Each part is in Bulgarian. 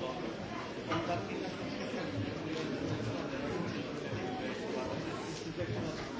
Thank you.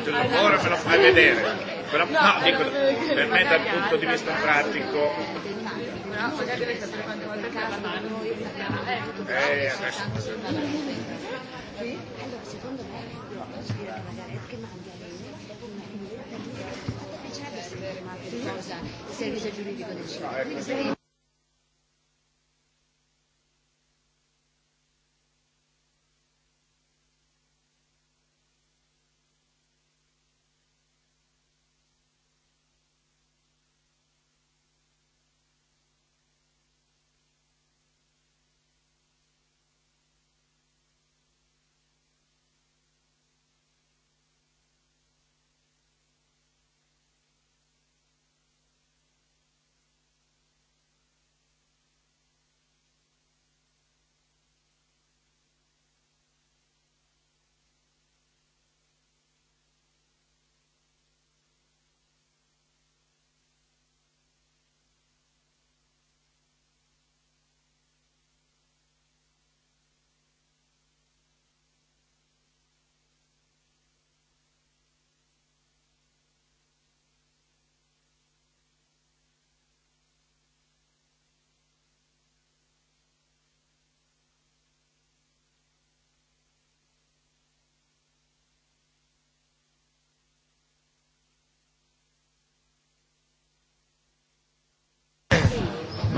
fatto il lavoro, me lo fai vedere. Però, no, dico, per me dal punto di vista pratico...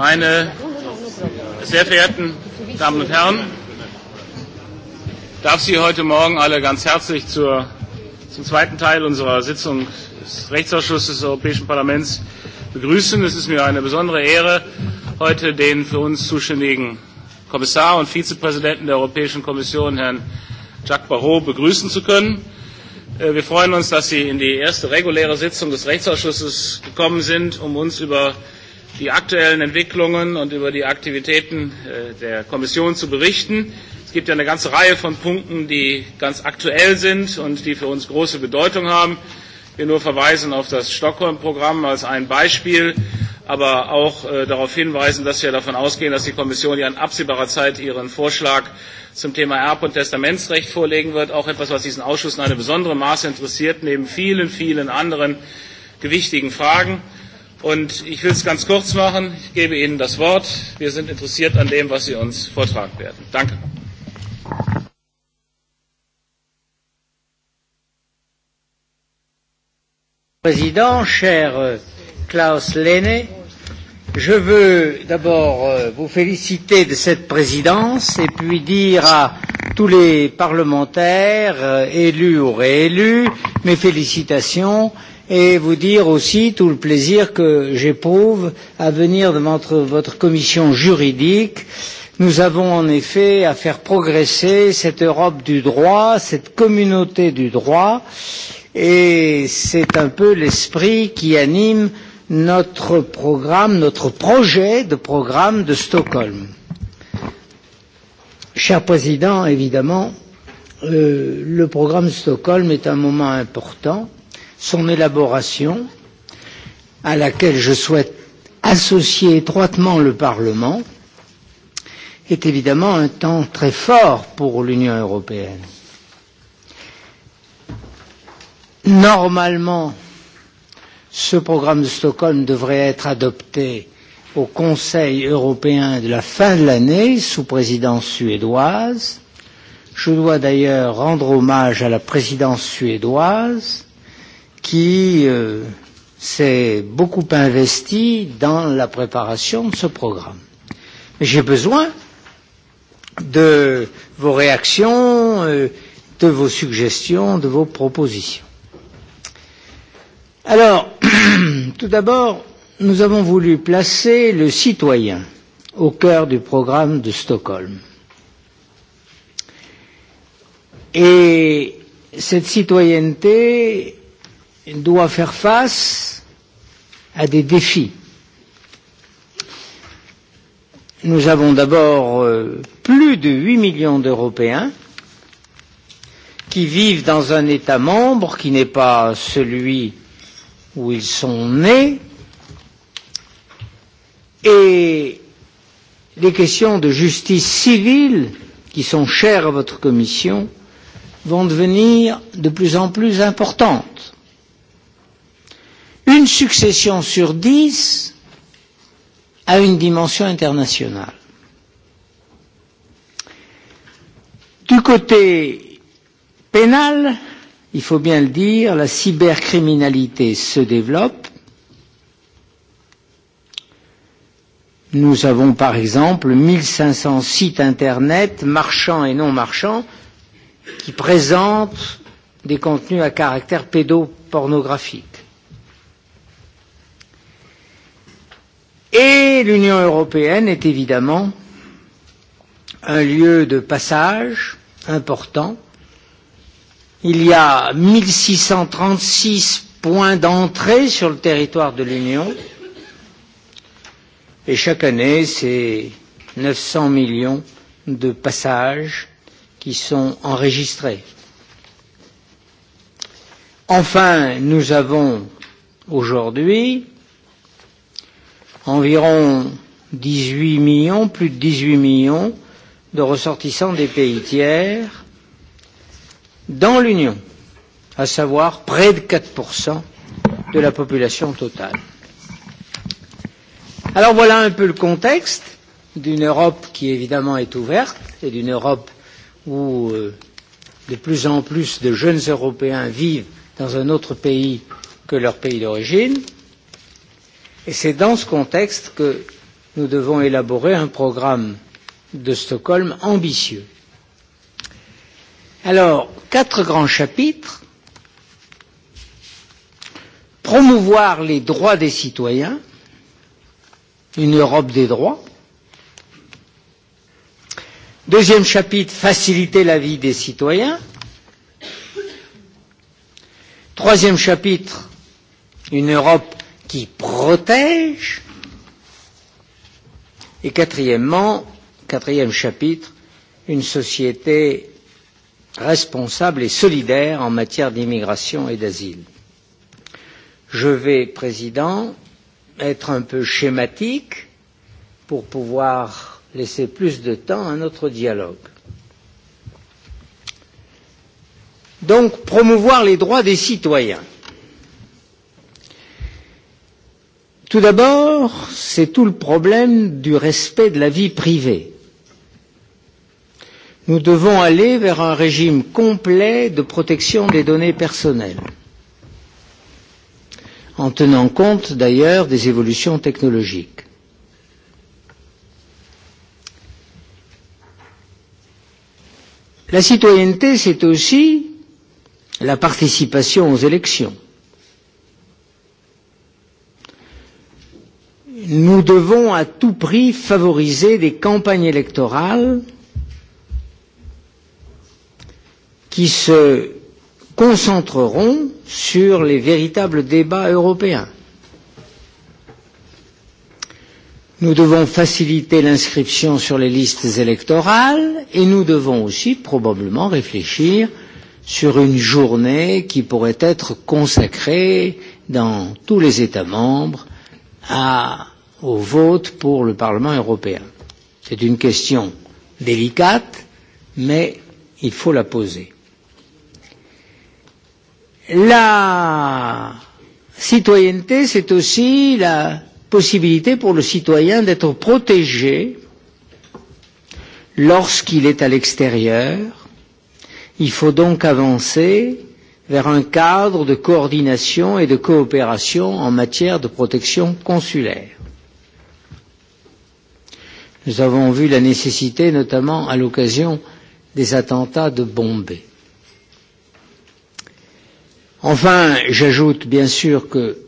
Meine sehr verehrten Damen und Herren, ich darf Sie heute Morgen alle ganz herzlich zur, zum zweiten Teil unserer Sitzung des Rechtsausschusses des Europäischen Parlaments begrüßen. Es ist mir eine besondere Ehre, heute den für uns zuständigen Kommissar und Vizepräsidenten der Europäischen Kommission, Herrn Jacques Barrot, begrüßen zu können. Wir freuen uns, dass Sie in die erste reguläre Sitzung des Rechtsausschusses gekommen sind, um uns über die aktuellen Entwicklungen und über die Aktivitäten der Kommission zu berichten. Es gibt ja eine ganze Reihe von Punkten, die ganz aktuell sind und die für uns große Bedeutung haben. Wir nur verweisen auf das Stockholm-Programm als ein Beispiel, aber auch darauf hinweisen, dass wir davon ausgehen, dass die Kommission ja in absehbarer Zeit ihren Vorschlag zum Thema Erb- und Testamentsrecht vorlegen wird. Auch etwas, was diesen Ausschuss in einem besonderen Maße interessiert, neben vielen, vielen anderen gewichtigen Fragen. Und ich will es ganz kurz machen. Ich gebe Ihnen das Wort. Wir sind interessiert an dem, was Sie uns vortragen werden. Danke. Président, cher Klaus Lehne, je veux d'abord vous féliciter de cette présidence et puis dire à tous les parlementaires élus ou réélus mes félicitations et vous dire aussi tout le plaisir que j'éprouve à venir devant votre commission juridique. Nous avons en effet à faire progresser cette Europe du droit, cette communauté du droit, et c'est un peu l'esprit qui anime notre programme, notre projet de programme de Stockholm. Cher Président, évidemment, le programme Stockholm est un moment important son élaboration, à laquelle je souhaite associer étroitement le Parlement, est évidemment un temps très fort pour l'Union européenne. Normalement, ce programme de Stockholm devrait être adopté au Conseil européen de la fin de l'année sous présidence suédoise. Je dois d'ailleurs rendre hommage à la présidence suédoise qui euh, s'est beaucoup investi dans la préparation de ce programme. j'ai besoin de vos réactions, de vos suggestions, de vos propositions. Alors, tout d'abord, nous avons voulu placer le citoyen au cœur du programme de Stockholm. Et cette citoyenneté doit faire face à des défis. Nous avons d'abord plus de 8 millions d'Européens qui vivent dans un État membre qui n'est pas celui où ils sont nés. Et les questions de justice civile, qui sont chères à votre commission, vont devenir de plus en plus importantes une succession sur dix a une dimension internationale. Du côté pénal, il faut bien le dire, la cybercriminalité se développe. Nous avons par exemple 1500 sites internet, marchands et non marchands, qui présentent des contenus à caractère pédopornographique. Et l'Union européenne est évidemment un lieu de passage important. Il y a 1636 points d'entrée sur le territoire de l'Union et chaque année, c'est 900 millions de passages qui sont enregistrés. Enfin, nous avons aujourd'hui environ 18 millions, plus de 18 millions de ressortissants des pays tiers dans l'Union, à savoir près de 4% de la population totale. Alors voilà un peu le contexte d'une Europe qui évidemment est ouverte et d'une Europe où de plus en plus de jeunes Européens vivent dans un autre pays que leur pays d'origine. Et c'est dans ce contexte que nous devons élaborer un programme de Stockholm ambitieux. Alors, quatre grands chapitres. Promouvoir les droits des citoyens, une Europe des droits. Deuxième chapitre, faciliter la vie des citoyens. Troisième chapitre, une Europe qui protège. Et quatrièmement, quatrième chapitre, une société responsable et solidaire en matière d'immigration et d'asile. Je vais, Président, être un peu schématique pour pouvoir laisser plus de temps à notre dialogue. Donc, promouvoir les droits des citoyens Tout d'abord, c'est tout le problème du respect de la vie privée. Nous devons aller vers un régime complet de protection des données personnelles, en tenant compte d'ailleurs des évolutions technologiques. La citoyenneté, c'est aussi la participation aux élections. nous devons à tout prix favoriser des campagnes électorales qui se concentreront sur les véritables débats européens. Nous devons faciliter l'inscription sur les listes électorales et nous devons aussi probablement réfléchir sur une journée qui pourrait être consacrée dans tous les États membres à au vote pour le Parlement européen. C'est une question délicate, mais il faut la poser. La citoyenneté, c'est aussi la possibilité pour le citoyen d'être protégé lorsqu'il est à l'extérieur. Il faut donc avancer vers un cadre de coordination et de coopération en matière de protection consulaire. Nous avons vu la nécessité, notamment à l'occasion des attentats de Bombay. Enfin, j'ajoute bien sûr que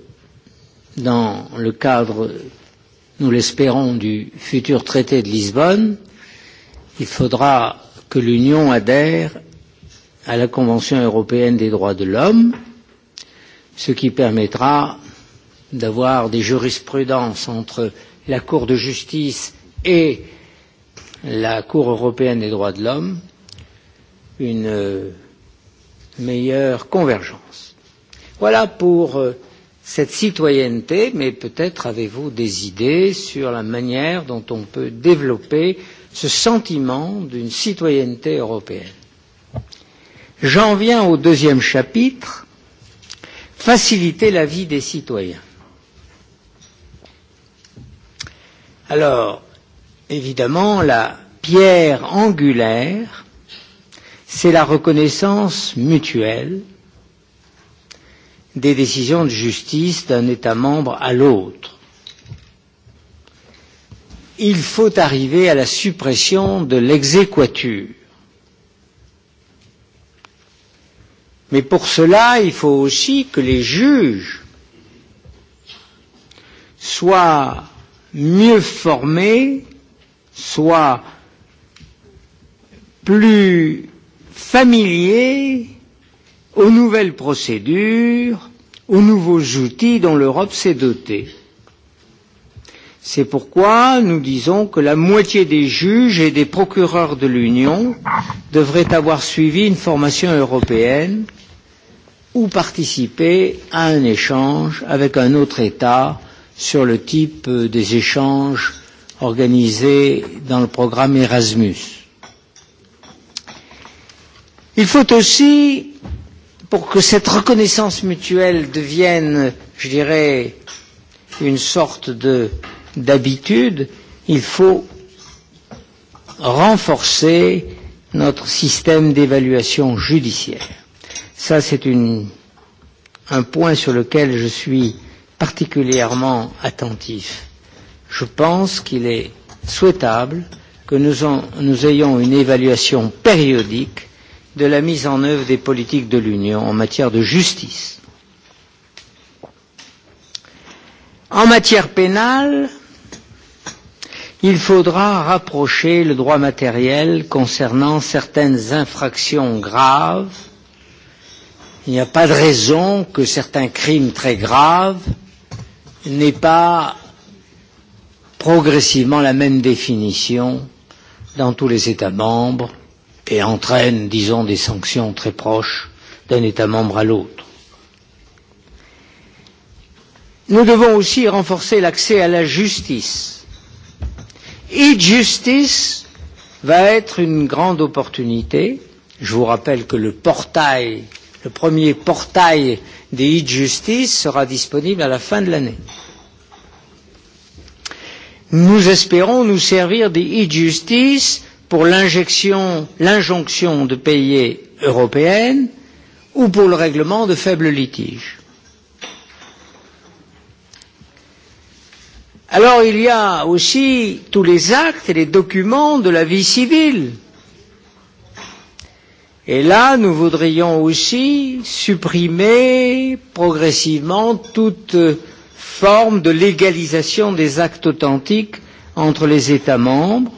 dans le cadre, nous l'espérons, du futur traité de Lisbonne, il faudra que l'Union adhère à la Convention européenne des droits de l'homme, ce qui permettra d'avoir des jurisprudences entre la Cour de justice et la Cour européenne des droits de l'homme une meilleure convergence. Voilà pour cette citoyenneté, mais peut-être avez-vous des idées sur la manière dont on peut développer ce sentiment d'une citoyenneté européenne. J'en viens au deuxième chapitre, faciliter la vie des citoyens. Alors, évidemment la pierre angulaire, c'est la reconnaissance mutuelle des décisions de justice d'un État membre à l'autre. Il faut arriver à la suppression de l'exéquature. Mais pour cela, il faut aussi que les juges soient mieux formés soit plus familier aux nouvelles procédures, aux nouveaux outils dont l'Europe s'est dotée. C'est pourquoi nous disons que la moitié des juges et des procureurs de l'Union devraient avoir suivi une formation européenne ou participer à un échange avec un autre État sur le type des échanges organisés dans le programme Erasmus. Il faut aussi, pour que cette reconnaissance mutuelle devienne, je dirais, une sorte d'habitude, il faut renforcer notre système d'évaluation judiciaire. Ça, c'est un point sur lequel je suis particulièrement attentif je pense qu'il est souhaitable que nous, en, nous ayons une évaluation périodique de la mise en œuvre des politiques de l'Union en matière de justice. En matière pénale, il faudra rapprocher le droit matériel concernant certaines infractions graves. Il n'y a pas de raison que certains crimes très graves n'aient pas progressivement la même définition dans tous les États membres et entraîne, disons, des sanctions très proches d'un État membre à l'autre. Nous devons aussi renforcer l'accès à la justice. E-justice va être une grande opportunité. Je vous rappelle que le portail, le premier portail des e-justice sera disponible à la fin de l'année. Nous espérons nous servir des e-justice pour l'injonction de payer européenne ou pour le règlement de faibles litiges. Alors il y a aussi tous les actes et les documents de la vie civile. Et là, nous voudrions aussi supprimer progressivement toute euh, forme de légalisation des actes authentiques entre les États membres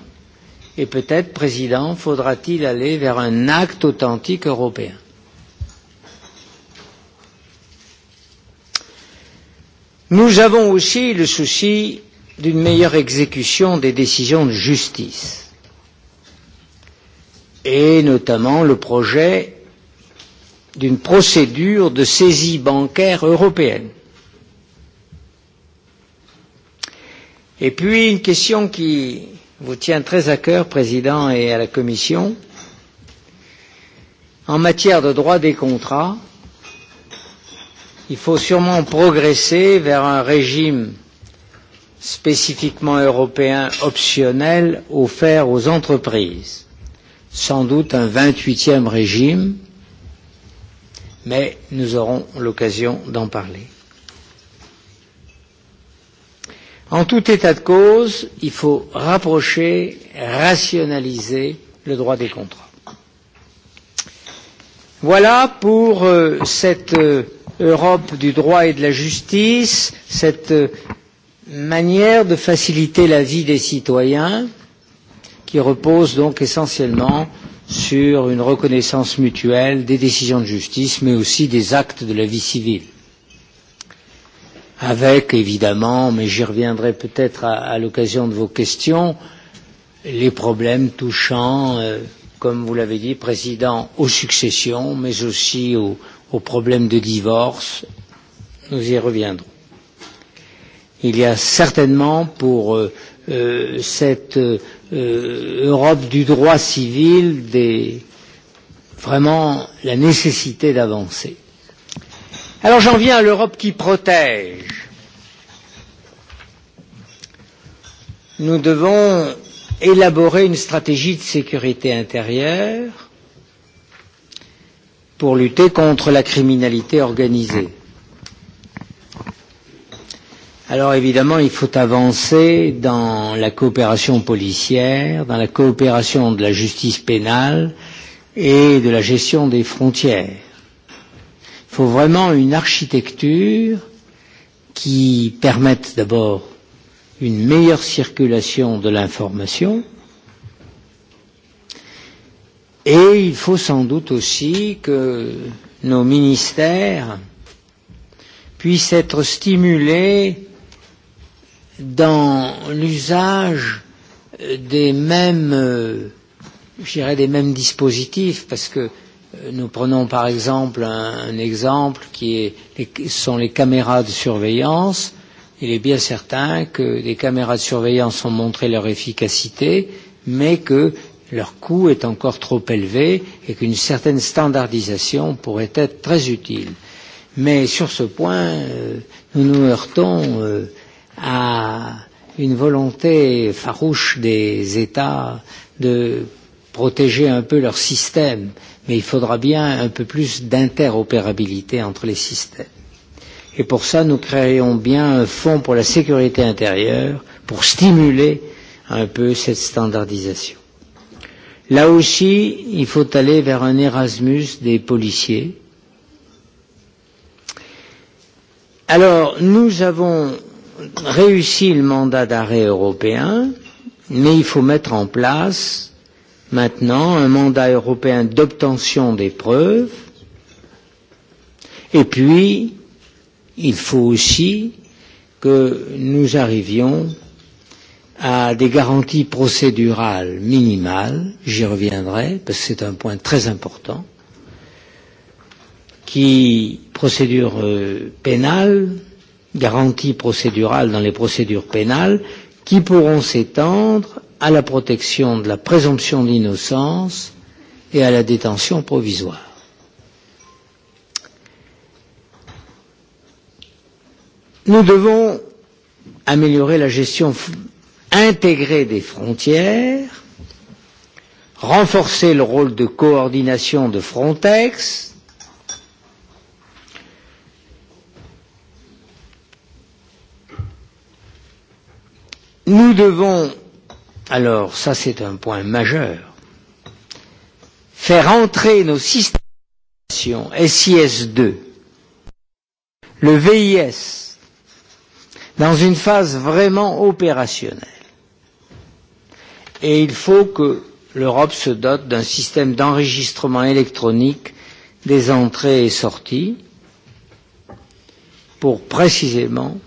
et peut-être, Président, faudra-t-il aller vers un acte authentique européen. Nous avons aussi le souci d'une meilleure exécution des décisions de justice et notamment le projet d'une procédure de saisie bancaire européenne. Et puis une question qui vous tient très à cœur, Président, et à la Commission. En matière de droit des contrats, il faut sûrement progresser vers un régime spécifiquement européen optionnel offert aux entreprises. Sans doute un 28e régime, mais nous aurons l'occasion d'en parler. En tout état de cause, il faut rapprocher, rationaliser le droit des contrats. Voilà pour cette Europe du droit et de la justice, cette manière de faciliter la vie des citoyens, qui repose donc essentiellement sur une reconnaissance mutuelle des décisions de justice, mais aussi des actes de la vie civile avec évidemment, mais j'y reviendrai peut-être à, à l'occasion de vos questions, les problèmes touchant, euh, comme vous l'avez dit, président, aux successions, mais aussi aux, aux problèmes de divorce. Nous y reviendrons. Il y a certainement pour euh, euh, cette euh, Europe du droit civil des, vraiment la nécessité d'avancer Alors j'en viens à l'Europe qui protège. Nous devons élaborer une stratégie de sécurité intérieure pour lutter contre la criminalité organisée. Alors évidemment, il faut avancer dans la coopération policière, dans la coopération de la justice pénale et de la gestion des frontières faut vraiment une architecture qui permette d'abord une meilleure circulation de l'information et il faut sans doute aussi que nos ministères puissent être stimulés dans l'usage des mêmes, des mêmes dispositifs, parce que Nous prenons par exemple un, un exemple qui est, les, sont les caméras de surveillance. Il est bien certain que les caméras de surveillance ont montré leur efficacité, mais que leur coût est encore trop élevé et qu'une certaine standardisation pourrait être très utile. Mais sur ce point, nous nous heurtons à une volonté farouche des États de protéger un peu leur système mais il faudra bien un peu plus d'interopérabilité entre les systèmes. Et pour ça, nous créons bien un fonds pour la sécurité intérieure pour stimuler un peu cette standardisation. Là aussi, il faut aller vers un Erasmus des policiers. Alors, nous avons réussi le mandat d'arrêt européen, mais il faut mettre en place maintenant un mandat européen d'obtention des preuves. Et puis, il faut aussi que nous arrivions à des garanties procédurales minimales, j'y reviendrai parce que c'est un point très important, qui procédure pénale, garanties procédurales dans les procédures pénales, qui pourront s'étendre à la protection de la présomption d'innocence et à la détention provisoire. Nous devons améliorer la gestion intégrée des frontières, renforcer le rôle de coordination de Frontex, nous devons Alors ça c'est un point majeur. Faire entrer nos systèmes SIS2, le VIS, dans une phase vraiment opérationnelle. Et il faut que l'Europe se dote d'un système d'enregistrement électronique des entrées et sorties pour précisément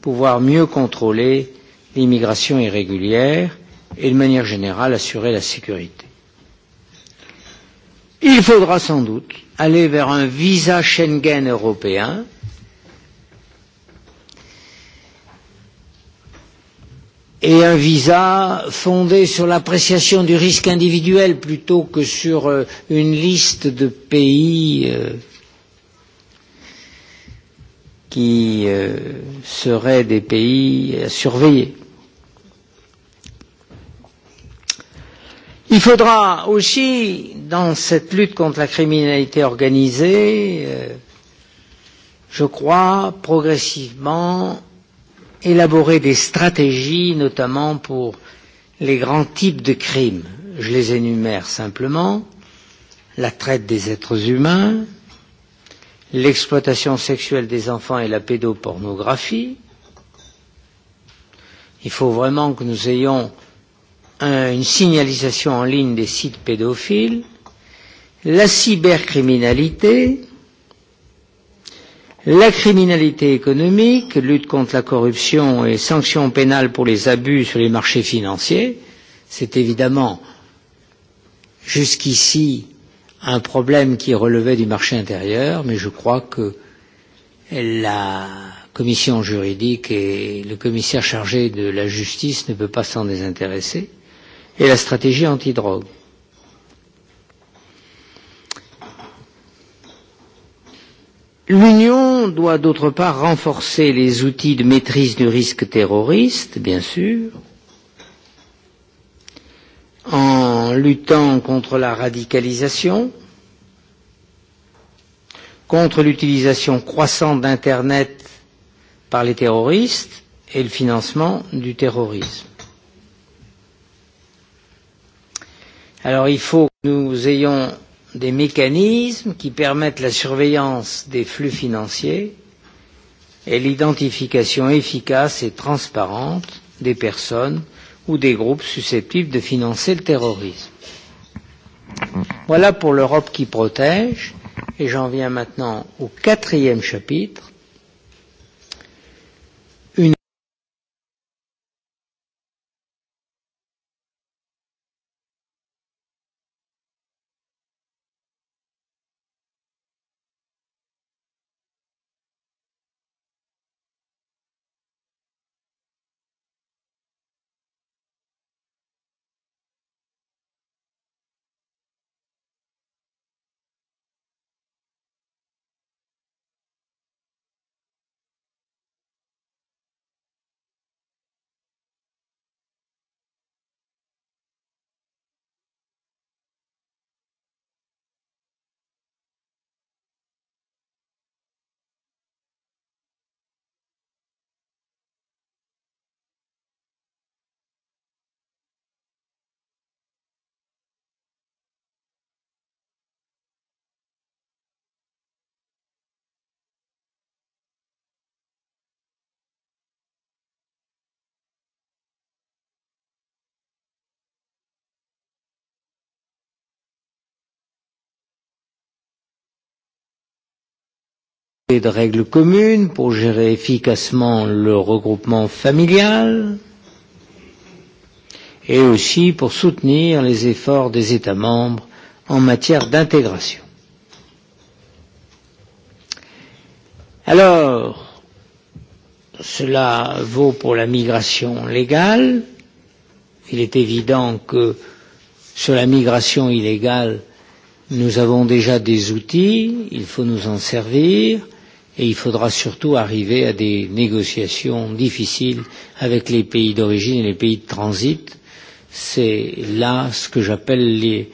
pouvoir mieux contrôler l'immigration irrégulière et, de manière générale, assurer la sécurité. Il faudra sans doute aller vers un visa Schengen européen et un visa fondé sur l'appréciation du risque individuel plutôt que sur une liste de pays qui seraient des pays à surveiller. Il faudra aussi, dans cette lutte contre la criminalité organisée, je crois, progressivement élaborer des stratégies, notamment pour les grands types de crimes. Je les énumère simplement la traite des êtres humains, l'exploitation sexuelle des enfants et la pédopornographie. Il faut vraiment que nous ayons une signalisation en ligne des sites pédophiles, la cybercriminalité, la criminalité économique, lutte contre la corruption et sanctions pénales pour les abus sur les marchés financiers. C'est évidemment jusqu'ici un problème qui relevait du marché intérieur, mais je crois que la commission juridique et le commissaire chargé de la justice ne peut pas s'en désintéresser et la stratégie antidrogue. L'Union doit d'autre part renforcer les outils de maîtrise du risque terroriste, bien sûr, en luttant contre la radicalisation, contre l'utilisation croissante d'Internet par les terroristes et le financement du terrorisme. Alors il faut que nous ayons des mécanismes qui permettent la surveillance des flux financiers et l'identification efficace et transparente des personnes ou des groupes susceptibles de financer le terrorisme. Voilà pour l'Europe qui protège, et j'en viens maintenant au quatrième chapitre, de règles communes pour gérer efficacement le regroupement familial et aussi pour soutenir les efforts des États membres en matière d'intégration. Alors, cela vaut pour la migration légale. Il est évident que sur la migration illégale, nous avons déjà des outils, il faut nous en servir et il faudra surtout arriver à des négociations difficiles avec les pays d'origine et les pays de transit. C'est là ce que j'appelle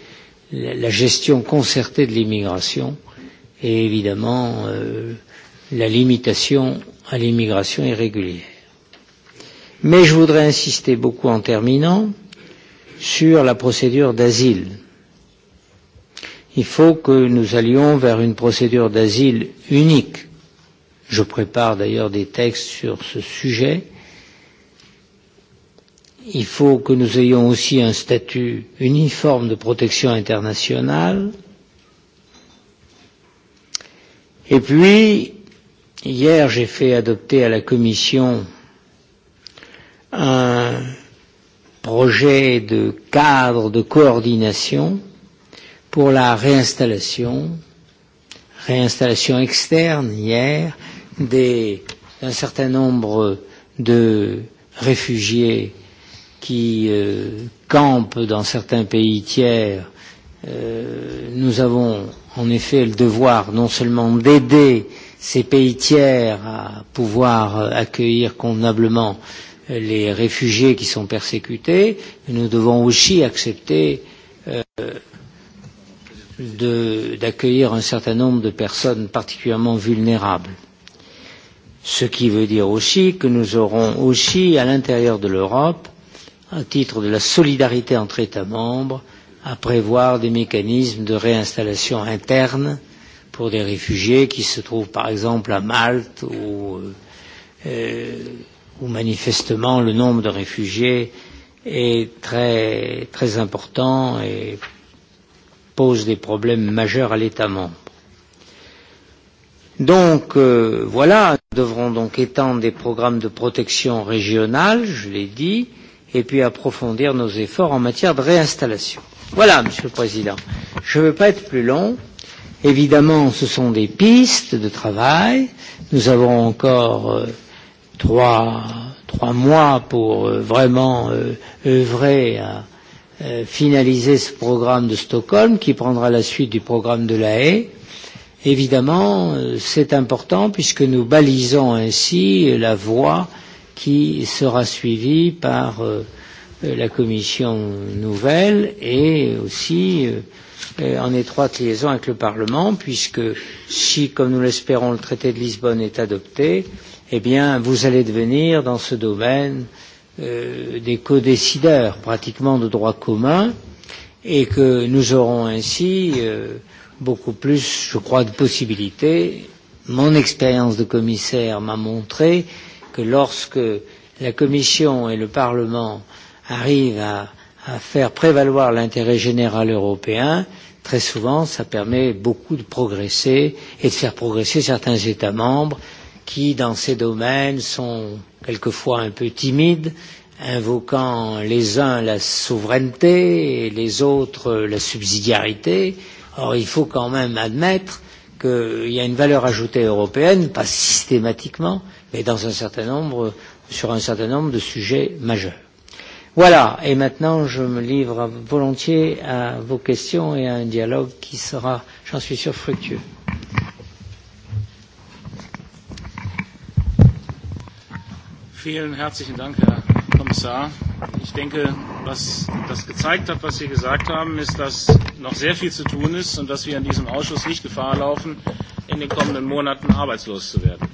la gestion concertée de l'immigration et évidemment euh, la limitation à l'immigration irrégulière. Mais je voudrais insister beaucoup en terminant sur la procédure d'asile. Il faut que nous allions vers une procédure d'asile unique Je prépare d'ailleurs des textes sur ce sujet. Il faut que nous ayons aussi un statut uniforme de protection internationale. Et puis, hier, j'ai fait adopter à la Commission un projet de cadre de coordination pour la réinstallation, réinstallation externe hier, d'un certain nombre de réfugiés qui euh, campent dans certains pays tiers, euh, nous avons en effet le devoir non seulement d'aider ces pays tiers à pouvoir accueillir convenablement les réfugiés qui sont persécutés, mais nous devons aussi accepter euh, d'accueillir un certain nombre de personnes particulièrement vulnérables Ce qui veut dire aussi que nous aurons aussi à l'intérieur de l'Europe, à titre de la solidarité entre États membres, à prévoir des mécanismes de réinstallation interne pour des réfugiés qui se trouvent par exemple à Malte où manifestement le nombre de réfugiés est très, très important et pose des problèmes majeurs à l'État membre. Donc euh, voilà, nous devrons donc étendre des programmes de protection régionale, je l'ai dit, et puis approfondir nos efforts en matière de réinstallation. Voilà, Monsieur le Président. Je ne veux pas être plus long. Évidemment, ce sont des pistes de travail. Nous avons encore euh, trois, trois mois pour euh, vraiment euh, œuvrer à euh, finaliser ce programme de Stockholm qui prendra la suite du programme de la haie Évidemment, c'est important puisque nous balisons ainsi la voie qui sera suivie par la commission nouvelle et aussi en étroite liaison avec le Parlement puisque si, comme nous l'espérons, le traité de Lisbonne est adopté, eh bien, vous allez devenir dans ce domaine des codécideurs pratiquement de droit commun et que nous aurons ainsi euh, beaucoup plus, je crois, de possibilités. Mon expérience de commissaire m'a montré que lorsque la Commission et le Parlement arrivent à, à faire prévaloir l'intérêt général européen, très souvent, ça permet beaucoup de progresser et de faire progresser certains États membres qui, dans ces domaines, sont quelquefois un peu timides, invoquant les uns la souveraineté et les autres la subsidiarité. Euh, Or, il faut quand même admettre qu'il y a une valeur ajoutée européenne, pas systématiquement, mais dans un certain nombre, sur un certain nombre de sujets majeurs. Voilà, et maintenant je me livre volontiers à vos questions et à un dialogue qui sera, j'en suis sûr, fructueux. Vielen herzlichen Dank, Herr Kommissar. Ich denke, was das gezeigt hat, was Sie gesagt haben, ist, dass noch sehr viel zu tun ist und dass wir in diesem Ausschuss nicht Gefahr laufen, in den kommenden Monaten arbeitslos zu werden.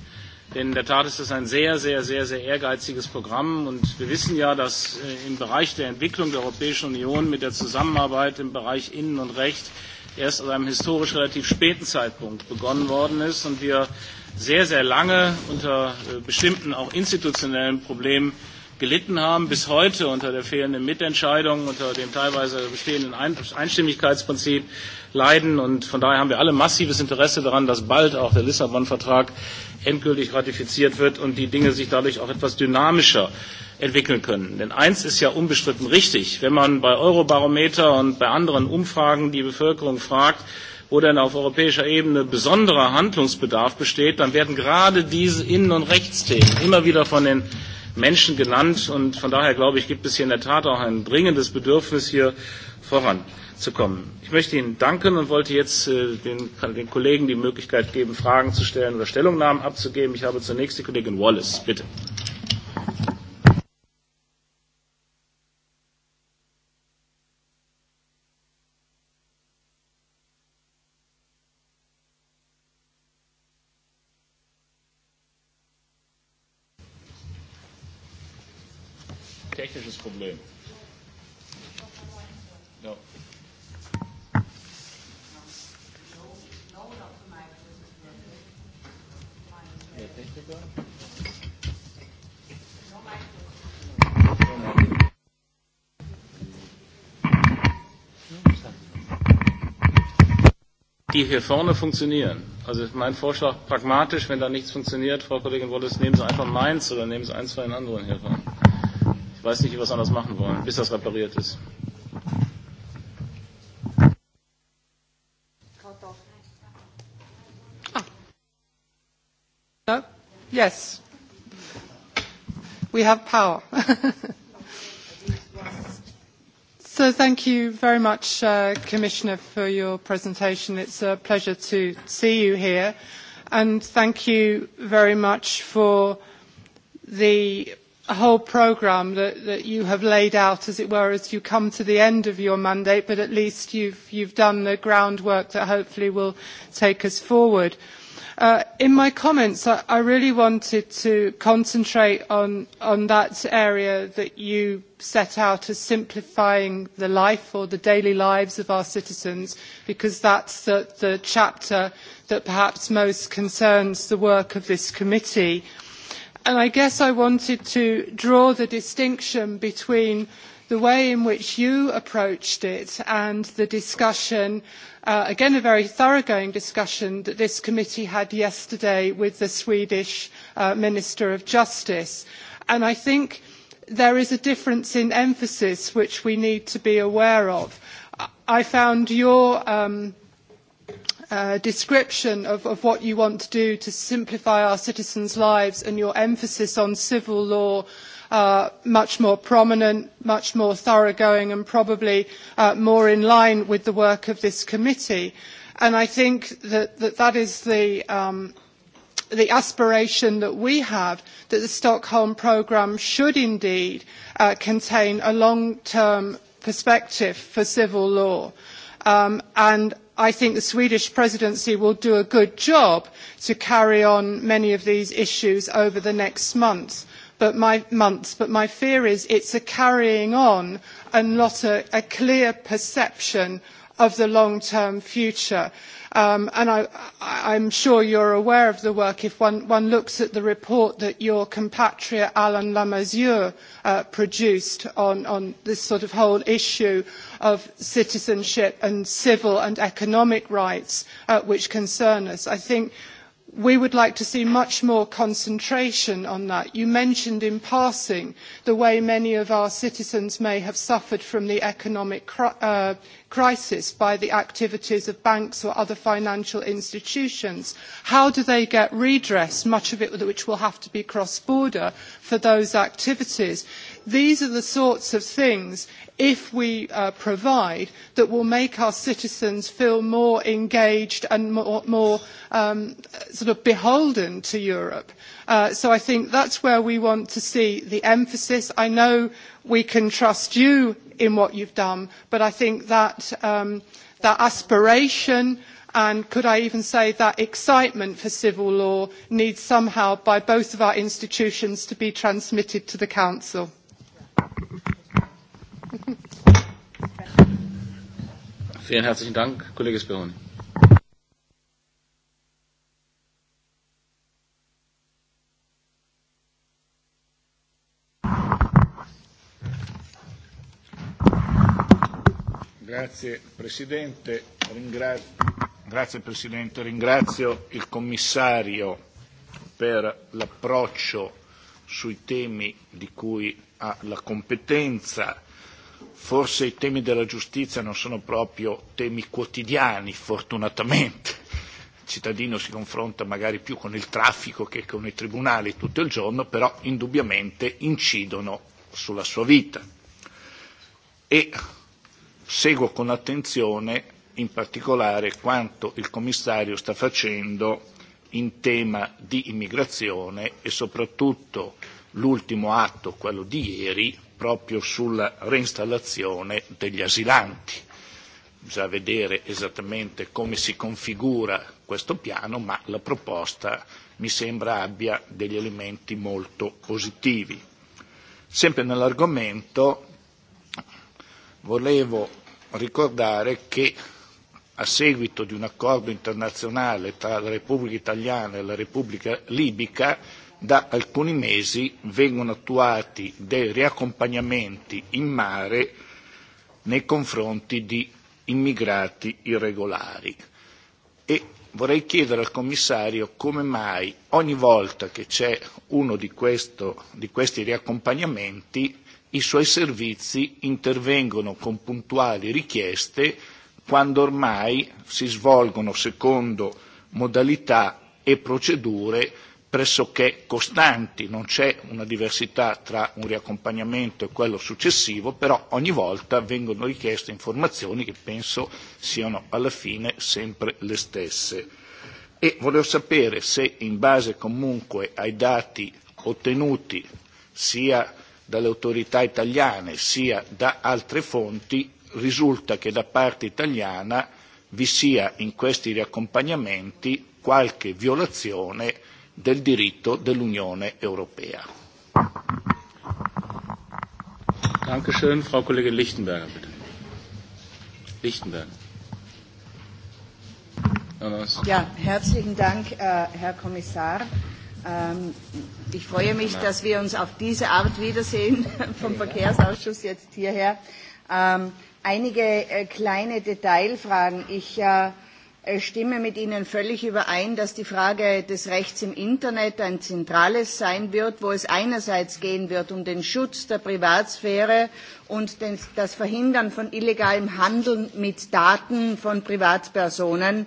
Denn in der Tat ist es ein sehr, sehr, sehr, sehr ehrgeiziges Programm. Und wir wissen ja, dass im Bereich der Entwicklung der Europäischen Union mit der Zusammenarbeit im Bereich Innen und Recht erst an einem historisch relativ späten Zeitpunkt begonnen worden ist und wir sehr, sehr lange unter bestimmten auch institutionellen Problemen gelitten haben bis heute unter der fehlenden Mitentscheidung, unter dem teilweise bestehenden Einstimmigkeitsprinzip leiden. Und von daher haben wir alle massives Interesse daran, dass bald auch der Lissabon-Vertrag endgültig ratifiziert wird und die Dinge sich dadurch auch etwas dynamischer entwickeln können. Denn eines ist ja unbestritten richtig. Wenn man bei Eurobarometer und bei anderen Umfragen die Bevölkerung fragt, wo denn auf europäischer Ebene besonderer Handlungsbedarf besteht, dann werden gerade diese Innen- und Rechtsthemen immer wieder von den Menschen genannt. Und von daher glaube ich, gibt es hier in der Tat auch ein dringendes Bedürfnis, hier voranzukommen. Ich möchte Ihnen danken und wollte jetzt den, den Kollegen die Möglichkeit geben, Fragen zu stellen oder Stellungnahmen abzugeben. Ich habe zunächst die Kollegin Wallace. Bitte. hier vorne funktionieren. Also mein Vorschlag pragmatisch, wenn da nichts funktioniert, Frau Kollegin Wolles, nehmen Sie einfach meins oder nehmen Sie eins von den anderen hier vorne. Ich weiß nicht, wie wir es anders machen wollen, bis das repariert ist. Yes. We have power. So Thank you very much, Commissioner, for your presentation. It's a pleasure to see you here. and Thank you very much for the whole programme that you have laid out, as it were, as you come to the end of your mandate, but at least you've done the groundwork that hopefully will take us forward in my comments, I, I really wanted to concentrate on, on that area that you set out as simplifying the life or the daily lives of our citizens, because that's the, the chapter that perhaps most concerns the work of this committee. And I guess I wanted to draw the distinction between the way in which you approached it and the discussion, again a very thoroughgoing discussion that this committee had yesterday with the Swedish Minister of Justice. And I think there is a difference in emphasis which we need to be aware of. I found your description of, what you want to do to simplify our citizens' lives and your emphasis on civil law much more prominent, much more thoroughgoing and probably more in line with the work of this committee. And I think that that, that is the, the aspiration that we have that the Stockholm programme should indeed contain a long-term perspective for civil law. and I think the Swedish presidency will do a good job to carry on many of these issues over the next months but my months. But my fear is it's a carrying on and not a, a clear perception of the long-term future. Um, and I, I'm sure you're aware of the work. If one, one looks at the report that your compatriot Alan Lamassure uh, produced on, on this sort of whole issue of citizenship and civil and economic rights uh, which concern us, I think we would like to see much more concentration on that. You mentioned in passing the way many of our citizens may have suffered from the economic crisis by the activities of banks or other financial institutions. How do they get redress, much of it which will have to be cross-border, for those activities? These are the sorts of things, if we provide, that will make our citizens feel more engaged and more, sort of beholden to Europe. so I think that is where we want to see the emphasis. I know we can trust you in what you have done, but I think that that, aspiration and could I even say that excitement for civil law needs somehow by both of our institutions to be transmitted to the Council. Vielen herzlichen Dank, Kollege Speroni. Grazie Presidente, ringra... Grazie Presidente, ringrazio il Commissario per l'approccio sui temi di cui alla competenza, forse i temi della giustizia non sono proprio temi quotidiani, fortunatamente. Il cittadino si confronta magari più con il traffico che con i tribunali tutto il giorno, però indubbiamente incidono sulla sua vita. E seguo con attenzione in particolare quanto il commissario sta facendo in tema di immigrazione e soprattutto l'ultimo atto, quello di ieri, proprio sulla reinstallazione degli asilanti. Bisogna vedere esattamente come si configura questo piano, ma la proposta mi sembra abbia degli elementi molto positivi. Sempre nell'argomento volevo ricordare che a seguito di un accordo internazionale tra la Repubblica italiana e la Repubblica libica da alcuni mesi vengono attuati dei riaccompagnamenti in mare nei confronti di immigrati irregolari e vorrei chiedere al commissario come mai ogni volta che c'è uno di, questo, di questi riaccompagnamenti i suoi servizi intervengono con puntuali richieste quando ormai si svolgono secondo modalità e procedure pressoché costanti, non c'è una diversità tra un riaccompagnamento e quello successivo, però ogni volta vengono richieste informazioni che penso siano alla fine sempre le stesse. E volevo sapere se in base comunque ai dati ottenuti sia dalle autorità italiane sia da altre fonti risulta che da parte italiana vi sia in questi riaccompagnamenti qualche violazione del diritto dell'Unione Europea. Frau Kollegin Lichtenberger, bitte. Lichtenberger. Ja, herzlichen Dank, Herr Kommissar. Ich freue mich, dass wir uns auf diese Art wiedersehen, vom Verkehrsausschuss jetzt hierher. Einige kleine Detailfragen. Ich äh, Ich stimme mit Ihnen völlig überein, dass die Frage des Rechts im Internet ein zentrales sein wird, wo es einerseits gehen wird um den Schutz der Privatsphäre und das Verhindern von illegalem Handeln mit Daten von Privatpersonen.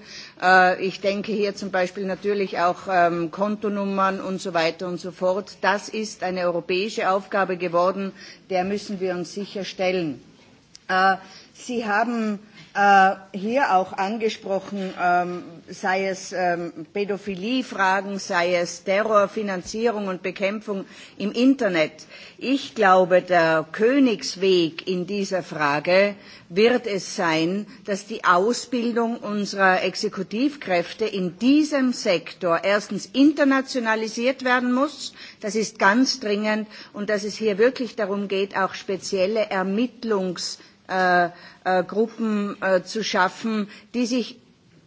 Ich denke hier zum Beispiel natürlich auch Kontonummern und so weiter und so fort. Das ist eine europäische Aufgabe geworden, der müssen wir uns sicher stellen. Sie haben hier auch angesprochen, sei es Pädophiliefragen, sei es Terrorfinanzierung und Bekämpfung im Internet. Ich glaube, der Königsweg in dieser Frage wird es sein, dass die Ausbildung unserer Exekutivkräfte in diesem Sektor erstens internationalisiert werden muss, das ist ganz dringend, und dass es hier wirklich darum geht, auch spezielle Ermittlungs Gruppen zu schaffen, die sich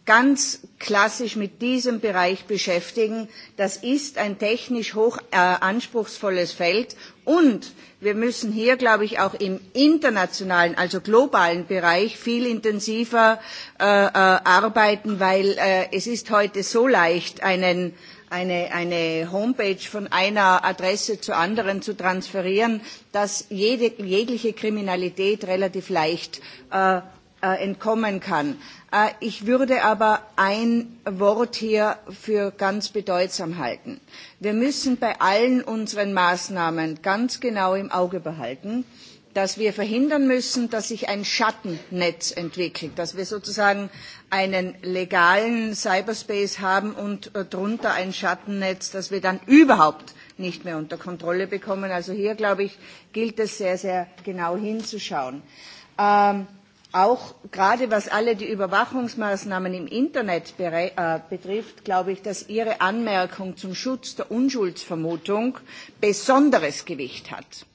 ganz klassisch mit diesem Bereich beschäftigen. Das ist ein technisch hoch anspruchsvolles Feld und wir müssen hier, glaube ich, auch im internationalen, also globalen Bereich viel intensiver arbeiten, weil es ist heute so leicht, einen eine, eine Homepage von einer Adresse zur anderen zu transferieren, dass jede, jegliche Kriminalität relativ leicht äh, entkommen kann. Ich würde aber ein Wort hier für ganz bedeutsam halten. Wir müssen bei allen unseren Maßnahmen ganz genau im Auge behalten, dass wir verhindern müssen, dass sich ein Schattennetz entwickelt, dass wir sozusagen einen legalen Cyberspace haben und darunter ein Schattennetz, das wir dann überhaupt nicht mehr unter Kontrolle bekommen. Also hier, glaube ich, gilt es sehr, sehr genau hinzuschauen. auch gerade was alle die Überwachungsmaßnahmen im Internet betrifft, glaube ich, dass Ihre Anmerkung zum Schutz der Unschuldsvermutung besonderes Gewicht hat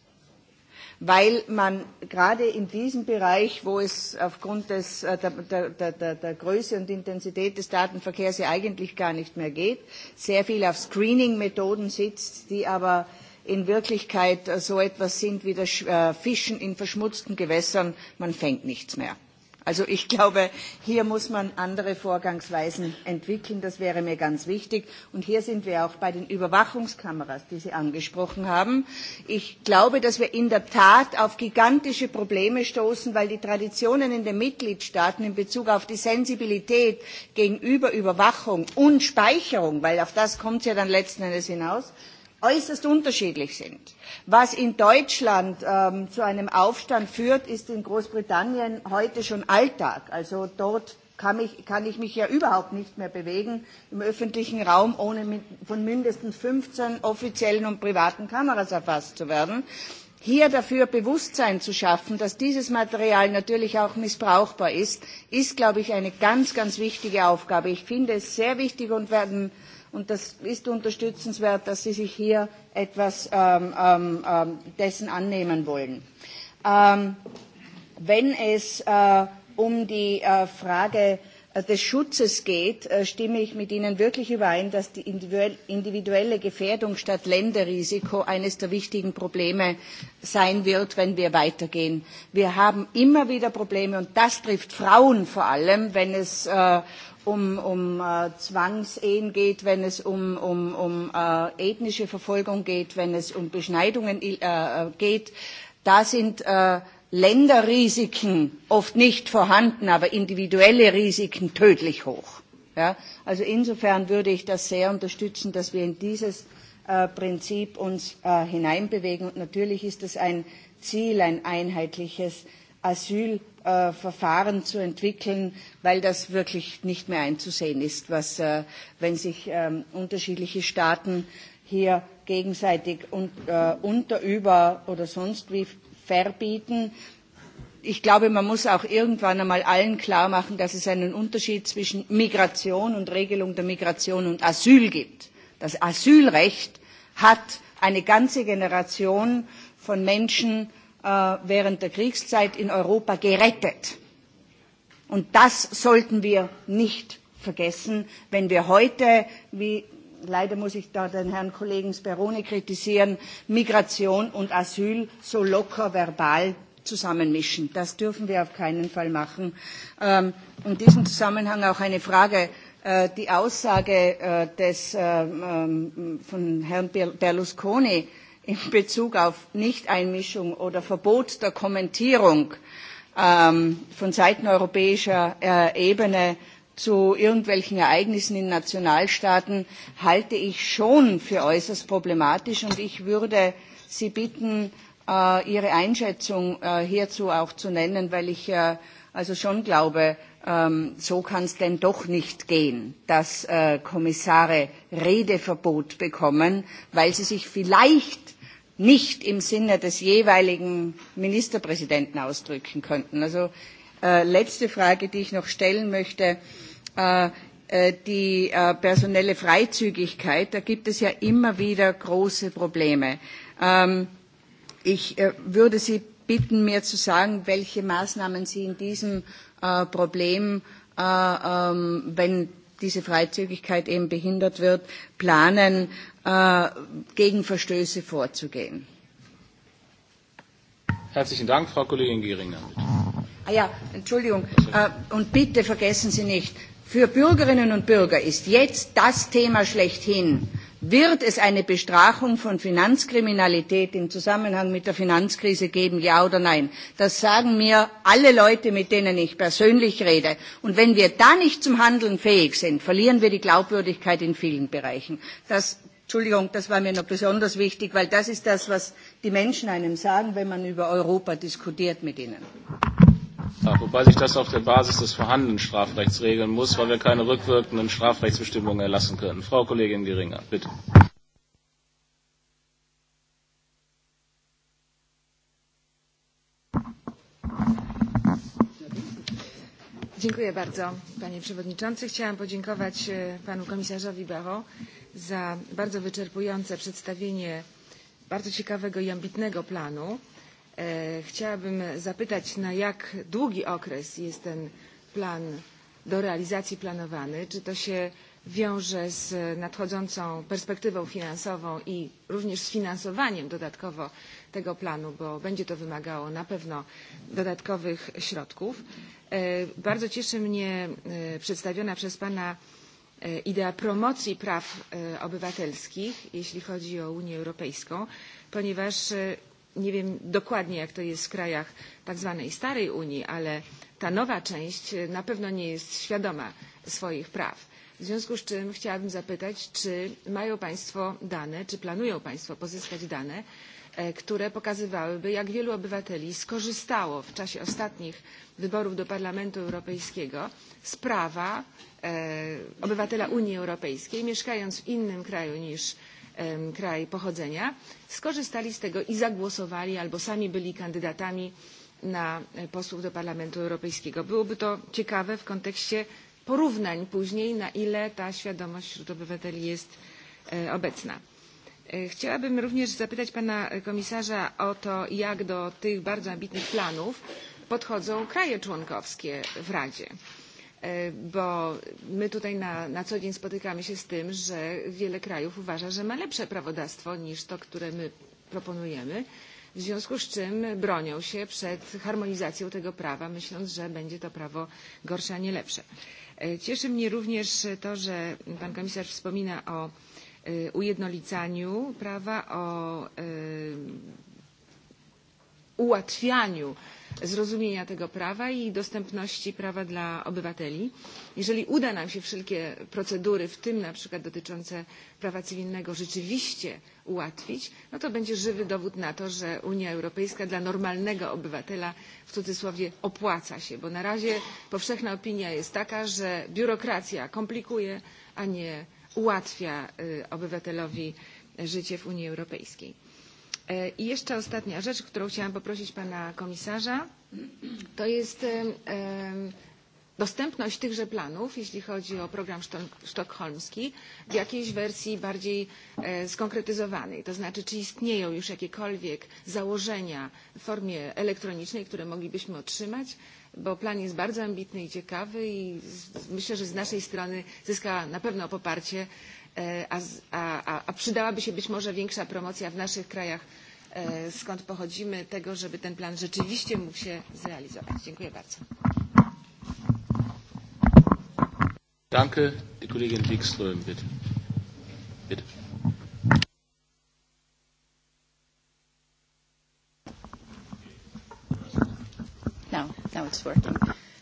weil man gerade in diesem Bereich, wo es aufgrund des, der, der, der, der Größe und Intensität des Datenverkehrs ja eigentlich gar nicht mehr geht, sehr viel auf Screening-Methoden sitzt, die aber in Wirklichkeit so etwas sind wie das Fischen in verschmutzten Gewässern. Man fängt nichts mehr. Also ich glaube, hier muss man andere Vorgangsweisen entwickeln. Das wäre mir ganz wichtig. Und hier sind wir auch bei den Überwachungskameras, die Sie angesprochen haben. Ich glaube, dass wir in der Tat auf gigantische Probleme stoßen, weil die Traditionen in den Mitgliedstaaten in Bezug auf die Sensibilität gegenüber Überwachung und Speicherung, weil auf das kommt es ja dann letzten Endes hinaus, äußerst unterschiedlich sind. Was in Deutschland ähm, zu einem Aufstand führt, ist in Großbritannien heute schon Alltag. Also dort kann ich, kann ich mich ja überhaupt nicht mehr bewegen im öffentlichen Raum, ohne mit, von mindestens 15 offiziellen und privaten Kameras erfasst zu werden. Hier dafür Bewusstsein zu schaffen, dass dieses Material natürlich auch missbrauchbar ist, ist, glaube ich, eine ganz, ganz wichtige Aufgabe. Ich finde es sehr wichtig und werden Und das ist unterstützenswert, dass Sie sich hier etwas dessen annehmen wollen. wenn es um die Frage des Schutzes geht, stimme ich mit Ihnen wirklich überein, dass die individuelle Gefährdung statt Länderrisiko eines der wichtigen Probleme sein wird, wenn wir weitergehen. Wir haben immer wieder Probleme, und das trifft Frauen vor allem, wenn es um, um äh, Zwangsehen geht, wenn es um, um, um äh, ethnische Verfolgung geht, wenn es um Beschneidungen äh, geht. Da sind äh, Länderrisiken oft nicht vorhanden, aber individuelle Risiken tödlich hoch. Ja? Also insofern würde ich das sehr unterstützen, dass wir in dieses äh, Prinzip uns äh, hineinbewegen. Und natürlich ist es ein Ziel, ein einheitliches Asylverfahren zu entwickeln, weil das wirklich nicht mehr einzusehen ist, was, wenn sich unterschiedliche Staaten hier gegenseitig unter, über oder sonst wie verbieten. Ich glaube, man muss auch irgendwann einmal allen klar machen, dass es einen Unterschied zwischen Migration und Regelung der Migration und Asyl gibt. Das Asylrecht hat eine ganze Generation von Menschen während der Kriegszeit in Europa gerettet. Und das sollten wir nicht vergessen, wenn wir heute, wie leider muss ich da den Herrn Kollegen Speroni kritisieren, Migration und Asyl so locker verbal zusammenmischen. Das dürfen wir auf keinen Fall machen. in diesem Zusammenhang auch eine Frage. Die Aussage von Herrn Berlusconi, in Bezug auf Nichteinmischung oder Verbot der Kommentierung von Seiten europäischer Ebene zu irgendwelchen Ereignissen in Nationalstaaten halte ich schon für äußerst problematisch und ich würde Sie bitten, Ihre Einschätzung hierzu auch zu nennen, weil ich also schon glaube, so kann es denn doch nicht gehen, dass Kommissare Redeverbot bekommen, weil sie sich vielleicht nicht im Sinne des jeweiligen Ministerpräsidenten ausdrücken könnten. Also äh, letzte Frage, die ich noch stellen möchte. Äh, die äh, personelle Freizügigkeit, da gibt es ja immer wieder große Probleme. Ähm, ich äh, würde Sie bitten, mir zu sagen, welche Maßnahmen Sie in diesem äh, Problem, äh, ähm, wenn diese Freizügigkeit eben behindert wird, planen, gegen Verstöße vorzugehen. Herzlichen Dank, Frau Kollegin Geringer. Ah ja, Entschuldigung. Und bitte vergessen Sie nicht, für Bürgerinnen und Bürger ist jetzt das Thema schlechthin. Wird es eine Bestrafung von Finanzkriminalität im Zusammenhang mit der Finanzkrise geben, ja oder nein? Das sagen mir alle Leute, mit denen ich persönlich rede. Und wenn wir da nicht zum Handeln fähig sind, verlieren wir die Glaubwürdigkeit in vielen Bereichen. Das Entschuldigung, das war mir noch besonders wichtig, weil das ist das, was die Menschen einem sagen, wenn man über Europa diskutiert mit ihnen. wobei sich das auf der Basis des vorhandenen Strafrechts regeln muss, weil wir keine rückwirkenden Strafrechtsbestimmungen erlassen können. Frau Kollegin Geringer, bitte. panie przewodniczący! chciałam podziękować panu komisarzowi barrot za bardzo wyczerpujące przedstawienie bardzo ciekawego i ambitnego planu. Chciałabym zapytać, na jak długi okres jest ten plan do realizacji planowany? Czy to się wiąże z nadchodzącą perspektywą finansową i również z finansowaniem dodatkowo tego planu, bo będzie to wymagało na pewno dodatkowych środków. Bardzo cieszy mnie przedstawiona przez Pana idea promocji praw obywatelskich, jeśli chodzi o Unię Europejską, ponieważ nie wiem dokładnie, jak to jest w krajach tak zwanej starej Unii, ale ta nowa część na pewno nie jest świadoma swoich praw. W związku z czym chciałabym zapytać, czy mają Państwo dane, czy planują Państwo pozyskać dane które pokazywałyby, jak wielu obywateli skorzystało w czasie ostatnich wyborów do Parlamentu Europejskiego z prawa obywatela Unii Europejskiej, mieszkając w innym kraju niż kraj pochodzenia, skorzystali z tego i zagłosowali albo sami byli kandydatami na posłów do Parlamentu Europejskiego. Byłoby to ciekawe w kontekście porównań później, na ile ta świadomość wśród obywateli jest obecna. Chciałabym również zapytać pana komisarza o to, jak do tych bardzo ambitnych planów podchodzą kraje członkowskie w Radzie bo my tutaj na, na co dzień spotykamy się z tym, że wiele krajów uważa, że ma lepsze prawodawstwo niż to, które my proponujemy, w związku z czym bronią się przed harmonizacją tego prawa, myśląc, że będzie to prawo gorsze, a nie lepsze. Cieszy mnie również to, że pan komisarz wspomina o ujednolicaniu prawa, o ułatwianiu zrozumienia tego prawa i dostępności prawa dla obywateli. Jeżeli uda nam się wszelkie procedury, w tym na przykład dotyczące prawa cywilnego, rzeczywiście ułatwić, no to będzie żywy dowód na to, że Unia Europejska dla normalnego obywatela w cudzysłowie opłaca się, bo na razie powszechna opinia jest taka, że biurokracja komplikuje, a nie ułatwia obywatelowi życie w Unii Europejskiej. I jeszcze ostatnia rzecz, którą chciałam poprosić pana komisarza, to jest dostępność tychże planów, jeśli chodzi o program sztokholmski, w jakiejś wersji bardziej skonkretyzowanej. To znaczy, czy istnieją już jakiekolwiek założenia w formie elektronicznej, które moglibyśmy otrzymać, bo plan jest bardzo ambitny i ciekawy i myślę, że z naszej strony zyska na pewno poparcie, a, przydałaby się być może większa promocja w naszych krajach, skąd pochodzimy, tego, żeby ten plan rzeczywiście mógł się zrealizować. Dziękuję bardzo. Danke, die Kollegin Wikström, bitte. bitte. Now, now it's working.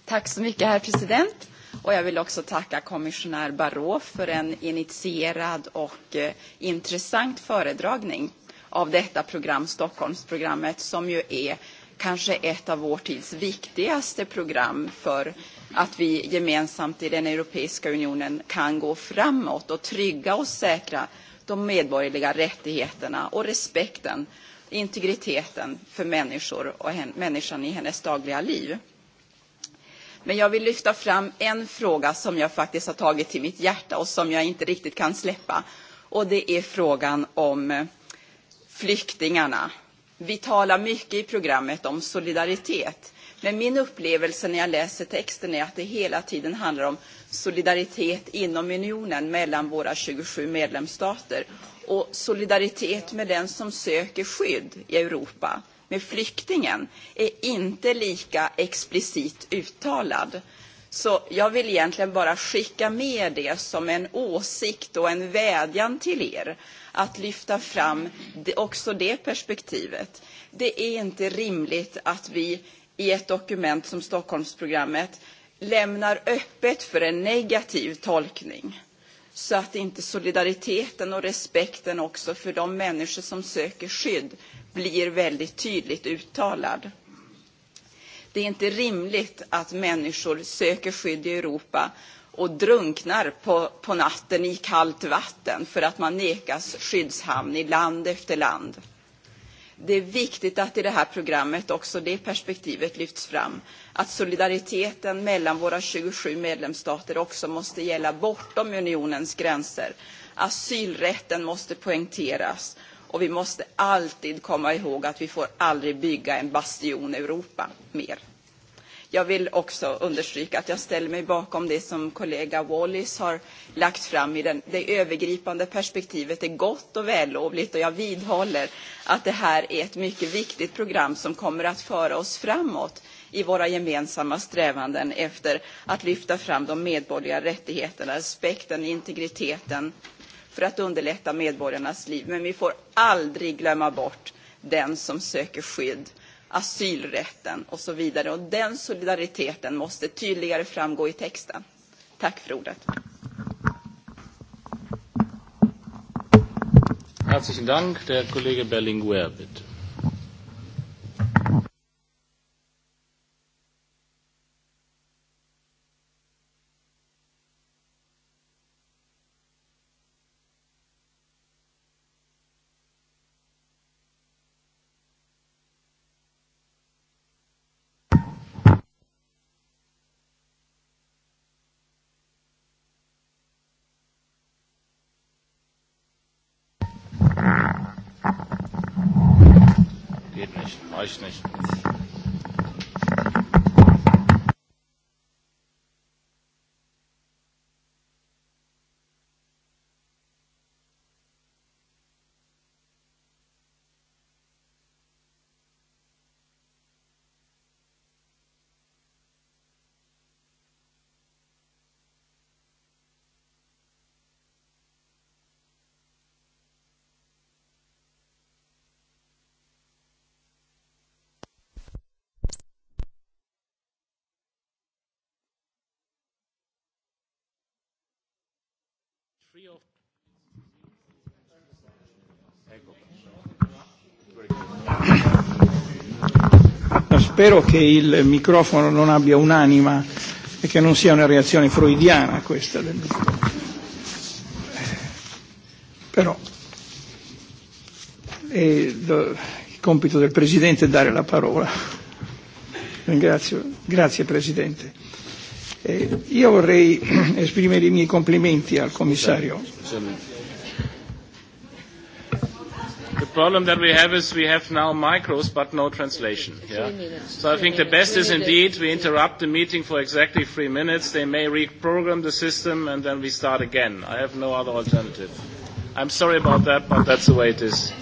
Tack så mycket, herr president. Och jag vill också tacka kommissionär Barrot för en initierad och intressant föredragning av detta program, Stockholmsprogrammet, som ju är kanske ett av vår tids viktigaste program för att vi gemensamt i den Europeiska unionen kan gå framåt och trygga och säkra de medborgerliga rättigheterna och respekten, integriteten för människor och människan i hennes dagliga liv. Men jag vill lyfta fram en fråga som jag faktiskt har tagit till mitt hjärta och som jag inte riktigt kan släppa. Och det är frågan om flyktingarna. Vi talar mycket i programmet om solidaritet. Men min upplevelse när jag läser texten är att det hela tiden handlar om solidaritet inom unionen mellan våra 27 medlemsstater och solidaritet med den som söker skydd i Europa, med flyktingen, är inte lika explicit uttalad. Så jag vill egentligen bara skicka med det som en åsikt och en vädjan till er att lyfta fram också det perspektivet. Det är inte rimligt att vi i ett dokument som Stockholmsprogrammet lämnar öppet för en negativ tolkning så att inte solidariteten och respekten också för de människor som söker skydd blir väldigt tydligt uttalad. Det är inte rimligt att människor söker skydd i Europa och drunknar på, på natten i kallt vatten för att man nekas skyddshamn i land efter land. Det är viktigt att i det här programmet också det perspektivet lyfts fram, att solidariteten mellan våra 27 medlemsstater också måste gälla bortom unionens gränser. Asylrätten måste poängteras. Och vi måste alltid komma ihåg att vi får aldrig bygga en bastion Europa mer. Jag vill också understryka att jag ställer mig bakom det som kollega Wallis har lagt fram i den, det övergripande perspektivet är gott och vällovligt och jag vidhåller att det här är ett mycket viktigt program som kommer att föra oss framåt i våra gemensamma strävanden efter att lyfta fram de medborgerliga rättigheterna, respekten, integriteten, för att underlätta medborgarnas liv. Men vi får aldrig glömma bort den som söker skydd, asylrätten och så vidare. Och den solidariteten måste tydligare framgå i texten. Tack för ordet. Herzlichen Dank. Der Kollege Berlinguer, bitte. reicht nicht. free of Spero che il microfono non abbia un'anima e che non sia una reazione freudiana questa del microfono. Però è il compito del Presidente dare la parola. Ringrazio. Grazie Presidente. Eh, io vorrei esprimere i miei complimenti al commissario. The problem that we have is we have now micros but no translation. Yeah? So I think the best is indeed we interrupt the meeting for exactly three minutes. They may reprogram the system and then we start again. I have no other alternative. I'm sorry about that, but that's the way it is.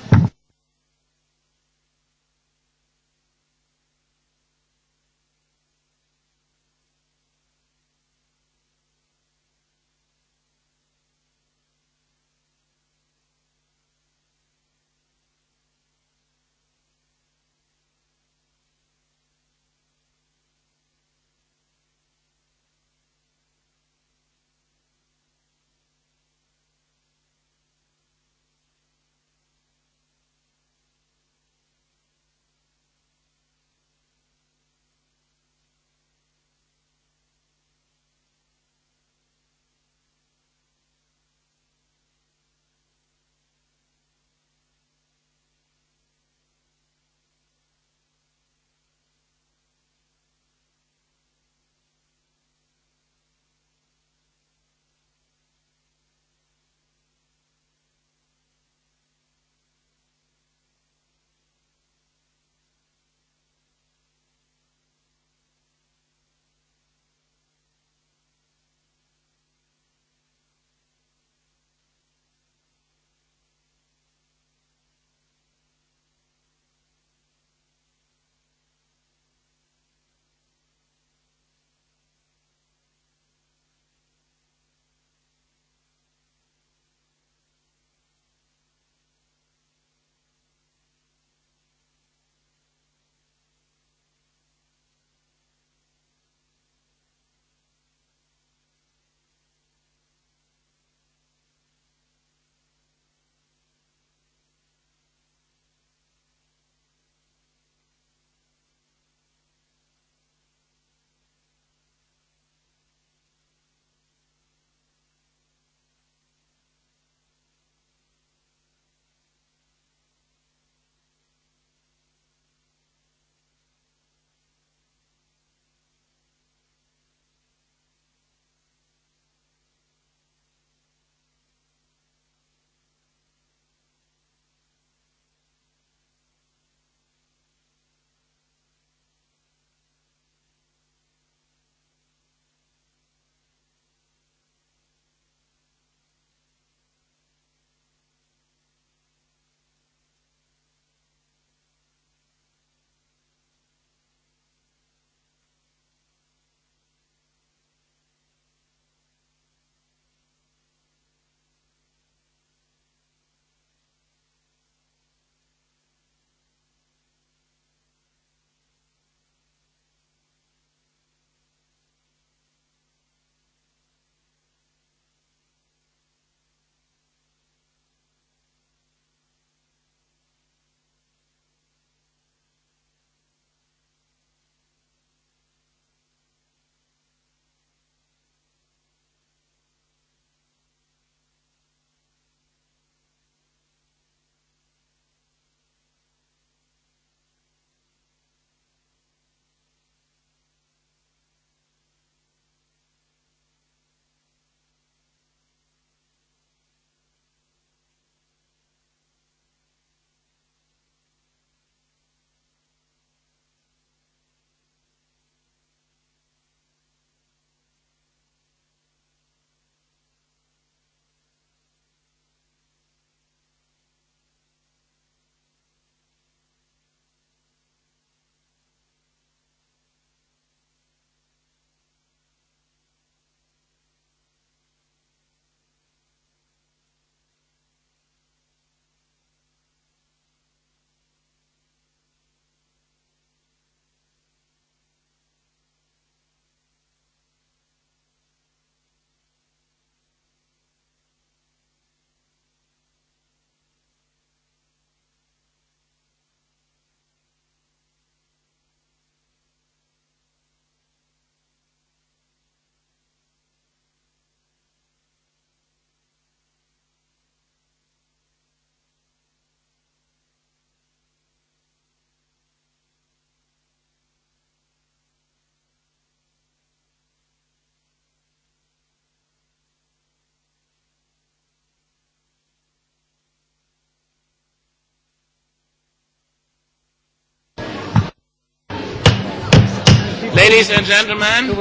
Ladies and gentlemen,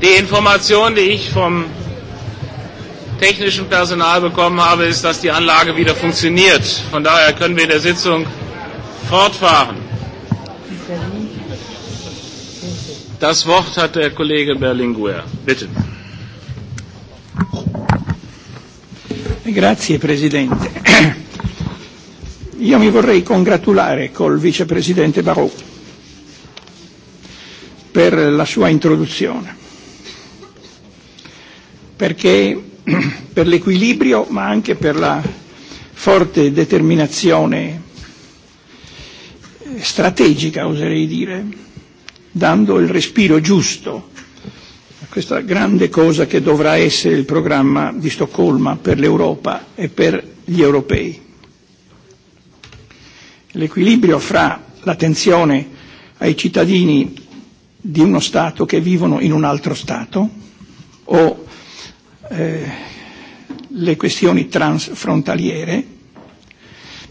die Information, die ich vom technischen Personal bekommen habe, ist, dass die Anlage wieder funktioniert. Von daher können wir in der Sitzung fortfahren. Das Wort hat der Kollege Berlinguer. Bitte. Grazie Presidente. Io mi vorrei congratulare col vicepresidente Barrault per la sua introduzione, perché per l'equilibrio ma anche per la forte determinazione strategica, oserei dire, dando il respiro giusto a questa grande cosa che dovrà essere il programma di Stoccolma per l'Europa e per gli europei l'equilibrio fra l'attenzione ai cittadini di uno Stato che vivono in un altro Stato o eh, le questioni transfrontaliere,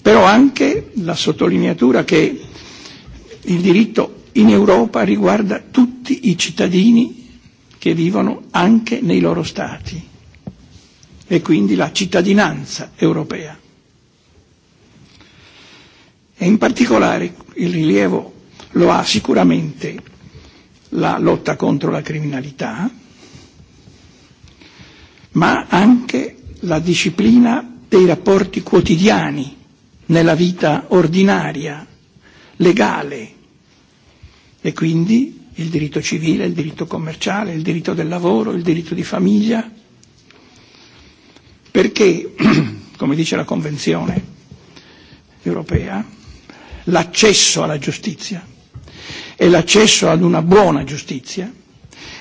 però anche la sottolineatura che il diritto in Europa riguarda tutti i cittadini che vivono anche nei loro Stati e quindi la cittadinanza europea e in particolare il rilievo lo ha sicuramente la lotta contro la criminalità, ma anche la disciplina dei rapporti quotidiani nella vita ordinaria, legale e quindi il diritto civile, il diritto commerciale, il diritto del lavoro, il diritto di famiglia, perché, come dice la Convenzione europea, l'accesso alla giustizia e l'accesso ad una buona giustizia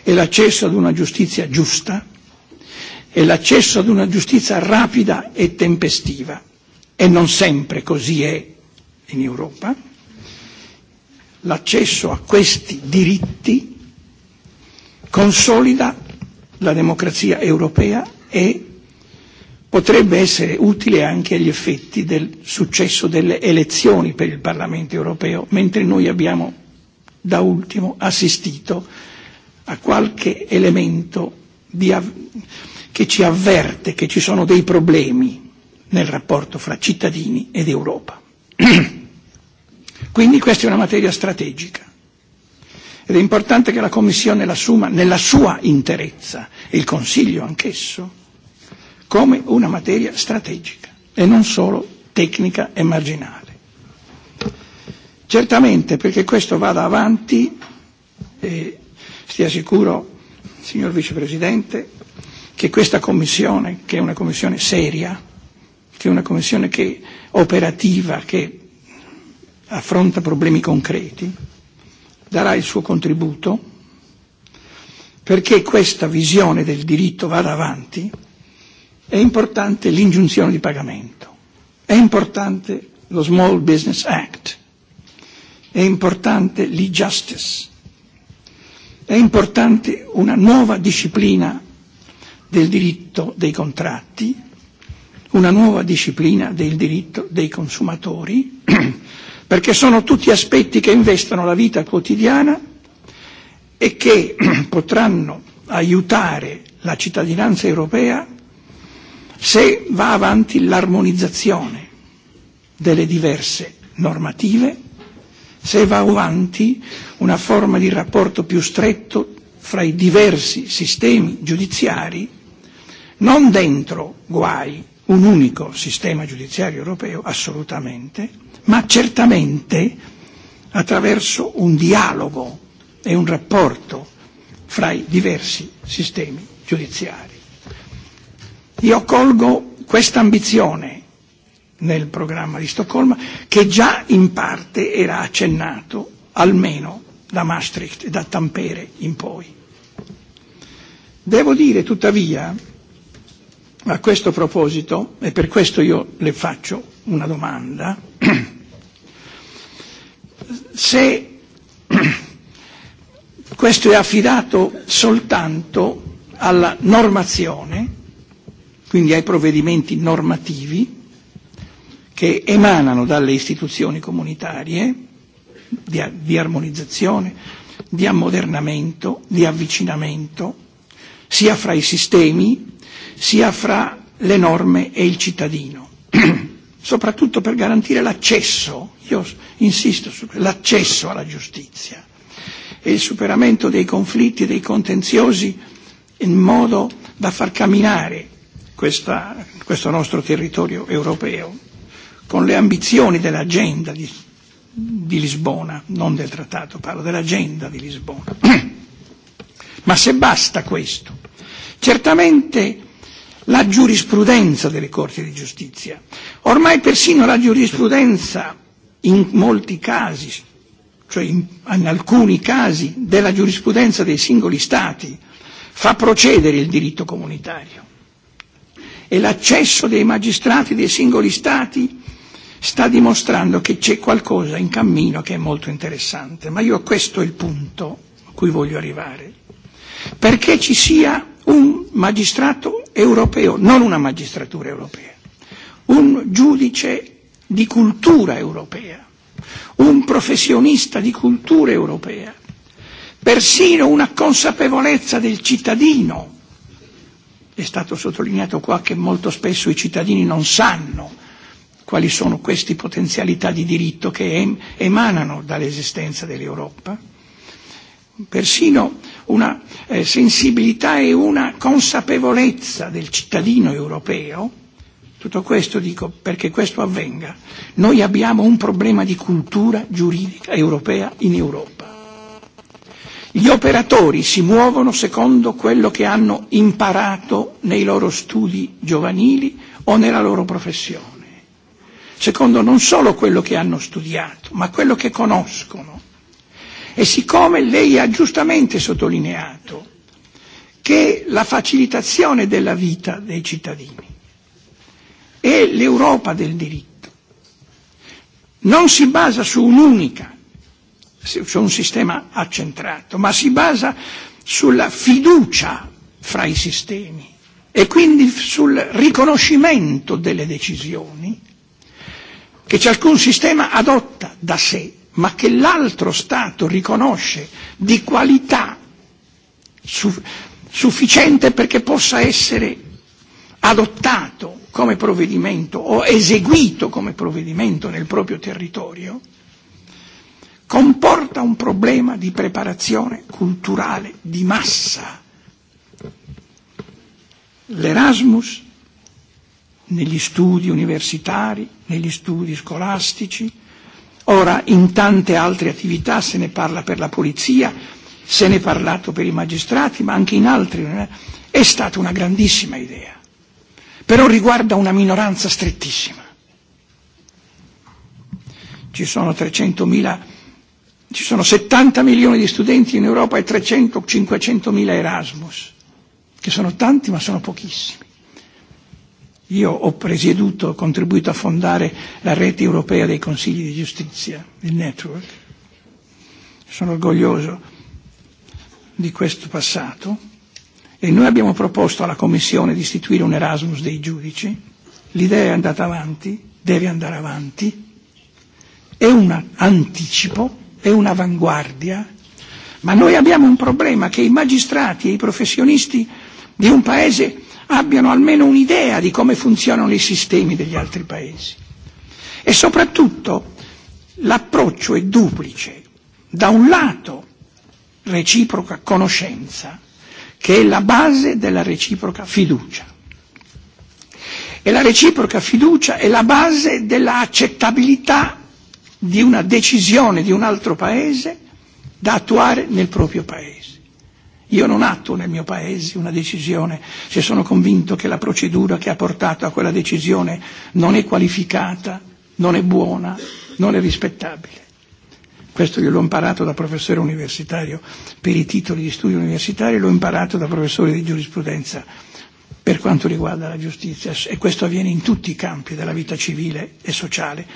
e l'accesso ad una giustizia giusta e l'accesso ad una giustizia rapida e tempestiva. E non sempre così è in Europa. L'accesso a questi diritti consolida la democrazia europea e potrebbe essere utile anche agli effetti del successo delle elezioni per il Parlamento europeo, mentre noi abbiamo da ultimo assistito a qualche elemento di av- che ci avverte che ci sono dei problemi nel rapporto fra cittadini ed Europa. Quindi questa è una materia strategica ed è importante che la Commissione l'assuma nella sua interezza e il Consiglio anch'esso come una materia strategica e non solo tecnica e marginale. Certamente perché questo vada avanti, e stia sicuro, signor Vicepresidente, che questa Commissione, che è una Commissione seria, che è una Commissione che operativa, che affronta problemi concreti, darà il suo contributo perché questa visione del diritto vada avanti È importante l'ingiunzione di pagamento, è importante lo Small Business Act, è importante l'e-justice, è importante una nuova disciplina del diritto dei contratti, una nuova disciplina del diritto dei consumatori, perché sono tutti aspetti che investono la vita quotidiana e che potranno aiutare la cittadinanza europea se va avanti l'armonizzazione delle diverse normative, se va avanti una forma di rapporto più stretto fra i diversi sistemi giudiziari, non dentro guai un unico sistema giudiziario europeo, assolutamente, ma certamente attraverso un dialogo e un rapporto fra i diversi sistemi giudiziari. Io colgo questa ambizione nel programma di Stoccolma che già in parte era accennato almeno da Maastricht e da Tampere in poi. Devo dire tuttavia a questo proposito, e per questo io le faccio una domanda, se questo è affidato soltanto alla normazione quindi ai provvedimenti normativi che emanano dalle istituzioni comunitarie di, di armonizzazione, di ammodernamento, di avvicinamento, sia fra i sistemi, sia fra le norme e il cittadino, soprattutto per garantire l'accesso, io insisto su l'accesso alla giustizia e il superamento dei conflitti e dei contenziosi in modo da far camminare questa, questo nostro territorio europeo, con le ambizioni dell'agenda di, di Lisbona, non del trattato, parlo dell'agenda di Lisbona. Ma se basta questo, certamente la giurisprudenza delle Corti di giustizia, ormai persino la giurisprudenza in molti casi, cioè in, in alcuni casi della giurisprudenza dei singoli Stati, fa procedere il diritto comunitario e l'accesso dei magistrati dei singoli Stati sta dimostrando che c'è qualcosa in cammino che è molto interessante. Ma io questo è il punto a cui voglio arrivare. Perché ci sia un magistrato europeo, non una magistratura europea, un giudice di cultura europea, un professionista di cultura europea, persino una consapevolezza del cittadino è stato sottolineato qua che molto spesso i cittadini non sanno quali sono queste potenzialità di diritto che emanano dall'esistenza dell'Europa, persino una eh, sensibilità e una consapevolezza del cittadino europeo, tutto questo dico perché questo avvenga, noi abbiamo un problema di cultura giuridica europea in Europa Gli operatori si muovono secondo quello che hanno imparato nei loro studi giovanili o nella loro professione, secondo non solo quello che hanno studiato, ma quello che conoscono. E siccome lei ha giustamente sottolineato che la facilitazione della vita dei cittadini è l'Europa del diritto non si basa su un'unica su un sistema accentrato, ma si basa sulla fiducia fra i sistemi e quindi sul riconoscimento delle decisioni che ciascun sistema adotta da sé, ma che l'altro Stato riconosce di qualità sufficiente perché possa essere adottato come provvedimento o eseguito come provvedimento nel proprio territorio, comporta un problema di preparazione culturale di massa. L'Erasmus negli studi universitari, negli studi scolastici, ora in tante altre attività se ne parla per la polizia, se ne è parlato per i magistrati, ma anche in altri, è stata una grandissima idea, però riguarda una minoranza strettissima. Ci sono 300.000 Ci sono 70 milioni di studenti in Europa e 300-500 mila Erasmus, che sono tanti ma sono pochissimi. Io ho presieduto, ho contribuito a fondare la rete europea dei consigli di giustizia, il network. Sono orgoglioso di questo passato e noi abbiamo proposto alla Commissione di istituire un Erasmus dei giudici. L'idea è andata avanti, deve andare avanti. È un anticipo è un'avanguardia, ma noi abbiamo un problema che i magistrati e i professionisti di un paese abbiano almeno un'idea di come funzionano i sistemi degli altri paesi. E soprattutto l'approccio è duplice. Da un lato reciproca conoscenza, che è la base della reciproca fiducia. E la reciproca fiducia è la base dell'accettabilità di una decisione di un altro paese da attuare nel proprio paese. Io non attuo nel mio paese una decisione se sono convinto che la procedura che ha portato a quella decisione non è qualificata, non è buona, non è rispettabile. Questo io l'ho imparato da professore universitario per i titoli di studio e l'ho imparato da professore di giurisprudenza per quanto riguarda la giustizia e questo avviene in tutti i campi della vita civile e sociale.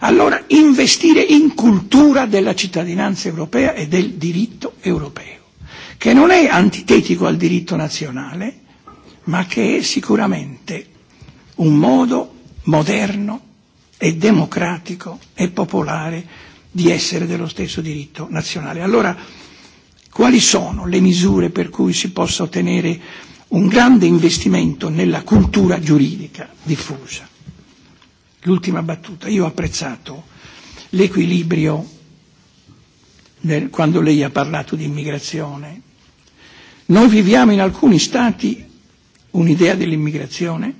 Allora investire in cultura della cittadinanza europea e del diritto europeo, che non è antitetico al diritto nazionale, ma che è sicuramente un modo moderno e democratico e popolare di essere dello stesso diritto nazionale. Allora quali sono le misure per cui si possa ottenere un grande investimento nella cultura giuridica diffusa. L'ultima battuta, io ho apprezzato l'equilibrio nel, quando lei ha parlato di immigrazione. Noi viviamo in alcuni stati un'idea dell'immigrazione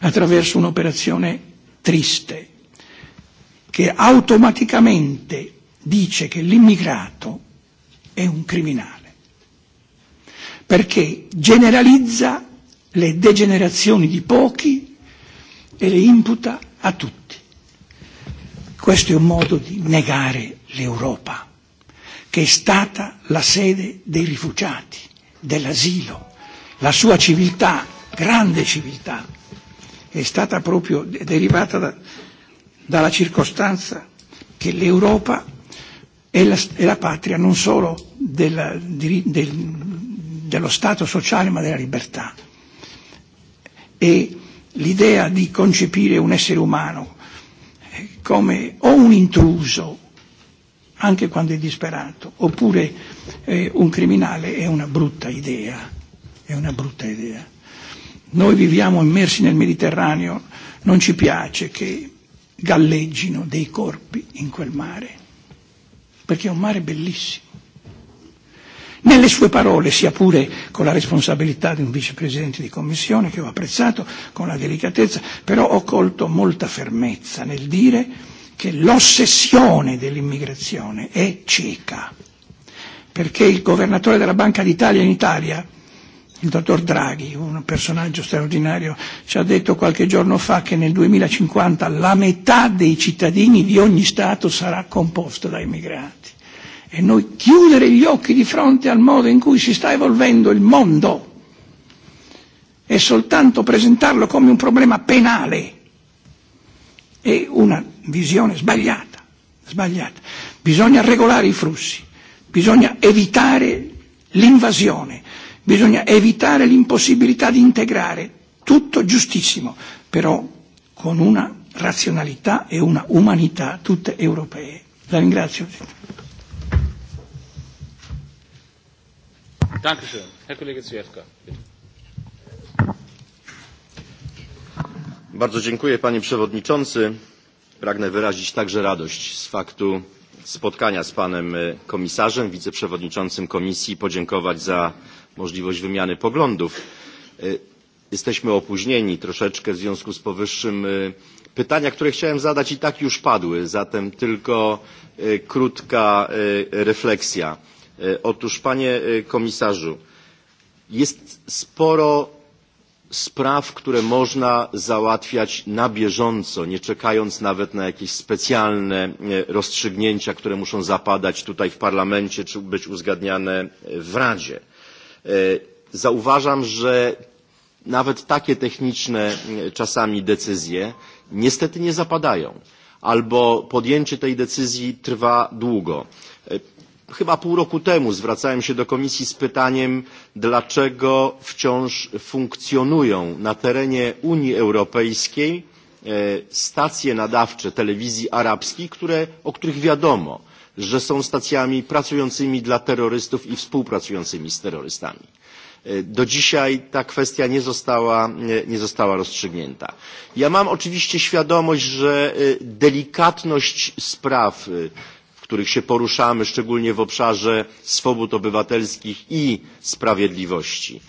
attraverso un'operazione triste che automaticamente dice che l'immigrato è un criminale perché generalizza le degenerazioni di pochi e le imputa a tutti. Questo è un modo di negare l'Europa, che è stata la sede dei rifugiati, dell'asilo. La sua civiltà, grande civiltà, è stata proprio derivata da, dalla circostanza che l'Europa è la, è la patria non solo della, di, del, dello Stato sociale ma della libertà. E l'idea di concepire un essere umano come o un intruso, anche quando è disperato, oppure eh, un criminale è una brutta idea. È una brutta idea. Noi viviamo immersi nel Mediterraneo, non ci piace che galleggino dei corpi in quel mare, perché è un mare bellissimo Nelle sue parole, sia pure con la responsabilità di un vicepresidente di commissione, che ho apprezzato con la delicatezza, però ho colto molta fermezza nel dire che l'ossessione dell'immigrazione è cieca, perché il governatore della Banca d'Italia in Italia, il dottor Draghi, un personaggio straordinario, ci ha detto qualche giorno fa che nel 2050 la metà dei cittadini di ogni Stato sarà composta da immigrati. E noi chiudere gli occhi di fronte al modo in cui si sta evolvendo il mondo e soltanto presentarlo come un problema penale è una visione sbagliata, sbagliata. Bisogna regolare i flussi, bisogna evitare l'invasione, bisogna evitare l'impossibilità di integrare, tutto giustissimo, però con una razionalità e una umanità tutte europee. La ringrazio. Dankeschön. Herr Kollege Zwiefka, bitte. Bardzo dziękuję panie przewodniczący. Pragnę wyrazić także radość z faktu spotkania z panem komisarzem, wiceprzewodniczącym komisji i podziękować za możliwość wymiany poglądów. Jesteśmy opóźnieni troszeczkę w związku z powyższym. Pytania, które chciałem zadać i tak już padły, zatem tylko krótka refleksja Otóż, panie komisarzu, jest sporo spraw, które można załatwiać na bieżąco, nie czekając nawet na jakieś specjalne rozstrzygnięcia, które muszą zapadać tutaj w parlamencie czy być uzgadniane w Radzie. Zauważam, że nawet takie techniczne czasami decyzje niestety nie zapadają albo podjęcie tej decyzji trwa długo chyba pół roku temu zwracałem się do Komisji z pytaniem, dlaczego wciąż funkcjonują na terenie Unii Europejskiej stacje nadawcze telewizji arabskiej, o których wiadomo, że są stacjami pracującymi dla terrorystów i współpracującymi z terrorystami. Do dzisiaj ta kwestia nie została, rozstrzygnięta. Ja mam oczywiście świadomość, że delikatność spraw których się poruszamy, szczególnie w obszarze swobód obywatelskich i sprawiedliwości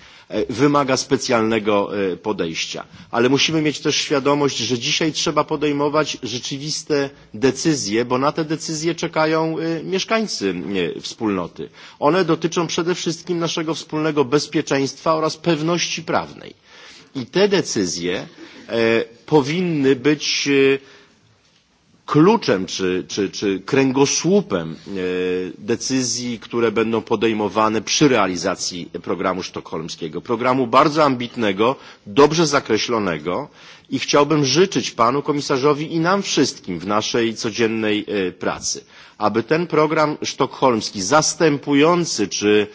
wymaga specjalnego podejścia. Ale musimy mieć też świadomość, że dzisiaj trzeba podejmować rzeczywiste decyzje, bo na te decyzje czekają mieszkańcy wspólnoty. One dotyczą przede wszystkim naszego wspólnego bezpieczeństwa oraz pewności prawnej. I te decyzje powinny być kluczem czy, czy, czy kręgosłupem decyzji, które będą podejmowane przy realizacji programu sztokholmskiego. Programu bardzo ambitnego, dobrze zakreślonego i chciałbym życzyć panu komisarzowi i nam wszystkim w naszej codziennej pracy, aby ten program sztokholmski zastępujący czy,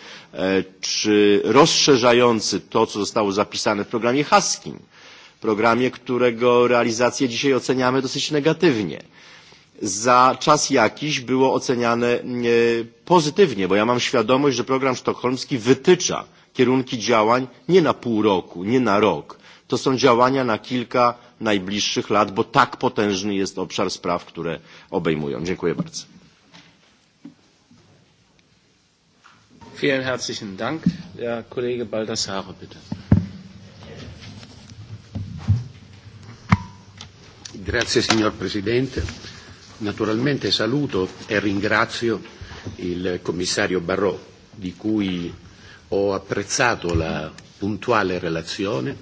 czy rozszerzający to, co zostało zapisane w programie haskim, programie, którego realizację dzisiaj oceniamy dosyć negatywnie. Za czas jakiś było oceniane pozytywnie, bo ja mam świadomość, że program sztokholmski wytycza kierunki działań nie na pół roku, nie na rok. To są działania na kilka najbliższych lat, bo tak potężny jest obszar spraw, które obejmują. Dziękuję bardzo. Vielen herzlichen Dank. Der Kollege Baldassare, bitte. Grazie signor Presidente. Naturalmente saluto e ringrazio il commissario Barrot, di cui ho apprezzato la puntuale relazione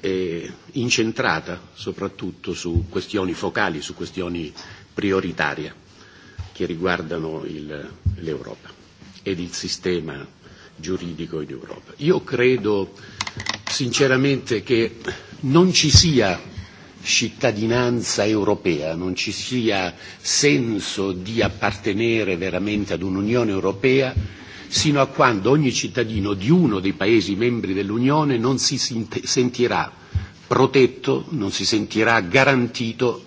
e incentrata soprattutto su questioni focali, su questioni prioritarie che riguardano il, l'Europa ed il sistema giuridico in Europa. Io credo sinceramente che non ci sia cittadinanza europea, non ci sia senso di appartenere veramente ad un'Unione europea sino a quando ogni cittadino di uno dei Paesi membri dell'Unione non si sentirà protetto, non si sentirà garantito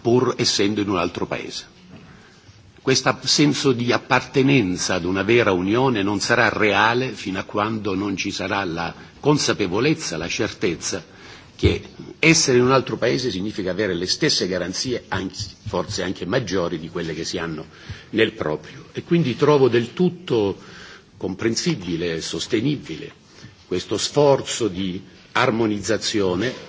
pur essendo in un altro Paese. Questo senso di appartenenza ad una vera Unione non sarà reale fino a quando non ci sarà la consapevolezza, la certezza che essere in un altro paese significa avere le stesse garanzie, anzi forse anche maggiori di quelle che si hanno nel proprio. E quindi trovo del tutto comprensibile e sostenibile questo sforzo di armonizzazione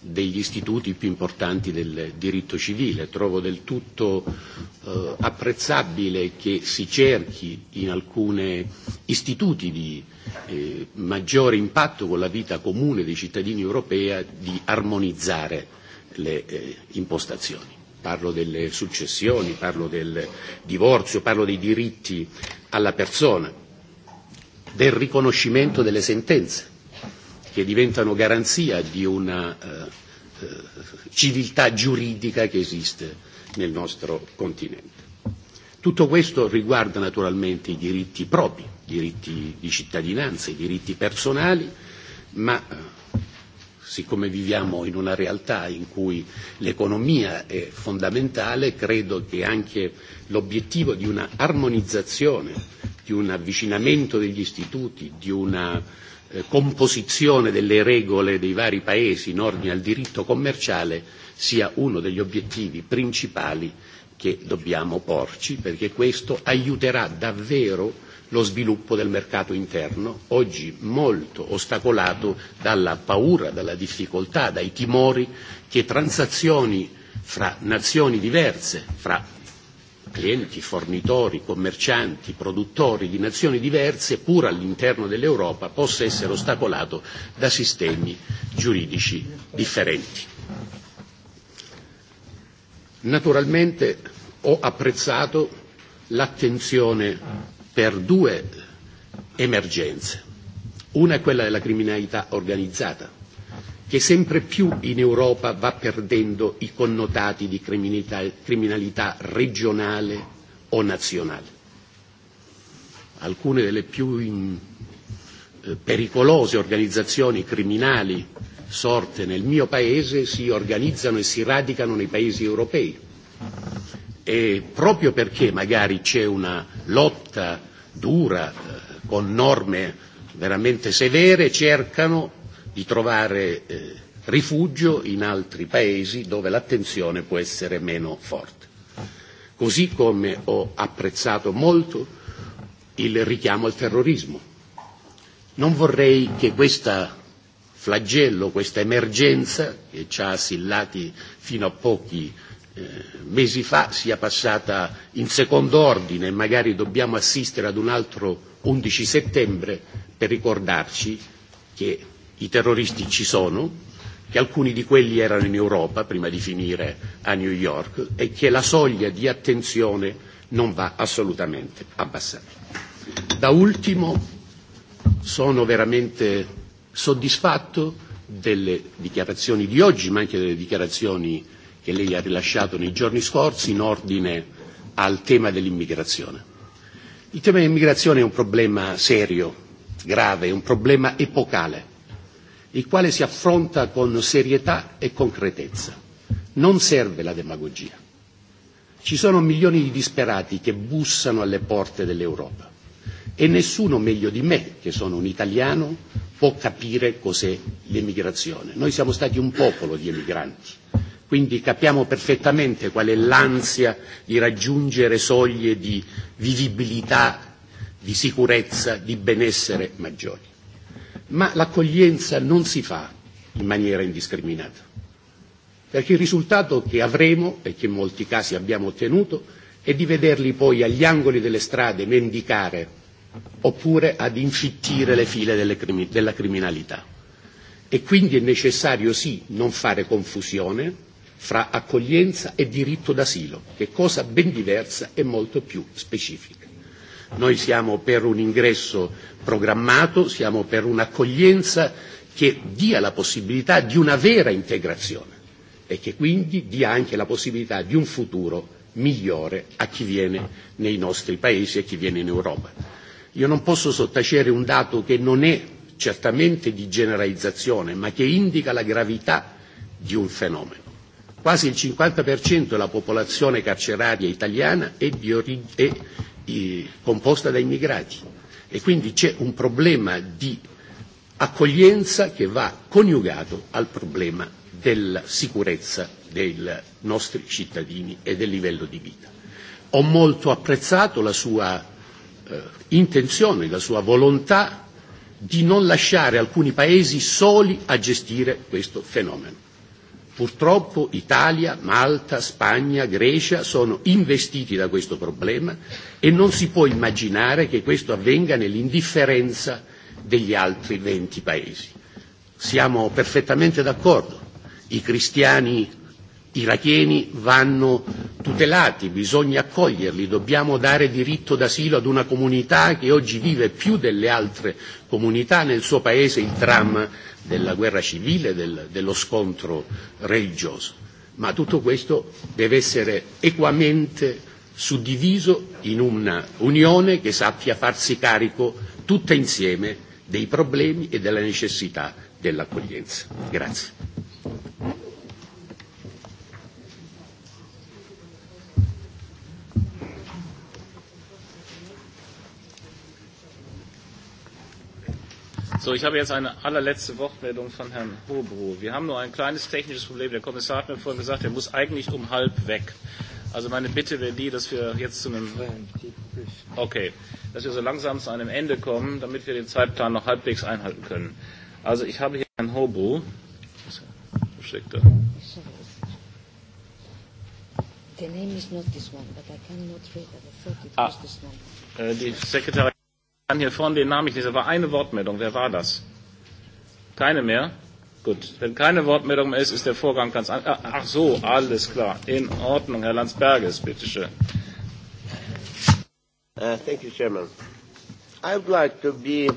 degli istituti più importanti del diritto civile. Trovo del tutto eh, apprezzabile che si cerchi in alcuni istituti di eh, maggiore impatto con la vita comune dei cittadini europei di armonizzare le eh, impostazioni. Parlo delle successioni, parlo del divorzio, parlo dei diritti alla persona, del riconoscimento delle sentenze che diventano garanzia di una eh, civiltà giuridica che esiste nel nostro continente. Tutto questo riguarda naturalmente i diritti propri, i diritti di cittadinanza, i diritti personali, ma siccome viviamo in una realtà in cui l'economia è fondamentale, credo che anche l'obiettivo di una armonizzazione, di un avvicinamento degli istituti, di una composizione delle regole dei vari paesi in ordine al diritto commerciale sia uno degli obiettivi principali che dobbiamo porci, perché questo aiuterà davvero lo sviluppo del mercato interno, oggi molto ostacolato dalla paura, dalla difficoltà, dai timori che transazioni fra nazioni diverse, fra clienti, fornitori, commercianti, produttori di nazioni diverse, pur all'interno dell'Europa, possa essere ostacolato da sistemi giuridici differenti. Naturalmente ho apprezzato l'attenzione per due emergenze. Una è quella della criminalità organizzata, che sempre più in Europa va perdendo i connotati di criminalità, regionale o nazionale. Alcune delle più pericolose organizzazioni criminali sorte nel mio paese si organizzano e si radicano nei paesi europei e proprio perché magari c'è una lotta dura con norme veramente severe cercano di trovare eh, rifugio in altri paesi dove l'attenzione può essere meno forte. Così come ho apprezzato molto il richiamo al terrorismo. Non vorrei che questo flagello, questa emergenza che ci ha assillati fino a pochi mesi fa sia passata in secondo ordine e magari dobbiamo assistere ad un altro 11 settembre per ricordarci che i terroristi ci sono, che alcuni di quelli erano in Europa prima di finire a New York e che la soglia di attenzione non va assolutamente abbassata. Da ultimo sono veramente soddisfatto delle dichiarazioni di oggi, ma anche delle dichiarazioni che lei ha rilasciato nei giorni scorsi in ordine al tema dell'immigrazione. Il tema dell'immigrazione è un problema serio, grave, è un problema epocale il quale si affronta con serietà e concretezza. Non serve la demagogia. Ci sono milioni di disperati che bussano alle porte dell'Europa e nessuno meglio di me, che sono un italiano, può capire cos'è l'emigrazione. Noi siamo stati un popolo di emigranti, quindi capiamo perfettamente qual è l'ansia di raggiungere soglie di vivibilità, di sicurezza, di benessere maggiori ma l'accoglienza non si fa in maniera indiscriminata, perché il risultato che avremo e che in molti casi abbiamo ottenuto è di vederli poi agli angoli delle strade mendicare oppure ad infittire le file delle della criminalità. E quindi è necessario sì non fare confusione fra accoglienza e diritto d'asilo, che è cosa ben diversa e molto più specifica. Noi siamo per un ingresso programmato, siamo per un'accoglienza che dia la possibilità di una vera integrazione e che quindi dia anche la possibilità di un futuro migliore a chi viene nei nostri paesi e a chi viene in Europa. Io non posso sottacere un dato che non è certamente di generalizzazione, ma che indica la gravità di un fenomeno. Quasi il 50% della popolazione carceraria italiana è di, origine. è composta da immigrati e quindi c'è un problema di accoglienza che va coniugato al problema della sicurezza dei nostri cittadini e del livello di vita. Ho molto apprezzato la sua eh, intenzione, la sua volontà di non lasciare alcuni paesi soli a gestire questo fenomeno. Purtroppo Italia, Malta, Spagna, Grecia sono investiti da questo problema e non si può immaginare che questo avvenga nell'indifferenza degli altri venti paesi. Siamo perfettamente d'accordo. I cristiani iracheni vanno tutelati, bisogna accoglierli, dobbiamo dare diritto d'asilo ad una comunità che oggi vive più delle altre comunità nel suo paese il dramma della guerra civile, del, dello scontro religioso. Ma tutto questo deve essere equamente suddiviso in una unione che sappia farsi carico tutta insieme dei problemi e della necessità dell'accoglienza. Grazie. So, ich habe jetzt eine allerletzte Wortmeldung von Herrn Hobro. Wir haben nur ein kleines technisches Problem. Der Kommissar hat mir vorhin gesagt, er muss eigentlich um halb weg. Also meine Bitte wäre die, dass wir jetzt zu einem Okay, dass wir so langsam zu einem Ende kommen, damit wir den Zeitplan noch halbwegs einhalten können. Also ich habe hier Herrn Hobro. Schickt The name is not this one, but I cannot read. I thought it was this one. Die Sekretärin kann hier vorne den Namen nicht lesen. Da war eine Wortmeldung. Wer war das? Keine mehr? Gut. Wenn keine Wortmeldung mehr ist, ist der Vorgang ganz anders. Ach so, alles klar. In Ordnung. Herr Landsberges, bitteschön. Uh, thank you, Chairman. I would like to be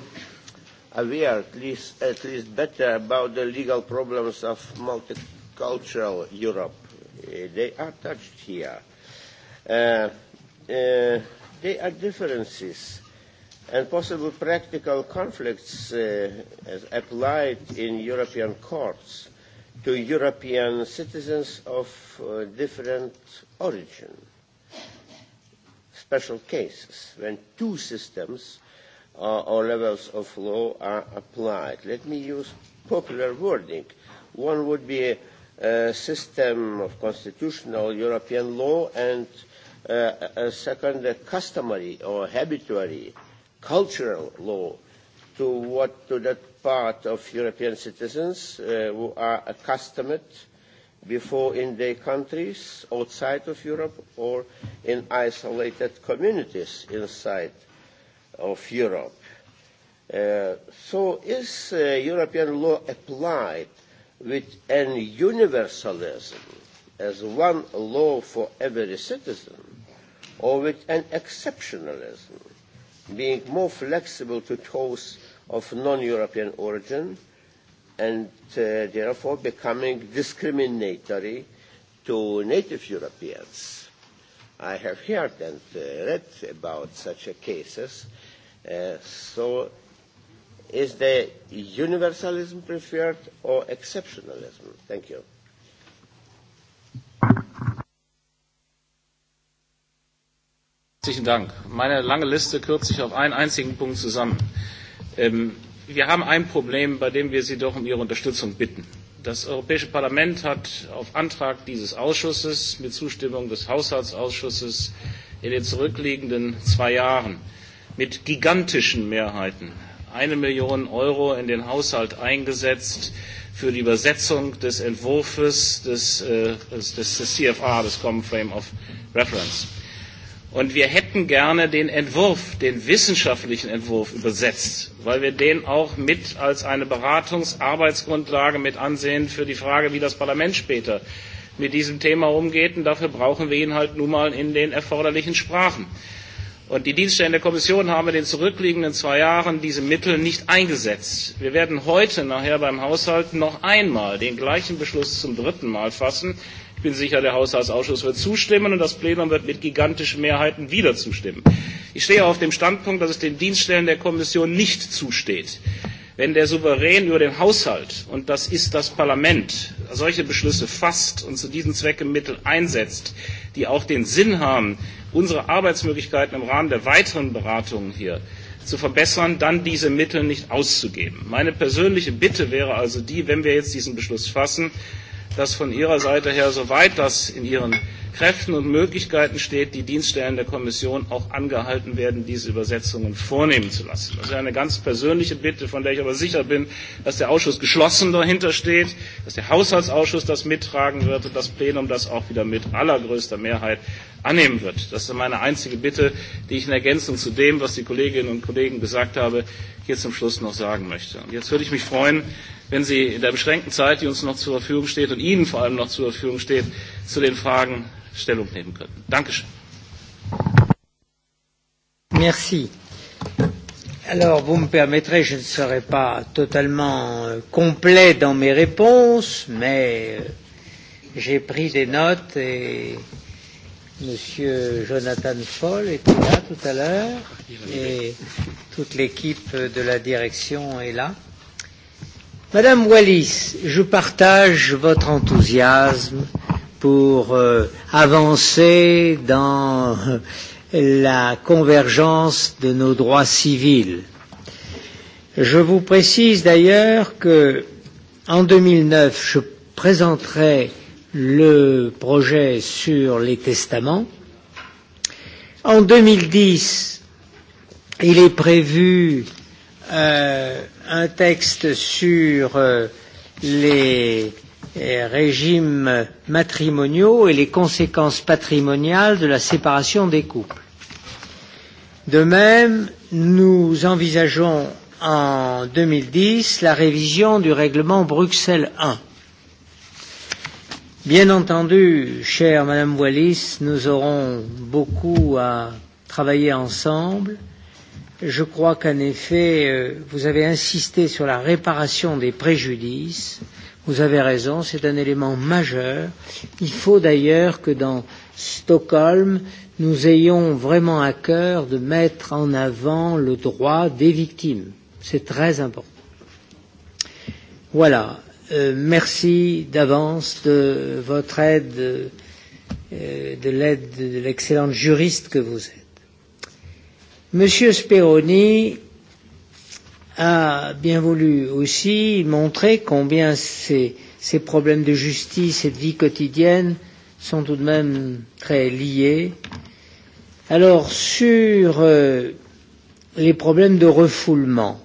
aware, at least, at least better, about the legal problems of multicultural Europe. Uh, they are touched here. Uh, uh, there are differences and possible practical conflicts uh, as applied in European courts to European citizens of uh, different origin. Special cases when two systems uh, or levels of law are applied. Let me use popular wording. One would be a system of constitutional European law and uh, a second a customary or habituary cultural law to what to that part of European citizens uh, who are accustomed before in their countries outside of Europe or in isolated communities inside of Europe. Uh, so is uh, European law applied with an universalism as one law for every citizen or with an exceptionalism? being more flexible to tows of non-European origin and uh, therefore becoming discriminatory to native Europeans. I have heard and uh, read about such cases. Uh, so is the universalism preferred or exceptionalism? Thank you. Herzlichen Dank. Meine lange Liste kürzt sich auf einen einzigen Punkt zusammen. wir haben ein Problem, bei dem wir Sie doch um Ihre Unterstützung bitten. Das Europäische Parlament hat auf Antrag dieses Ausschusses mit Zustimmung des Haushaltsausschusses in den zurückliegenden zwei Jahren mit gigantischen Mehrheiten eine Million Euro in den Haushalt eingesetzt für die Übersetzung des Entwurfs des, CFR, des Common Frame of Reference. Und wir hätten gerne den Entwurf, den wissenschaftlichen Entwurf übersetzt, weil wir den auch mit als eine Beratungsarbeitsgrundlage mit ansehen für die Frage, wie das Parlament später mit diesem Thema umgeht. Und dafür brauchen wir ihn halt nun mal in den erforderlichen Sprachen. Und die Dienststellen der Kommission haben in den zurückliegenden zwei Jahren diese Mittel nicht eingesetzt. Wir werden heute nachher beim Haushalt noch einmal den gleichen Beschluss zum dritten Mal fassen Ich bin sicher, der Haushaltsausschuss wird zustimmen und das Plenum wird mit gigantischen Mehrheiten wieder zustimmen. Ich stehe auf dem Standpunkt, dass es den Dienststellen der Kommission nicht zusteht, wenn der Souverän über den Haushalt, und das ist das Parlament, solche Beschlüsse fasst und zu diesem Zwecke Mittel einsetzt, die auch den Sinn haben, unsere Arbeitsmöglichkeiten im Rahmen der weiteren Beratungen hier zu verbessern, dann diese Mittel nicht auszugeben. Meine persönliche Bitte wäre also die, wenn wir jetzt diesen Beschluss fassen, das von Ihrer Seite her, soweit das in Ihren Kräften und Möglichkeiten steht, die Dienststellen der Kommission auch angehalten werden, diese Übersetzungen vornehmen zu lassen. Das ist eine ganz persönliche Bitte, von der ich aber sicher bin, dass der Ausschuss geschlossen dahinter steht, dass der Haushaltsausschuss das mittragen wird und das Plenum das auch wieder mit allergrößter Mehrheit annehmen wird. Das ist meine einzige Bitte, die ich in Ergänzung zu dem, was die Kolleginnen und Kollegen gesagt haben, hier zum Schluss noch sagen möchte. Und jetzt würde ich mich freuen, wenn Sie in der beschränkten Zeit, die uns noch zur Verfügung steht und Ihnen vor allem noch zur Verfügung steht, zu den Fragen Stellung nehmen könnten. Dankeschön. Merci. Alors, vous me permettrez, je ne serai pas totalement complet dans mes réponses, mais j'ai pris des notes et Monsieur Jonathan Foll était là tout à l'heure et toute l'équipe de la direction est là. Madame Wallis, je partage votre enthousiasme pour euh, avancer dans la convergence de nos droits civils. Je vous précise d'ailleurs que en 2009, je présenterai le projet sur les testaments. En 2010, il est prévu euh, un texte sur euh, les régimes matrimoniaux et les conséquences patrimoniales de la séparation des couples. De même, nous envisageons en 2010 la révision du règlement Bruxelles I. Bien entendu, chère Madame Wallis, nous aurons beaucoup à travailler ensemble. Je crois qu'en effet, vous avez insisté sur la réparation des préjudices Vous avez raison, c'est un élément majeur. Il faut d'ailleurs que dans Stockholm, nous ayons vraiment à cœur de mettre en avant le droit des victimes. C'est très important. Voilà. Euh, merci d'avance de votre aide, euh, de l'aide de l'excellente juriste que vous êtes. Monsieur Speroni, a bien voulu aussi montrer combien ces, ces problèmes de justice et de vie quotidienne sont tout de même très liés. Alors sur euh, les problèmes de refoulement,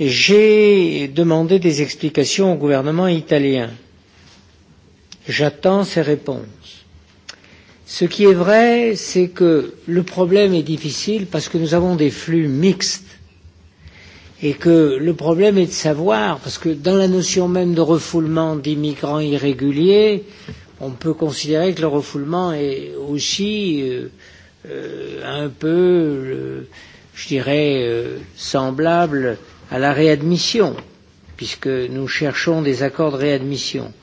j'ai demandé des explications au gouvernement italien. J'attends ses réponses. Ce qui est vrai, c'est que le problème est difficile parce que nous avons des flux mixtes et que le problème est de savoir, parce que dans la notion même de refoulement des migrants irréguliers, on peut considérer que le refoulement est aussi euh, euh, un peu, euh, je dirais, euh, semblable à la réadmission, puisque nous cherchons des accords de réadmission.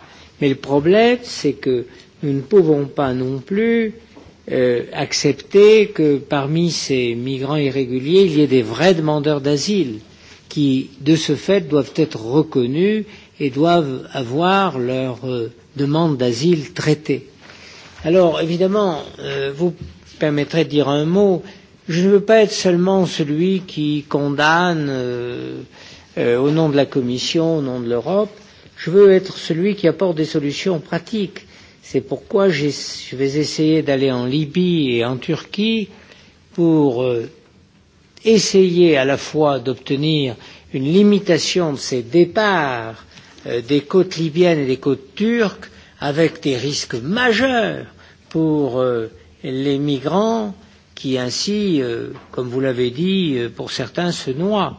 Mais le problème, c'est que nous ne pouvons pas non plus euh, accepter que parmi ces migrants irréguliers, il y ait des vrais demandeurs d'asile qui, de ce fait, doivent être reconnus et doivent avoir leur demande d'asile traitée. Alors, évidemment, euh, vous permettrez de dire un mot. Je ne veux pas être seulement celui qui condamne euh, euh, au nom de la Commission, au nom de l'Europe. Je veux être celui qui apporte des solutions pratiques. C'est pourquoi je vais essayer d'aller en Libye et en Turquie pour euh, essayer à la fois d'obtenir une limitation de ces départs des côtes libyennes et des côtes turques, avec des risques majeurs pour les migrants qui ainsi, comme vous l'avez dit, pour certains se noient.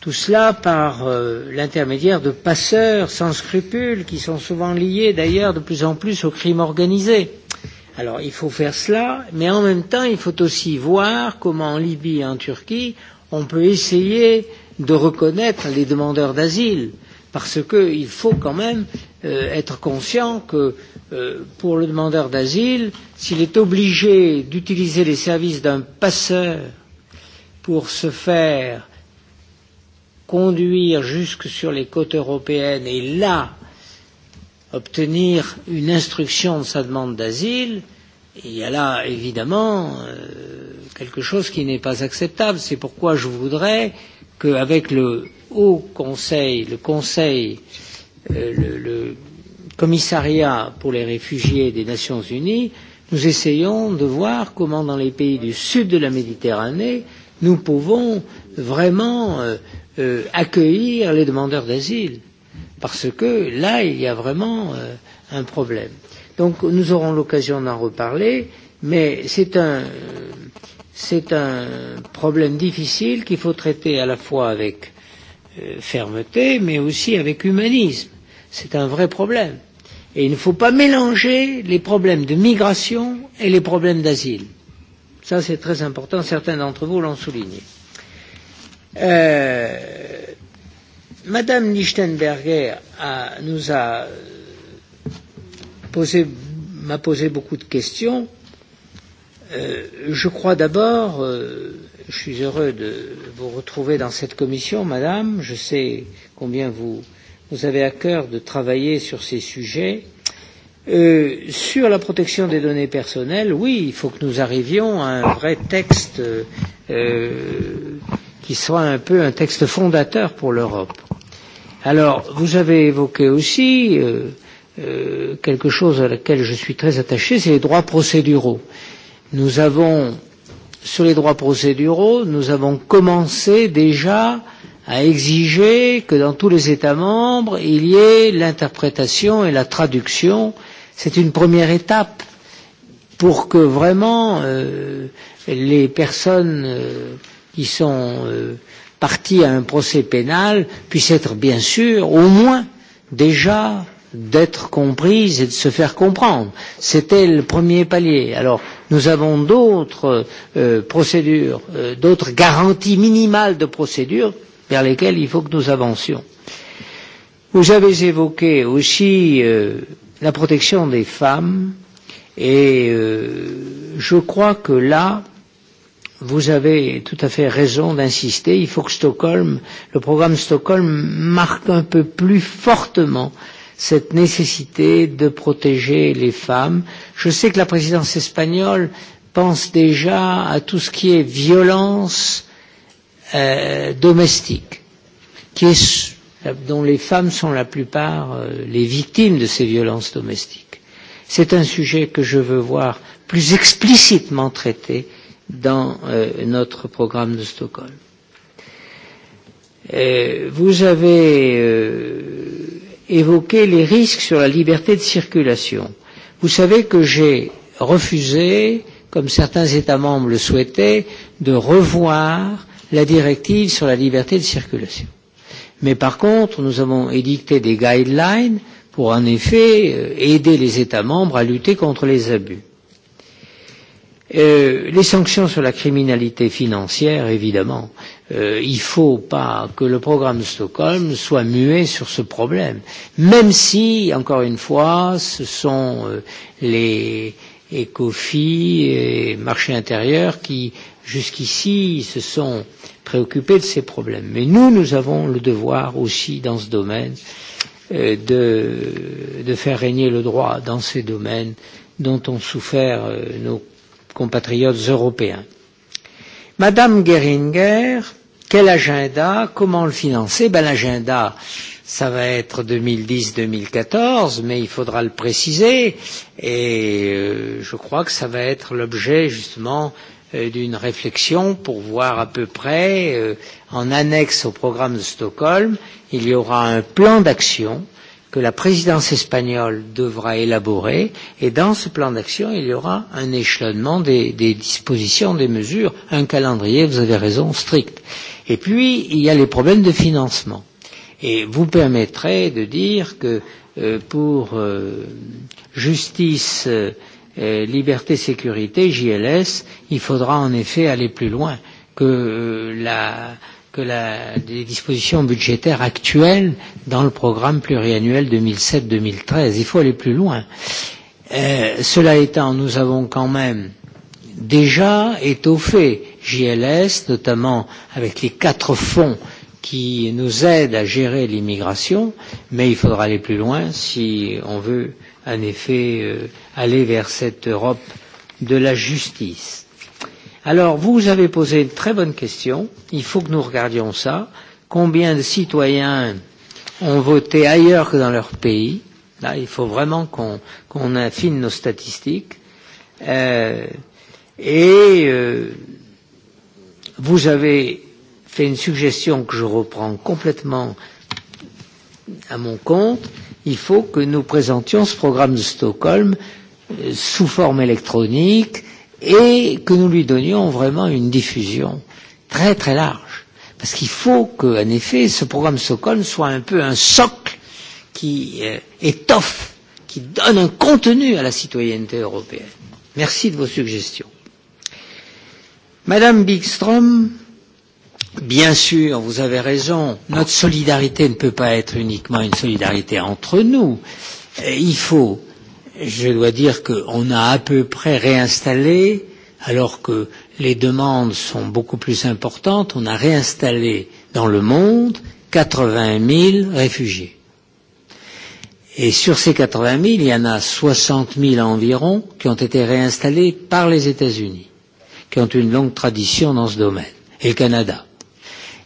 Tout cela par l'intermédiaire de passeurs sans scrupules qui sont souvent liés d'ailleurs de plus en plus au crime organisé. Euh, Alors il faut faire cela, mais en même temps il faut aussi voir comment en Libye et en Turquie on peut essayer de reconnaître les demandeurs d'asile, parce qu'il faut quand même euh, être conscient que euh, pour le demandeur d'asile, s'il est obligé d'utiliser les services d'un passeur pour se faire conduire jusque sur les côtes européennes et là euh, obtenir une instruction de sa demande d'asile, il y a là évidemment quelque chose qui n'est pas acceptable. C'est pourquoi je voudrais qu'avec le Haut Conseil, le Conseil, le, le Commissariat pour les réfugiés des Nations Unies, nous essayons de voir comment dans les pays du sud de la Méditerranée, nous pouvons vraiment accueillir les demandeurs d'asile parce que là, il y a vraiment euh, un problème. Donc nous aurons l'occasion d'en reparler, mais c'est un, c'est un problème difficile qu'il faut traiter à la fois avec euh, fermeté, mais aussi avec humanisme. C'est un vrai problème. Et il ne faut pas mélanger les problèmes de migration et les problèmes d'asile. Ça, c'est très important. Certains d'entre vous l'ont souligné. Euh, Madame Lichtenberger a, nous a posé, m'a posé beaucoup de questions. Euh, je crois d'abord, euh, je suis heureux de vous retrouver dans cette commission, Madame. Je sais combien vous, vous avez à cœur de travailler sur ces sujets. Euh, sur la protection des données personnelles, oui, il faut que nous arrivions à un vrai texte euh, qui soit un peu un texte fondateur pour l'Europe Alors, vous avez évoqué aussi euh, euh, quelque chose à laquelle je suis très attaché, c'est les droits procéduraux. Nous avons, sur les droits procéduraux, nous avons commencé déjà à exiger que dans tous les États membres, il y ait l'interprétation et la traduction. C'est une première étape pour que vraiment euh, les personnes euh, qui sont euh, partie à un procès pénal puisse être bien sûr au moins déjà d'être comprise et de se faire comprendre. C'était le premier palier. Alors, nous avons d'autres euh, procédures, euh, d'autres garanties minimales de procédure vers lesquelles il faut que nous avancions. Vous avez évoqué aussi euh, la protection des femmes et euh, je crois que là, euh, vous avez tout à fait raison d'insister. Il faut que Stockholm, le programme Stockholm marque un peu plus fortement cette nécessité de protéger les femmes. Je sais que la présidence espagnole pense déjà à tout ce qui est violence euh, domestique, qui est, dont les femmes sont la plupart euh, les victimes de ces violences domestiques. C'est un sujet que je veux voir plus explicitement traité dans euh, notre programme de Stockholm. Euh, vous avez euh, évoqué les risques sur la liberté de circulation. Vous savez que j'ai refusé, comme certains États membres le souhaitaient, de revoir la directive sur la liberté de circulation. Mais par contre, nous avons édicté des guidelines pour en effet aider les États membres à lutter contre les abus les sanctions sur la criminalité financière, évidemment, euh, il ne faut pas que le programme de Stockholm soit muet sur ce problème, même si, encore une fois, ce sont euh, les ECOFI et marché intérieur qui, jusqu'ici, se sont préoccupés de ces problèmes. Mais nous, nous avons le devoir aussi, dans ce domaine, euh, de, de faire régner le droit dans ces domaines dont ont souffert euh, nos compatriotes européens. Madame Geringer, quel agenda Comment le financer ben, L'agenda, ça va être 2010-2014, mais il faudra le préciser. Et euh, je crois que ça va être l'objet justement euh, d'une réflexion pour voir à peu près, euh, en annexe au programme de Stockholm, il y aura un plan d'action euh, que la présidence espagnole devra élaborer. Et dans ce plan d'action, il y aura un échelonnement des, des dispositions, des mesures, un calendrier, vous avez raison, strict. Et puis, il y a les problèmes de financement. Et vous permettrez de dire que euh, pour euh, justice, euh, liberté, sécurité, JLS, il faudra en effet aller plus loin que la que la, les dispositions budgétaires actuelles dans le programme pluriannuel 2007-2013. Il faut aller plus loin. Euh, cela étant, nous avons quand même déjà étoffé JLS, notamment avec les quatre fonds qui nous aident à gérer l'immigration, mais il faudra aller plus loin si on veut en effet euh, aller vers cette Europe de la justice. Alors, vous avez posé une très bonne question. Il faut que nous regardions ça. Combien de citoyens ont voté ailleurs que dans leur pays Là, il faut vraiment qu'on qu affine nos statistiques. Euh, et euh, vous avez fait une suggestion que je reprends complètement à mon compte. Il faut que nous présentions ce programme de Stockholm sous forme électronique et que nous lui donnions vraiment une diffusion très très large. Parce qu'il faut qu'en effet, ce programme SOCON soit un peu un socle qui euh, étoffe, qui donne un contenu à la citoyenneté européenne. Merci de vos suggestions. Madame Bigstrom, bien sûr, vous avez raison, notre solidarité ne peut pas être uniquement une solidarité entre nous. Il faut je dois dire qu'on a à peu près réinstallé, alors que les demandes sont beaucoup plus importantes, on a réinstallé dans le monde 80 000 réfugiés. Et sur ces 80 000, il y en a 60 000 environ qui ont été réinstallés par les États-Unis, qui ont une longue tradition dans ce domaine, et le Canada.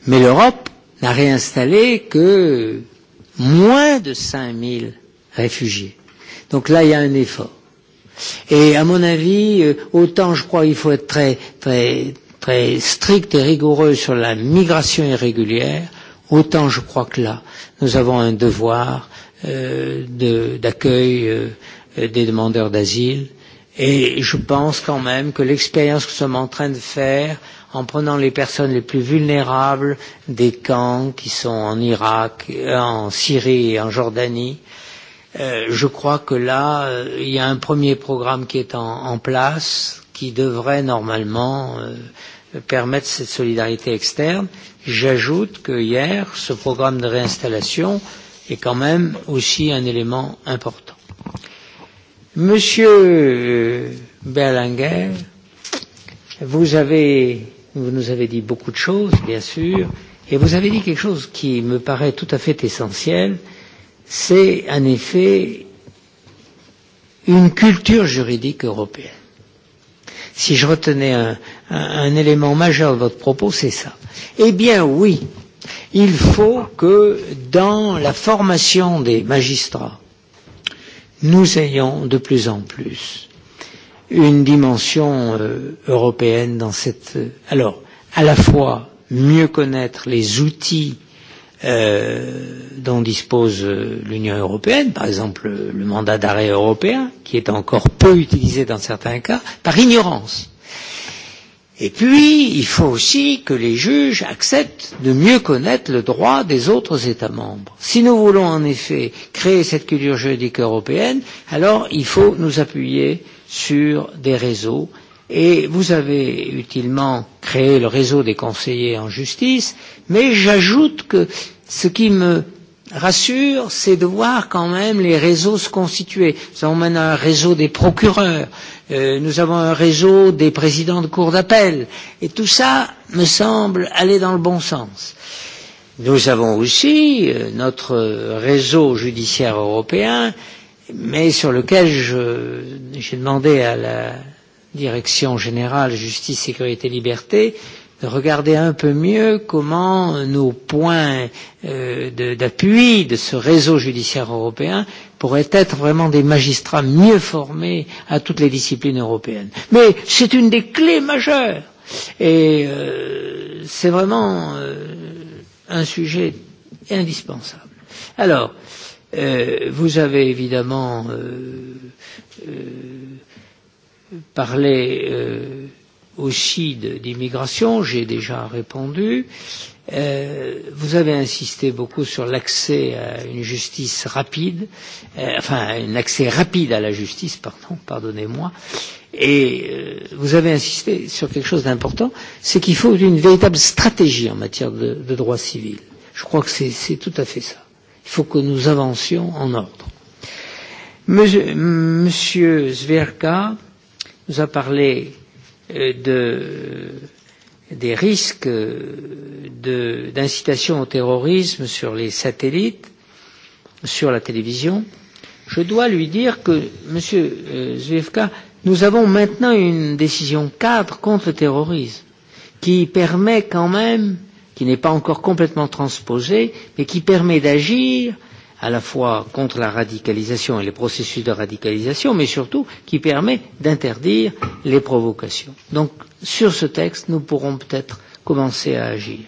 Mais l'Europe n'a réinstallé que moins de 5 000 réfugiés. Donc là, il y a un effort. Et à mon avis, autant je crois qu'il faut être très, très, très strict et rigoureux sur la migration irrégulière, autant je crois que là, nous avons un devoir euh, d'accueil de, euh, des demandeurs d'asile. Et je pense quand même que l'expérience que nous sommes en train de faire en prenant les personnes les plus vulnérables des camps qui sont en Irak, en Syrie et en Jordanie, euh, je crois que là, il y a un premier programme qui est en, en place, qui devrait normalement euh, permettre cette solidarité externe. J'ajoute que hier, ce programme de réinstallation est quand même aussi un élément important. Monsieur Berlinguer, vous avez, vous nous avez dit beaucoup de choses, bien sûr, et vous avez dit quelque chose qui me paraît tout à fait essentiel, euh, c'est en effet une culture juridique européenne. Si je retenais un, un, un élément majeur de votre propos, c'est ça. Eh bien oui, il faut que dans la formation des magistrats, nous ayons de plus en plus une dimension euh, européenne dans cette. Alors, à la fois mieux connaître les outils dont dispose l'Union européenne, par exemple le mandat d'arrêt européen, qui est encore peu utilisé dans certains cas, par ignorance. Et puis, il faut aussi que les juges acceptent de mieux connaître le droit des autres États membres. Si nous voulons en effet créer cette culture juridique européenne, alors il faut nous appuyer sur des réseaux et vous avez utilement créé le réseau des conseillers en justice, mais j'ajoute que ce qui me rassure, c'est de voir quand même les réseaux se constituer. Nous avons maintenant un réseau des procureurs, euh, nous avons un réseau des présidents de cours d'appel, et tout ça me semble aller dans le bon sens. Nous avons aussi notre réseau judiciaire européen, mais sur lequel j'ai demandé à la direction générale justice, sécurité, liberté, de regarder un peu mieux comment nos points euh, d'appui de, de ce réseau judiciaire européen pourraient être vraiment des magistrats mieux formés à toutes les disciplines européennes. Mais c'est une des clés majeures et euh, c'est vraiment euh, un sujet indispensable. Alors, euh, vous avez évidemment euh, euh, parlait euh, aussi d'immigration, j'ai déjà répondu. Euh, vous avez insisté beaucoup sur l'accès à une justice rapide, euh, enfin un accès rapide à la justice, pardon, pardonnez-moi. Et euh, vous avez insisté sur quelque chose d'important, c'est qu'il faut une véritable stratégie en matière de, de droit civil. Je crois que c'est tout à fait ça. Il faut que nous avancions en ordre. Monsieur, monsieur Zverka, nous a parlé de, des risques d'incitation au terrorisme sur les satellites, sur la télévision. Je dois lui dire que, Monsieur Zuevka, nous avons maintenant une décision cadre contre le terrorisme qui permet quand même, qui n'est pas encore complètement transposée, mais qui permet d'agir euh, à la fois contre la radicalisation et les processus de radicalisation, mais surtout qui permet d'interdire les provocations. Donc, sur ce texte, nous pourrons peut-être commencer à agir.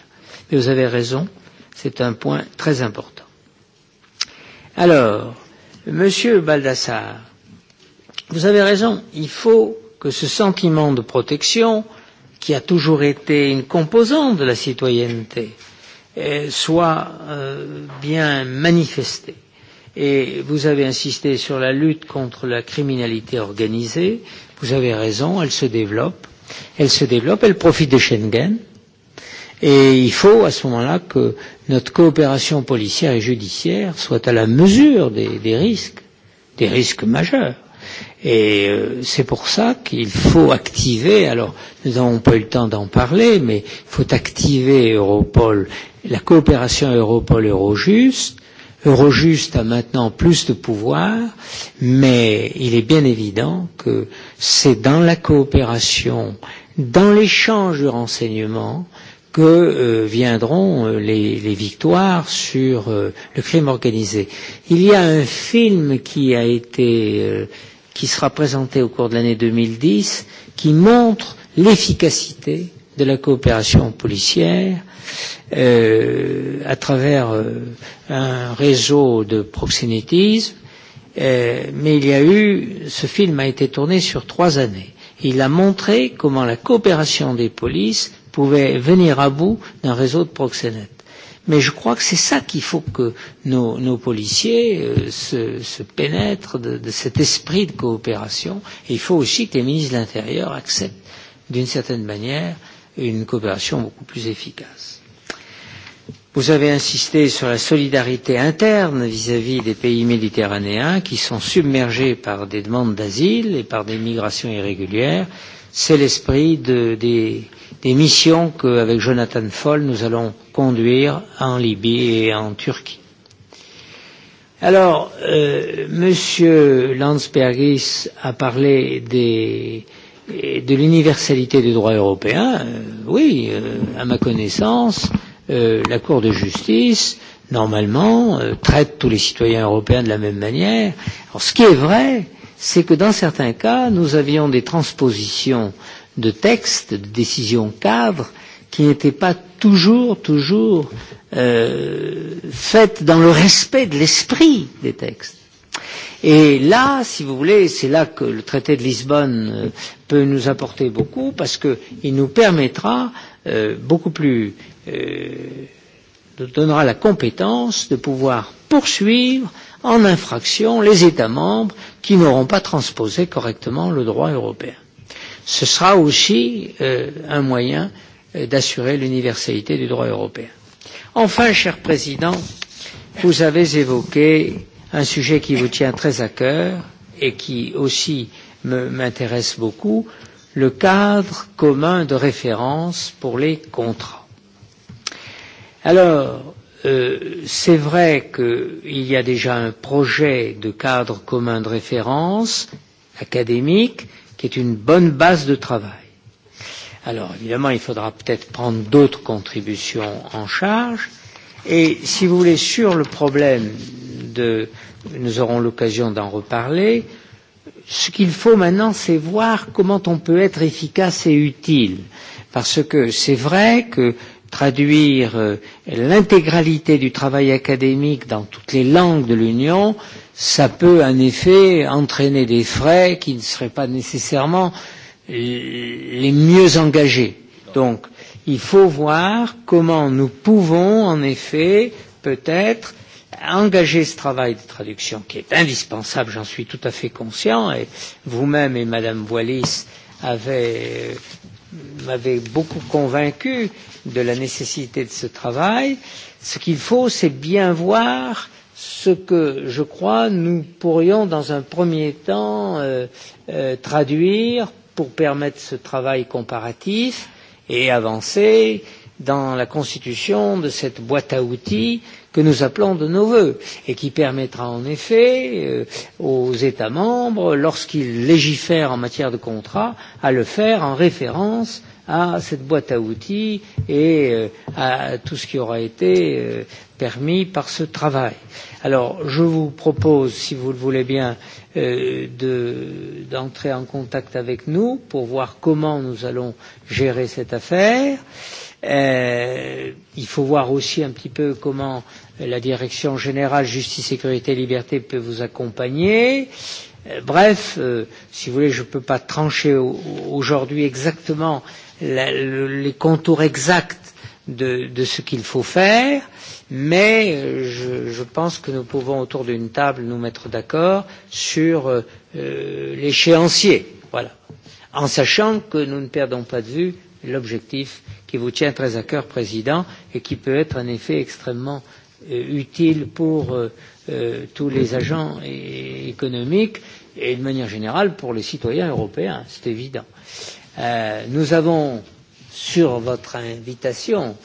Mais vous avez raison, c'est un point très important. Alors, Monsieur Baldassar, vous avez raison, il faut que ce sentiment de protection, qui a toujours été une composante de la citoyenneté, euh, soit bien manifestée. Et vous avez insisté sur la lutte contre la criminalité organisée. Vous avez raison, elle se développe. Elle se développe, elle profite de Schengen. Et il faut à ce moment-là que notre coopération policière et judiciaire soit à la mesure des, des risques, des risques majeurs Et c'est pour ça qu'il faut activer, alors nous n'avons pas eu le temps d'en parler, mais il faut activer Europol, la coopération Europol-Eurojust. Eurojust a maintenant plus de pouvoir, mais il est bien évident que c'est dans la coopération, dans l'échange de renseignements, que euh, viendront euh, les, les victoires sur euh, le crime organisé. Il y a un film qui a été euh, qui sera présenté au cours de l'année 2010, qui montre l'efficacité de la coopération policière euh, à travers euh, un réseau de proxénétisme. Euh, mais il y a eu, ce film a été tourné sur trois années. Il a montré comment la coopération des polices pouvait venir à bout d'un réseau de proxénètes. Mais je crois que c'est ça qu'il faut que nos, nos policiers euh, se, se pénètrent de, de cet esprit de coopération. Et il faut aussi que les ministres de l'Intérieur acceptent, d'une certaine manière, une coopération beaucoup plus efficace. Vous avez insisté sur la solidarité interne vis-à-vis des pays méditerranéens qui sont submergés par des demandes d'asile et par des migrations irrégulières c'est l'esprit de, des, des missions qu'avec Jonathan Foll, nous allons conduire en Libye et en Turquie. Alors, euh, Monsieur Landsbergis a parlé des, de l'universalité du droit européen. Euh, oui, euh, à ma connaissance, euh, la Cour de justice, normalement, euh, traite tous les citoyens européens de la même manière. Alors, ce qui est vrai, c'est que dans certains cas, nous avions des transpositions de textes, de décisions cadres, qui n'étaient pas toujours, toujours euh, faites dans le respect de l'esprit des textes. Et là, si vous voulez, c'est là que le traité de Lisbonne peut nous apporter beaucoup, parce qu'il nous permettra euh, beaucoup plus euh, donnera la compétence de pouvoir poursuivre euh, en infraction les États membres qui n'auront pas transposé correctement le droit européen. Ce sera aussi euh, un moyen d'assurer l'universalité du droit européen. Enfin, cher Président, vous avez évoqué un sujet qui vous tient très à cœur et qui aussi m'intéresse beaucoup, le cadre commun de référence pour les contrats. Alors, c'est vrai qu'il y a déjà un projet de cadre commun de référence académique qui est une bonne base de travail. Alors évidemment, il faudra peut-être prendre d'autres contributions en charge. Et si vous voulez, sur le problème de, nous aurons l'occasion d'en reparler, ce qu'il faut maintenant, c'est voir comment on peut être efficace et utile. Parce que c'est vrai que traduire l'intégralité du travail académique dans toutes les langues de l'Union, ça peut en effet entraîner des frais qui ne seraient pas nécessairement les mieux engagés. Donc, il faut voir comment nous pouvons en effet peut-être engager ce travail de traduction qui est indispensable, j'en suis tout à fait conscient, et vous-même et Madame Wallis avez m'avait beaucoup convaincu de la nécessité de ce travail. Ce qu'il faut, c'est bien voir ce que, je crois, nous pourrions, dans un premier temps, euh, euh, traduire pour permettre ce travail comparatif et avancer dans la constitution de cette boîte à outils que nous appelons de nos vœux et qui permettra en effet aux États membres, lorsqu'ils légifèrent en matière de contrat, à le faire en référence à cette boîte à outils et à tout ce qui aura été permis par ce travail. Alors, je vous propose, si vous le voulez bien, d'entrer en contact avec nous pour voir comment nous allons gérer cette affaire. Euh, il faut voir aussi un petit peu comment la direction générale justice, sécurité, et liberté peut vous accompagner. Bref, si vous voulez, je ne peux pas trancher aujourd'hui exactement les contours exacts de, de ce qu'il faut faire, mais je, je pense que nous pouvons autour d'une table nous mettre d'accord sur euh, l'échéancier, voilà, en sachant que nous ne perdons pas de vue l'objectif qui vous tient très à cœur, Président, et qui peut être en effet extrêmement euh, utile pour tous les agents économiques et de manière générale pour les citoyens européens, c'est évident. nous avons, sur votre invitation,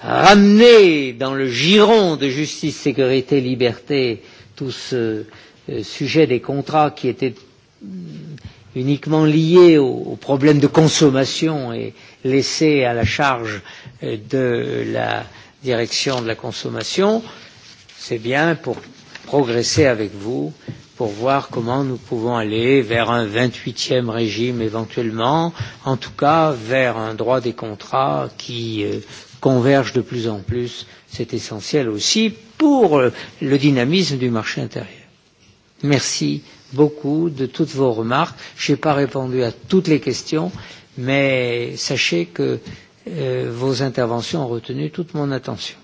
ramené dans le giron de justice, sécurité, liberté tout ce sujet des contrats qui était uniquement lié aux problèmes de consommation et laissé à la charge de la direction de la consommation, c'est bien pour progresser avec vous, pour voir comment nous pouvons aller vers un 28e régime éventuellement, en tout cas vers un droit des contrats qui converge de plus en plus. C'est essentiel aussi pour le dynamisme du marché intérieur. Merci beaucoup de toutes vos remarques. Je n'ai pas répondu à toutes les questions, mais sachez que vos interventions ont retenu toute mon attention.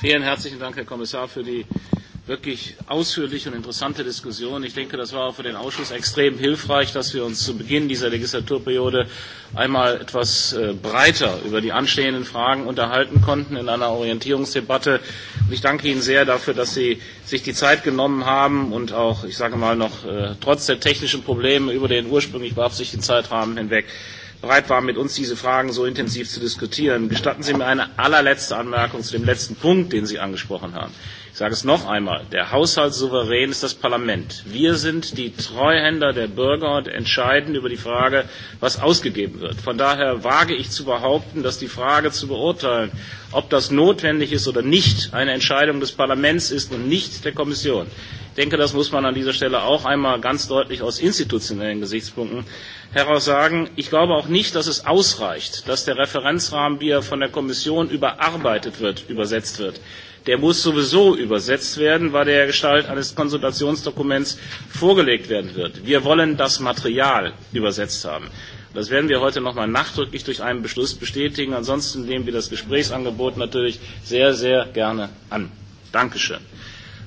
Vielen herzlichen Dank, Herr Kommissar, für die wirklich ausführliche und interessante Diskussion. Ich denke, das war auch für den Ausschuss extrem hilfreich, dass wir uns zu Beginn dieser Legislaturperiode einmal etwas breiter über die anstehenden Fragen unterhalten konnten in einer Orientierungsdebatte. Und ich danke Ihnen sehr dafür, dass Sie sich die Zeit genommen haben und auch, ich sage mal noch, trotz der technischen Probleme über den ursprünglich beabsichtigten Zeitrahmen hinweg bereit waren, mit uns diese Fragen so intensiv zu diskutieren. Gestatten Sie mir eine allerletzte Anmerkung zu dem letzten Punkt, den Sie angesprochen haben. Ich sage es noch einmal, der Haushaltssouverän ist das Parlament. Wir sind die Treuhänder der Bürger und entscheiden über die Frage, was ausgegeben wird. Von daher wage ich zu behaupten, dass die Frage zu beurteilen, ob das notwendig ist oder nicht, eine Entscheidung des Parlaments ist und nicht der Kommission. Ich denke, das muss man an dieser Stelle auch einmal ganz deutlich aus institutionellen Gesichtspunkten heraus sagen. Ich glaube auch nicht, dass es ausreicht, dass der Referenzrahmen, wie er von der Kommission überarbeitet wird, übersetzt wird der muss sowieso übersetzt werden, weil der Gestalt eines Konsultationsdokuments vorgelegt werden wird. Wir wollen das Material übersetzt haben. Das werden wir heute nochmal nachdrücklich durch einen Beschluss bestätigen. Ansonsten nehmen wir das Gesprächsangebot natürlich sehr, sehr gerne an. Dankeschön.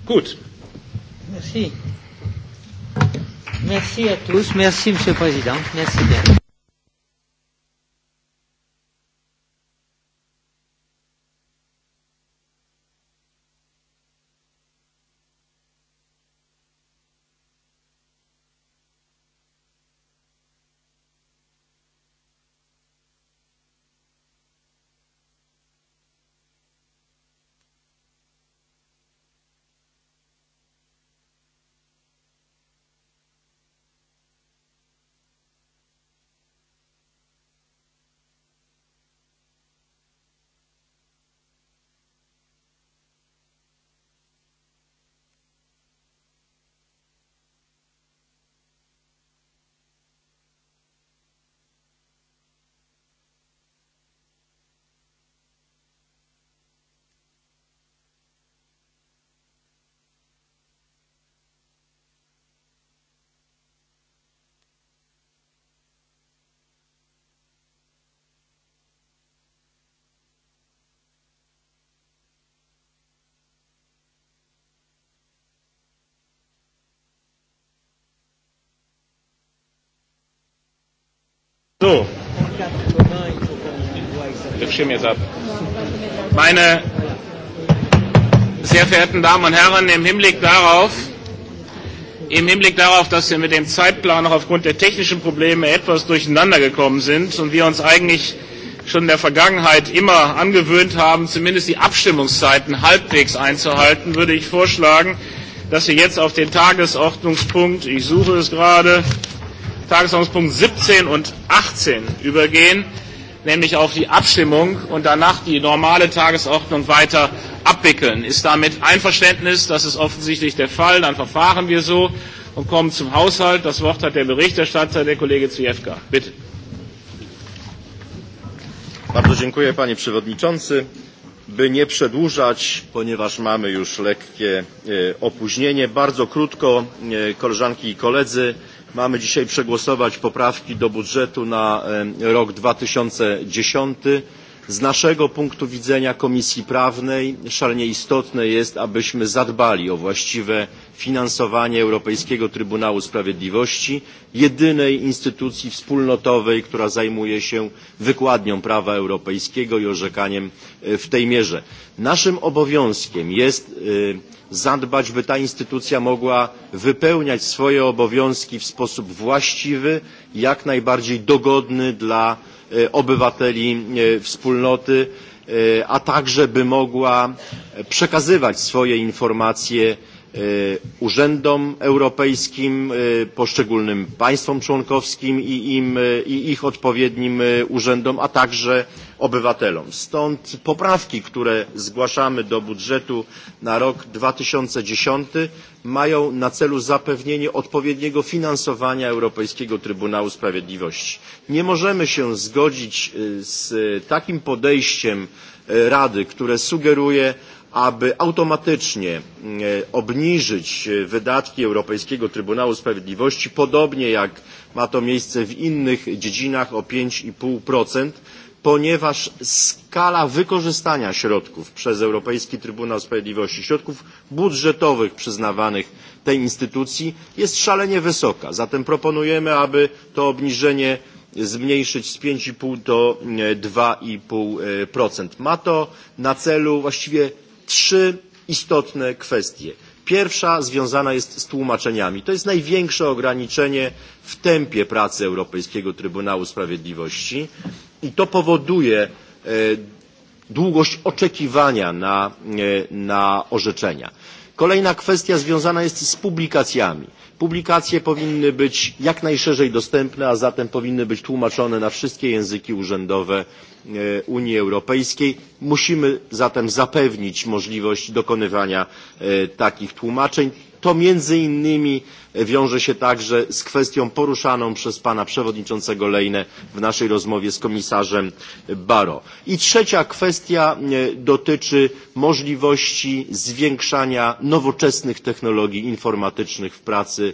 Gut. Merci. Merci à tous. Merci, Monsieur Président. Merci bien. So. Ich Schirm jetzt ab. Meine sehr verehrten Damen und Herren, im Hinblick darauf, im Hinblick darauf, dass wir mit dem Zeitplan auch aufgrund der technischen Probleme etwas durcheinander gekommen sind und wir uns eigentlich schon in der Vergangenheit immer angewöhnt haben, zumindest die Abstimmungszeiten halbwegs einzuhalten, würde ich vorschlagen, dass wir jetzt auf den Tagesordnungspunkt, ich suche es gerade, Tagesordnungspunkt 17 und 18 übergehen, nämlich auf die Abstimmung und danach die normale Tagesordnung weiter abwickeln. Ist damit Einverständnis? Das ist offensichtlich der Fall. Dann verfahren wir so und kommen zum Haushalt. Das Wort hat der Berichterstatter, der Kollege Zwiefka. Bitte. Bardzo dziękuję, panie przewodniczący. By nie przedłużać, ponieważ mamy już lekkie opóźnienie, bardzo krótko, koleżanki i koledzy Mamy dzisiaj przegłosować poprawki do budżetu na rok 2010. Z naszego punktu widzenia Komisji Prawnej szalenie istotne jest, abyśmy zadbali o właściwe finansowanie Europejskiego Trybunału Sprawiedliwości, jedynej instytucji wspólnotowej, która zajmuje się wykładnią prawa europejskiego i orzekaniem w tej mierze. Naszym obowiązkiem jest zadbać, by ta instytucja mogła wypełniać swoje obowiązki w sposób właściwy, jak najbardziej dogodny dla obywateli wspólnoty, a także by mogła przekazywać swoje informacje urzędom europejskim, poszczególnym państwom członkowskim i, ich odpowiednim urzędom, a także obywatelom. Stąd poprawki, które zgłaszamy do budżetu na rok dwa tysiące 2010 mają na celu zapewnienie odpowiedniego finansowania Europejskiego Trybunału Sprawiedliwości. Nie możemy się zgodzić z takim podejściem Rady, które sugeruje aby automatycznie obniżyć wydatki Europejskiego Trybunału Sprawiedliwości, podobnie jak ma to miejsce w innych dziedzinach o 5,5%, ponieważ skala wykorzystania środków przez Europejski Trybunał Sprawiedliwości, środków budżetowych przyznawanych tej instytucji jest szalenie wysoka. Zatem proponujemy, aby to obniżenie zmniejszyć z 5,5 do 2,5%. Ma to na celu właściwie trzy istotne kwestie. Pierwsza związana jest z tłumaczeniami. To jest największe ograniczenie w tempie pracy Europejskiego Trybunału Sprawiedliwości i to powoduje długość oczekiwania na, orzeczenia. Kolejna kwestia związana jest z publikacjami. Publikacje powinny być jak najszerzej dostępne, a zatem powinny być tłumaczone na wszystkie języki urzędowe Unii Europejskiej. Musimy zatem zapewnić możliwość dokonywania takich tłumaczeń To między innymi wiąże się także z kwestią poruszaną przez pana przewodniczącego Lejne w naszej rozmowie z komisarzem Baro. I trzecia kwestia dotyczy możliwości zwiększania nowoczesnych technologii informatycznych w pracy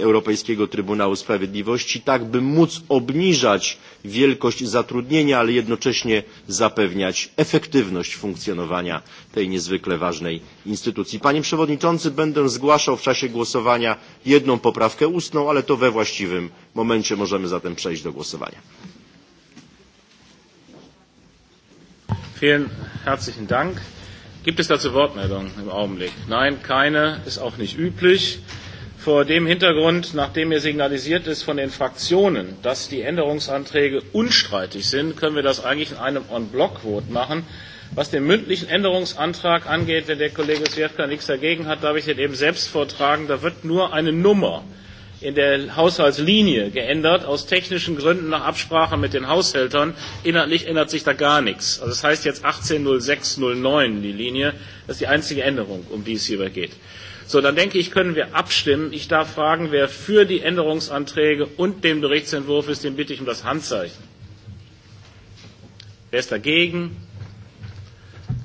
Europejskiego Trybunału Sprawiedliwości, tak by móc obniżać wielkość zatrudnienia, ale jednocześnie zapewniać efektywność funkcjonowania tej niezwykle ważnej instytucji. Panie Przewodniczący, będę zgłaszał w czasie głosowania jedną poprawkę ustną, ale to we właściwym momencie możemy zatem przejść do głosowania. Vielen herzlichen Dank. Gibt es dazu Wortmeldungen im Augenblick? Nein, keine, ist auch nicht üblich. Vor dem Hintergrund, nachdem mir signalisiert ist von den Fraktionen, dass die Änderungsanträge unstreitig sind, können wir das eigentlich in einem On-Block-Vote machen. Was den mündlichen Änderungsantrag angeht, wenn der Kollege Sjefka nichts dagegen hat, darf ich den eben selbst vortragen. Da wird nur eine Nummer in der Haushaltslinie geändert, aus technischen Gründen nach Absprache mit den Haushältern. Inhaltlich ändert sich da gar nichts. Also das heißt jetzt 180609 die Linie. Das ist die einzige Änderung, um die es hierbei geht. So, dann denke ich, können wir abstimmen. Ich darf fragen, wer für die Änderungsanträge und den Berichtsentwurf ist, den bitte ich um das Handzeichen. Wer ist dagegen?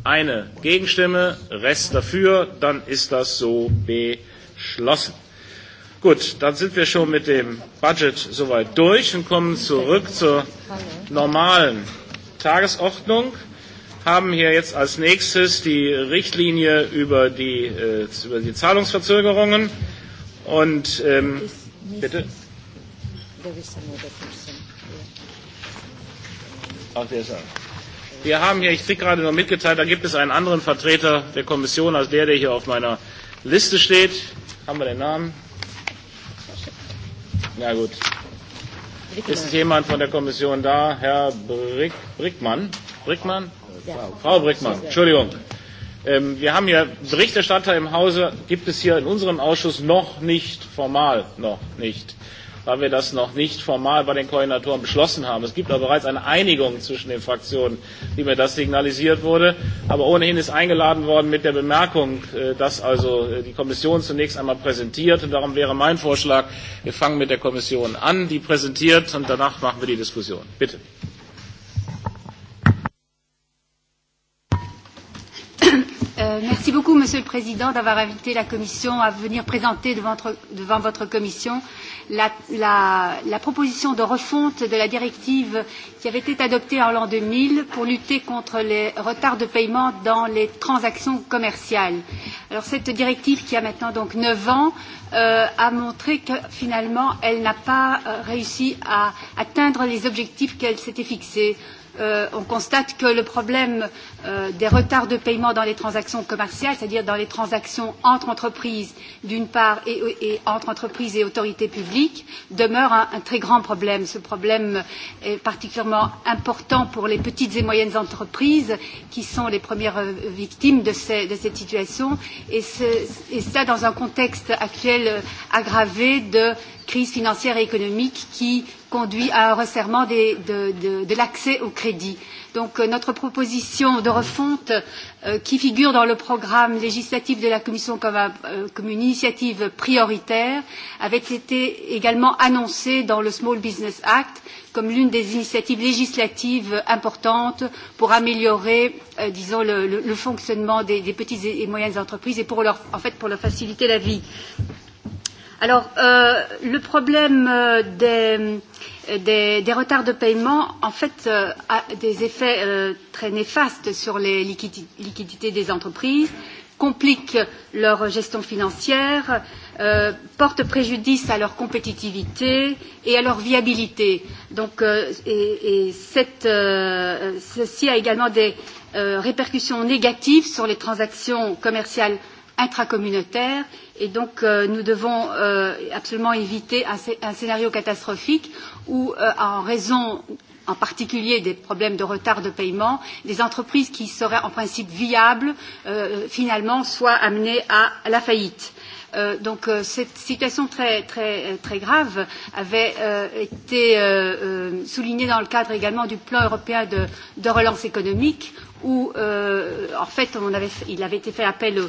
Eine Gegenstimme, Rest dafür, dann ist das so beschlossen. Gut, dann sind wir schon mit dem Budget soweit durch und kommen zurück zur normalen Tagesordnung haben hier jetzt als nächstes die Richtlinie über die, äh, über die Zahlungsverzögerungen. Und ähm, bitte. Wir haben hier, ich kriege gerade noch mitgeteilt, da gibt es einen anderen Vertreter der Kommission als der, der hier auf meiner Liste steht. Haben wir den Namen? Na gut. Ist jemand von der Kommission da? Herr Brick, Brickmann? Brickmann? Frau Brickmann, Entschuldigung. Ähm, wir haben ja Berichterstatter im Hause, gibt es hier in unserem Ausschuss noch nicht, formal noch nicht, weil wir das noch nicht formal bei den Koordinatoren beschlossen haben. Es gibt aber bereits eine Einigung zwischen den Fraktionen, wie mir das signalisiert wurde. Aber ohnehin ist eingeladen worden mit der Bemerkung, dass also die Kommission zunächst einmal präsentiert. Und darum wäre mein Vorschlag, wir fangen mit der Kommission an, die präsentiert und danach machen wir die Diskussion. Bitte. merci beaucoup, Monsieur le Président, d'avoir invité la Commission à venir présenter devant, votre Commission la, proposition de refonte de la directive qui avait été adoptée en l'an deux mille pour lutter contre les retards de paiement dans les transactions commerciales. cette directive, qui a maintenant donc neuf ans, a montré que finalement, elle n'a pas réussi à atteindre les objectifs qu'elle s'était fixés on constate que le problème des retards de paiement dans les transactions commerciales, c'est-à-dire dans les transactions entre entreprises d'une part et, entre entreprises et autorités publiques, demeure un, très grand problème. Ce problème est particulièrement important pour les petites et moyennes entreprises qui sont les premières victimes de, cette situation et, cela dans un contexte actuel aggravé de crise financière et économique qui conduit à un resserrement des, de, de, de l'accès au crédit. Donc notre proposition de refonte euh, qui figure dans le programme législatif de la Commission comme, un, euh, comme une initiative prioritaire avait été également annoncée dans le Small Business Act comme l'une des initiatives législatives importantes pour améliorer, euh, disons, le, le, le fonctionnement des, des petites et moyennes entreprises et pour leur, en fait, pour leur faciliter la vie. Alors, euh, le problème des, des, des retards de paiement, en fait, euh, a des effets euh, très néfastes sur les liquidi liquidités des entreprises, complique leur gestion financière, euh, porte préjudice à leur compétitivité et à leur viabilité. Donc, euh, et, et cette, euh, ceci a également des euh, répercussions négatives sur les transactions commerciales intracommunautaires Et donc, euh, nous devons euh, absolument éviter un, un scénario catastrophique où, euh, en raison en particulier des problèmes de retard de paiement, des entreprises qui seraient en principe viables, euh, finalement, soient amenées à la faillite donc cette situation très, très, très grave avait euh, été euh, soulignée dans le cadre également du plan européen de, de relance économique où euh, en fait on avait, il avait été fait appel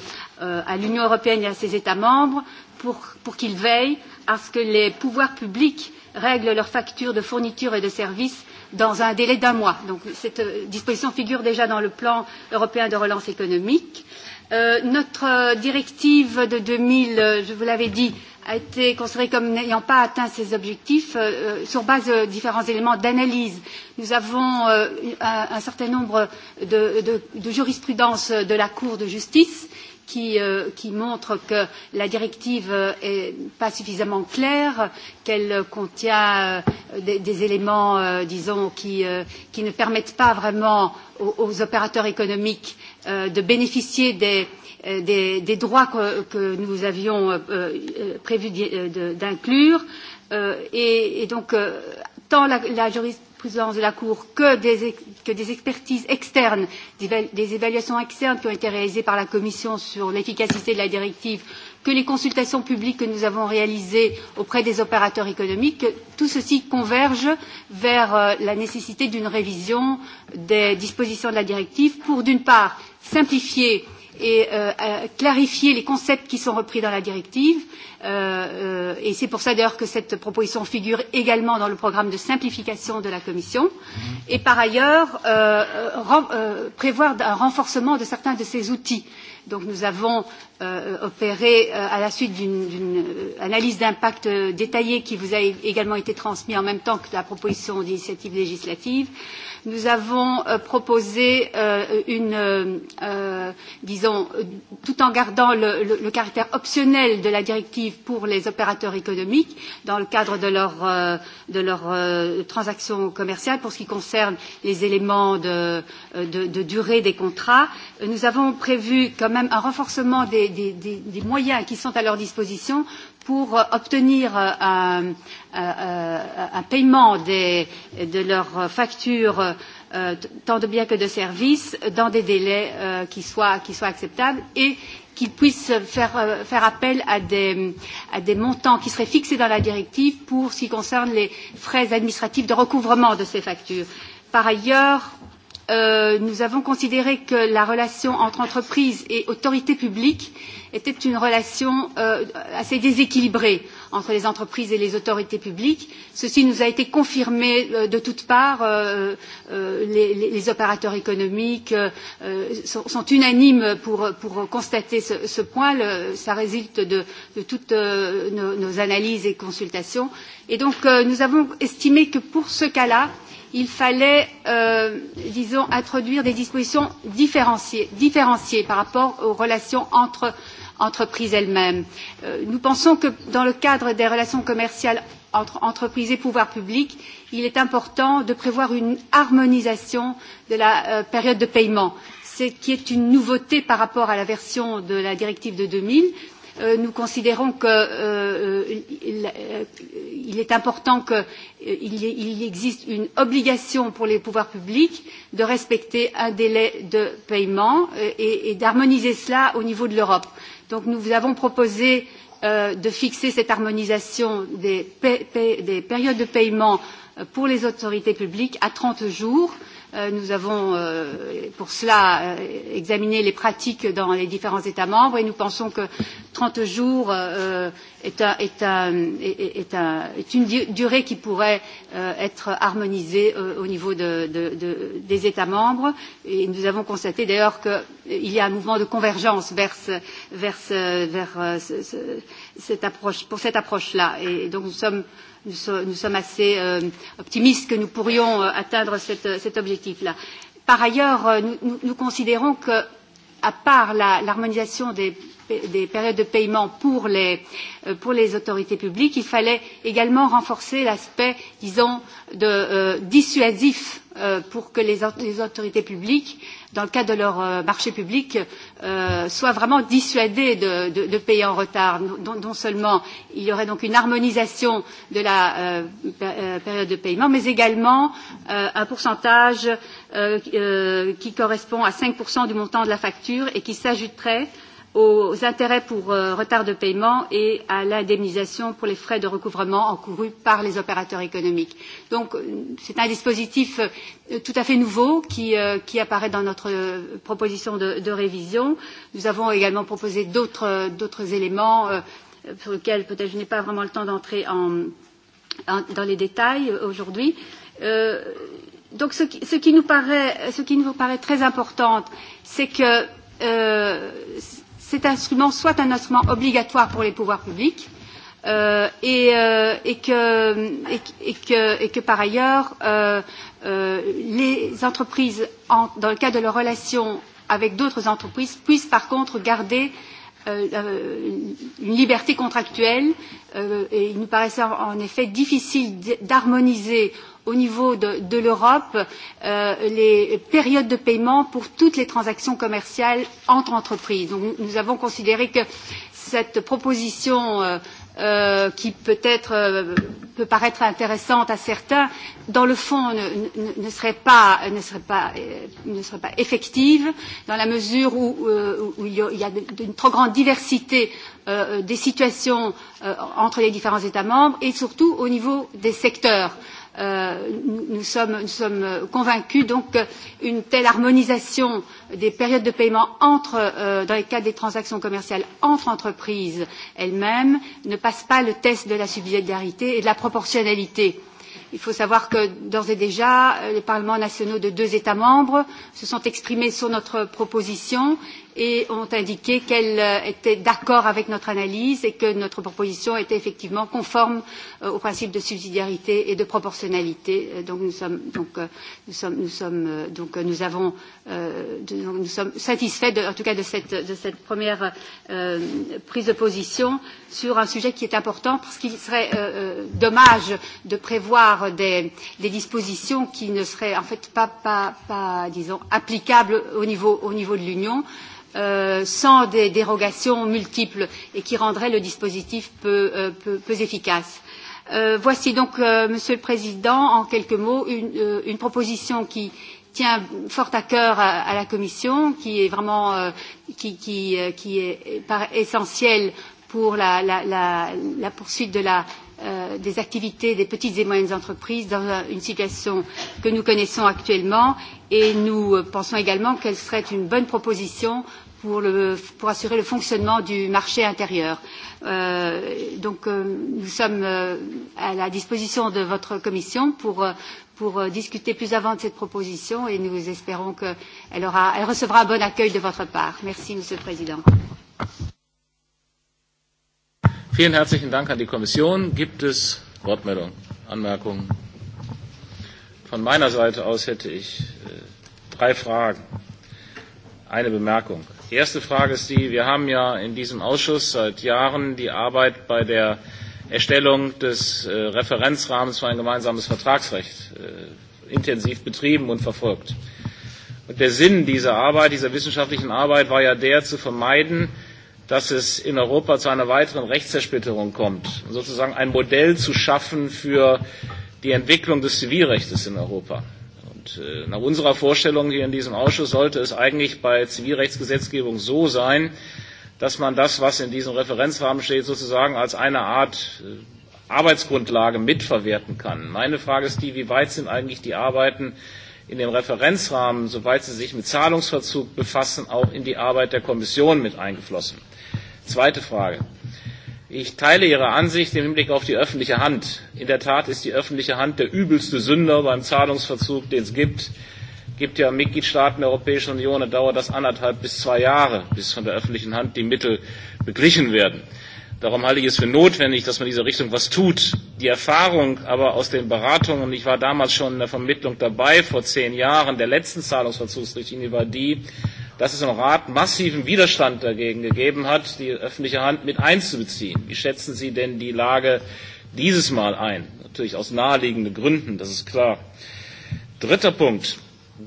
euh, à l'Union européenne et à ses États membres pour, pour qu'ils veillent à ce que les pouvoirs publics règlent leurs factures de fourniture et de services dans un délai d'un mois. Donc cette disposition figure déjà dans le plan européen de relance économique. Euh, notre directive de 2000, je vous l'avais dit, a été considéré comme n'ayant pas atteint ses objectifs euh, sur base de différents éléments d'analyse. Nous avons euh, un, un certain nombre de, de, de jurisprudences de la Cour de justice qui, euh, qui montrent que la directive n'est pas suffisamment claire, qu'elle contient euh, des, des éléments, euh, disons, qui, euh, qui ne permettent pas vraiment aux, aux opérateurs économiques euh, de bénéficier des euh, des, des droits que, que nous avions euh, prévu d'inclure. Euh, et, et donc, euh, tant la, la jurisprudence de la Cour que des, que des expertises externes, des, des évaluations externes qui ont été réalisées par la Commission sur l'efficacité de la directive, que les consultations publiques que nous avons réalisées auprès des opérateurs économiques, tout ceci converge vers la nécessité d'une révision des dispositions de la directive pour, d'une part, simplifier euh, et à clarifier les concepts qui sont repris dans la directive. et c'est pour cela d'ailleurs que cette proposition figure également dans le programme de simplification de la Commission. Et par ailleurs, prévoir un renforcement de certains de ces outils. Donc nous avons opéré à la suite d'une analyse d'impact détaillée qui vous a également été transmise en même temps que la proposition d'initiative législative. Nous avons euh, proposé euh, une, euh, disons, tout en gardant le, le, le caractère optionnel de la directive pour les opérateurs économiques dans le cadre de leurs euh, leur, euh, transactions commerciales pour ce qui concerne les éléments de, de, de durée des contrats. Nous avons prévu quand même un renforcement des, des, des, des moyens qui sont à leur disposition pour obtenir un, un paiement des, de leurs factures tant de biens que de services dans des délais qui, soient, qui soient acceptables et qu'ils puissent faire, faire appel à des, à des montants qui seraient fixés dans la directive pour ce qui concerne les frais administratifs de recouvrement de ces factures. Par ailleurs, nous avons considéré que la relation entre entreprises et autorités publiques était une relation assez déséquilibrée entre les entreprises et les autorités publiques. Ceci nous a été confirmé de toutes parts. les, opérateurs économiques sont, unanimes pour, constater ce, point. cela résulte de, toutes nos, analyses et consultations. Et donc, nous avons estimé que pour ce cas-là, il fallait, euh, disons, introduire des dispositions différenciées, différenciées par rapport aux relations entre entreprises elles-mêmes. Euh, nous pensons que dans le cadre des relations commerciales entre entreprises et pouvoirs publics, il est important de prévoir une harmonisation de la euh, période de paiement, ce qui est une nouveauté par rapport à la version de la directive de 2000, nous considérons qu'il est important qu'il existe une obligation pour les pouvoirs publics de respecter un délai de paiement et, d'harmoniser cela au niveau de l'Europe. Donc nous avons proposé de fixer cette harmonisation des périodes de paiement pour les autorités publiques à trente jours Nous avons pour cela examiné les pratiques dans les différents États membres et nous pensons que trente jours est, une durée qui pourrait être harmonisée au niveau des États membres. Et nous avons constaté d'ailleurs qu'il y a un mouvement de convergence vers, cette approche, pour cette approche-là. Et donc nous sommes nous, sommes assez optimistes que nous pourrions atteindre cet objectif-là. Par ailleurs, nous, considérons que, à part l'harmonisation des des périodes de paiement pour les, pour les autorités publiques, il fallait également renforcer l'aspect, disons, de, euh, dissuasif euh, pour que les, les autorités publiques, dans le cadre de leur euh, marché public, euh, soient vraiment dissuadées de, de, de payer en retard. Non, non seulement il y aurait donc une harmonisation de la euh, période de paiement, mais également euh, un pourcentage euh, euh, qui correspond à 5% du montant de la facture et qui s'ajouterait euh, aux intérêts pour euh, retard de paiement et à l'indemnisation pour les frais de recouvrement encourus par les opérateurs économiques. Donc c'est un dispositif tout à fait nouveau qui, euh, qui apparaît dans notre proposition de, de révision. Nous avons également proposé d'autres d'autres éléments euh, sur lesquels peut-être je n'ai pas vraiment le temps d'entrer en, en, dans les détails aujourd'hui. Euh, donc ce qui, ce, qui nous paraît, ce qui nous paraît très important, c'est que euh, cet instrument soit un instrument obligatoire pour les pouvoirs publics euh, et, euh, et, que, et, et, que, et que par ailleurs euh, euh, les entreprises, en, dans le cadre de leurs relations avec d'autres entreprises, puissent par contre garder une liberté contractuelle et il nous paraissait en effet difficile d'harmoniser au niveau de, de l'Europe euh, les périodes de paiement pour toutes les transactions commerciales entre entreprises. Donc, nous avons considéré que cette proposition euh, euh, qui peut être euh, peut paraître intéressante à certains, dans le fond ne, ne, ne serait pas ne serait pas ne serait pas effective dans la mesure où, euh, où il y a une trop grande diversité euh, des situations euh, entre les différents États membres et surtout au niveau des secteurs. Euh, nous, sommes, convaincus donc qu'une telle harmonisation des périodes de paiement entre, dans le cadre des transactions commerciales entre entreprises elles-mêmes ne passe pas le test de la subsidiarité et de la proportionnalité. Il faut savoir que d'ores et déjà, les parlements nationaux de deux États membres se sont exprimés sur notre proposition et ont indiqué qu'elles étaient d'accord avec notre analyse et que notre proposition était effectivement conforme au principe de subsidiarité et de proportionnalité. Donc nous sommes donc nous sommes nous sommes donc nous avons nous sommes satisfaits de, en tout cas de cette de cette première euh, prise de position sur un sujet qui est important parce qu'il serait euh, dommage de prévoir des, des dispositions qui ne seraient en fait pas pas pas disons applicables au niveau au niveau de l'Union sans des dérogations multiples et qui rendrait le dispositif peu, efficace. voici donc, Monsieur le Président, en quelques mots, une, proposition qui tient fort à cœur à, la Commission, qui est vraiment essentielle pour la poursuite de la des activités des petites et moyennes entreprises dans une situation que nous connaissons actuellement et nous pensons également qu'elle serait une bonne proposition pour, assurer le fonctionnement du marché intérieur. donc nous sommes à la disposition de votre commission pour, discuter plus avant de cette proposition et nous espérons qu'elle recevra un bon accueil de votre part. Merci Monsieur le Président. Vielen herzlichen Dank an die Kommission. Gibt es Wortmeldungen, Anmerkungen? Von meiner Seite aus hätte ich drei Fragen eine Bemerkung. Die erste Frage ist die, wir haben ja in diesem Ausschuss seit Jahren die Arbeit bei der Erstellung des Referenzrahmens für ein gemeinsames Vertragsrecht intensiv betrieben und verfolgt. Und der Sinn dieser Arbeit, dieser wissenschaftlichen Arbeit war ja der, zu vermeiden, dass es in Europa zu einer weiteren Rechtszersplitterung kommt, sozusagen ein Modell zu schaffen für die Entwicklung des Zivilrechts in Europa nach unserer Vorstellung hier in diesem Ausschuss sollte es eigentlich bei Zivilrechtsgesetzgebung so sein, dass man das, was in diesem Referenzrahmen steht, sozusagen als eine Art Arbeitsgrundlage mitverwerten kann. Meine Frage ist die, wie weit sind eigentlich die Arbeiten in dem Referenzrahmen, soweit sie sich mit Zahlungsverzug befassen, auch in die Arbeit der Kommission mit eingeflossen? Zweite Frage. Ich teile Ihre Ansicht im Hinblick auf die öffentliche Hand. In der Tat ist die öffentliche Hand der übelste Sünder beim Zahlungsverzug, den es gibt. Es gibt ja Mitgliedstaaten der Europäischen Union, da dauert das anderthalb bis zwei Jahre, bis von der öffentlichen Hand die Mittel beglichen werden. Darum halte ich es für notwendig, dass man in dieser Richtung etwas tut. Die Erfahrung aber aus den Beratungen, ich war damals schon in der Vermittlung dabei, vor zehn Jahren, der letzten Zahlungsverzugsrichtlinie war die, dass es im Rat massiven Widerstand dagegen gegeben hat, die öffentliche Hand mit einzubeziehen. Wie schätzen Sie denn die Lage dieses Mal ein? Natürlich aus naheliegenden Gründen, das ist klar. Dritter Punkt.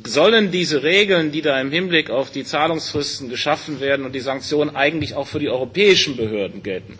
Sollen diese Regeln, die da im Hinblick auf die Zahlungsfristen geschaffen werden und die Sanktionen eigentlich auch für die europäischen Behörden gelten?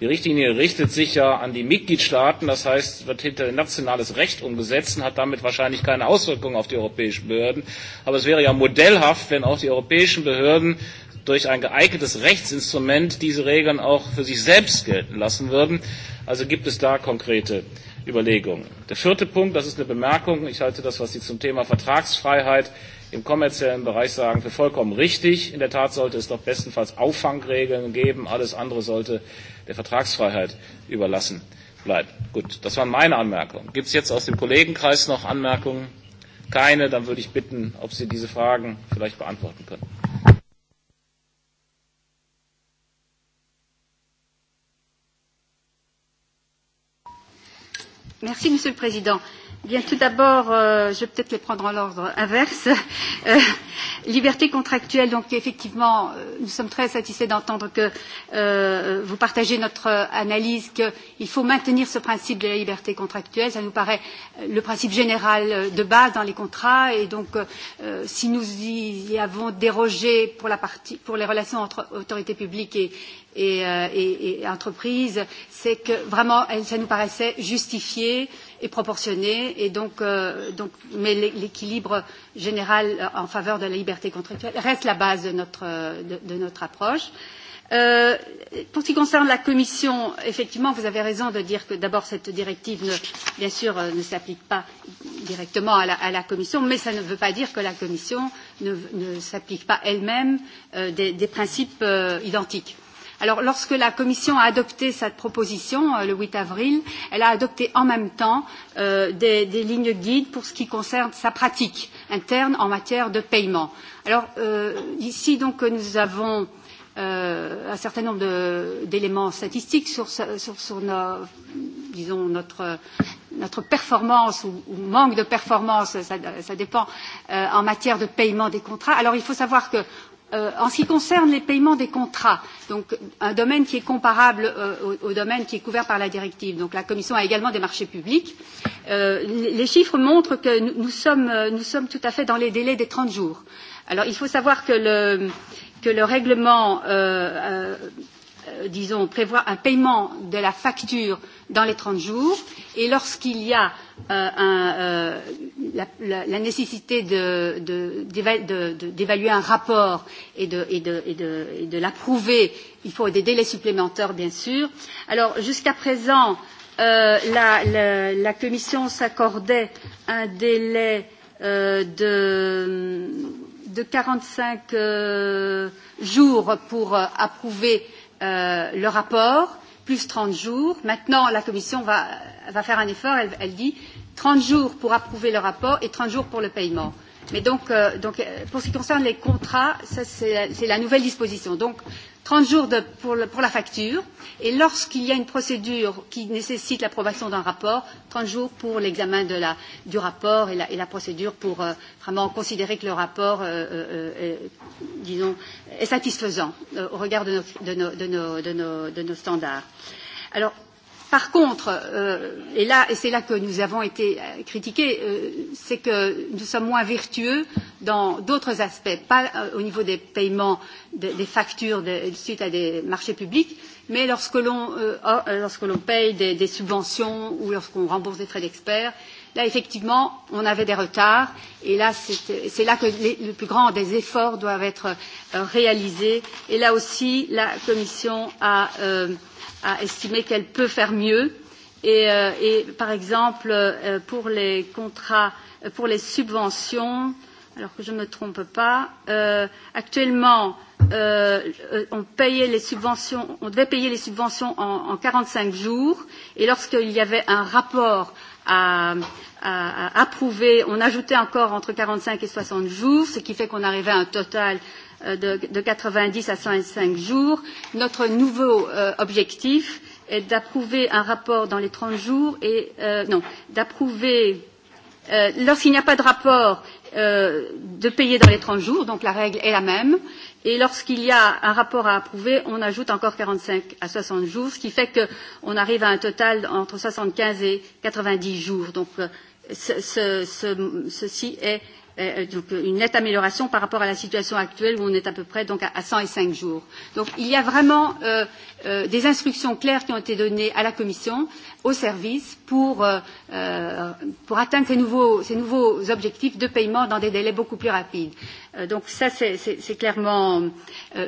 Die Richtlinie richtet sich ja an die Mitgliedstaaten, das heißt, wird hinter nationales Recht umgesetzt und hat damit wahrscheinlich keine Auswirkungen auf die europäischen Behörden. Aber es wäre ja modellhaft, wenn auch die europäischen Behörden durch ein geeignetes Rechtsinstrument diese Regeln auch für sich selbst gelten lassen würden. Also gibt es da konkrete Überlegungen. Der vierte Punkt, das ist eine Bemerkung. Ich halte das, was Sie zum Thema Vertragsfreiheit im kommerziellen Bereich sagen, für vollkommen richtig. In der Tat sollte es doch bestenfalls Auffangregeln geben. Alles andere sollte der Vertragsfreiheit überlassen bleibt. Gut, das waren meine Anmerkungen. Gibt es jetzt aus dem Kollegenkreis noch Anmerkungen? Keine, dann würde ich bitten, ob Sie diese Fragen vielleicht beantworten können. Merci, Monsieur le Président. Bien, tout d'abord, euh, je vais peut-être les prendre en l'ordre inverse. Euh, liberté contractuelle, donc effectivement, nous sommes très satisfaits d'entendre que euh, vous partagez notre analyse qu'il faut maintenir ce principe de la liberté contractuelle. Ça nous paraît le principe général de base dans les contrats. Et donc, euh, si nous y avons dérogé pour, la partie, pour les relations entre autorités publiques et, et, euh, et, et entreprises, c'est que vraiment, ça nous paraissait justifié. Euh, et proportionné et donc, euh, donc mais l'équilibre général en faveur de la liberté contractuelle reste la base de notre, de, de notre approche. Euh, pour ce qui concerne la Commission, effectivement, vous avez raison de dire que d'abord cette directive, ne, bien sûr, ne s'applique pas directement à la, à la Commission, mais ça ne veut pas dire que la Commission ne, ne s'applique pas elle-même euh, des, des principes euh, identiques Alors, lorsque la Commission a adopté cette proposition euh, le 8 avril, elle a adopté en même temps euh, des, des lignes guides pour ce qui concerne sa pratique interne en matière de paiement. Alors, euh, ici, donc, nous avons euh, un certain nombre d'éléments statistiques sur, sur, sur nos, disons, notre, notre performance ou, ou manque de performance, ça, ça dépend, euh, en matière de paiement des contrats. Alors il faut savoir que en ce qui concerne les paiements des contrats, donc un domaine qui est comparable au, domaine qui est couvert par la directive, donc la Commission a également des marchés publics, les chiffres montrent que nous, sommes, tout à fait dans les délais des trente jours. Alors il faut savoir que le, règlement, disons, prévoit un paiement de la facture dans les 30 jours. Et lorsqu'il y a euh, un, euh, la, la, la nécessité d'évaluer de, de, de, un rapport et de, et de, et de, et de l'approuver, il faut des délais supplémentaires, bien sûr. Alors, jusqu'à présent, euh, la, la, la Commission s'accordait un délai euh, de, de 45 euh, jours pour euh, approuver euh, le rapport plus 30 jours. Maintenant, la Commission va, va faire un effort. Elle, elle dit 30 jours pour approuver le rapport et 30 jours pour le paiement. Mais donc, euh, donc pour ce qui concerne les contrats, ça, c'est la nouvelle disposition. Donc, 30 jours de, pour, le, pour la facture et lorsqu'il y a une procédure qui nécessite l'approbation d'un rapport, 30 jours pour l'examen du rapport et la, et la procédure pour euh, vraiment considérer que le rapport euh, euh, disons, est satisfaisant euh, au regard de nos, de nos, de nos, de nos, de nos standards. Alors, Par contre, euh, et, là, et c'est là que nous avons été critiqués, euh, c'est que nous sommes moins vertueux dans d'autres aspects, pas euh, au niveau des paiements, de, des factures de, suite à des marchés publics, mais lorsque l'on euh, lorsque l'on paye des, des subventions ou lorsqu'on rembourse des frais d'experts, Là, effectivement, on avait des retards et là, c'est là que les, le plus grand des efforts doivent être réalisés. Et là aussi, la Commission a, euh, a estimé qu'elle peut faire mieux. Et, euh, et par exemple, euh, pour les contrats, pour les subventions, alors que je ne me trompe pas, euh, actuellement, euh, on, payait les subventions, on devait payer les subventions en, en 45 jours, et lorsqu'il y avait un rapport à, à, à approuver, on ajoutait encore entre 45 et 60 jours, ce qui fait qu'on arrivait à un total de, de 90 à 105 jours. Notre nouveau euh, objectif est d'approuver un rapport dans les 30 jours et euh, non, d'approuver euh, lorsqu'il n'y a pas de rapport euh, de payer dans les 30 jours, donc la règle est la même, Et lorsqu'il y a un rapport à approuver, on ajoute encore 45 à 60 jours, ce qui fait qu'on arrive à un total entre 75 et 90 jours. Donc, ce, ce, ce, ceci est donc une nette amélioration par rapport à la situation actuelle où on est à peu près donc à 105 jours. Donc il y a vraiment euh, euh, des instructions claires qui ont été données à la Commission, aux services, pour, euh, pour atteindre ces nouveaux, ces nouveaux objectifs de paiement dans des délais beaucoup plus rapides donc ça, c'est clairement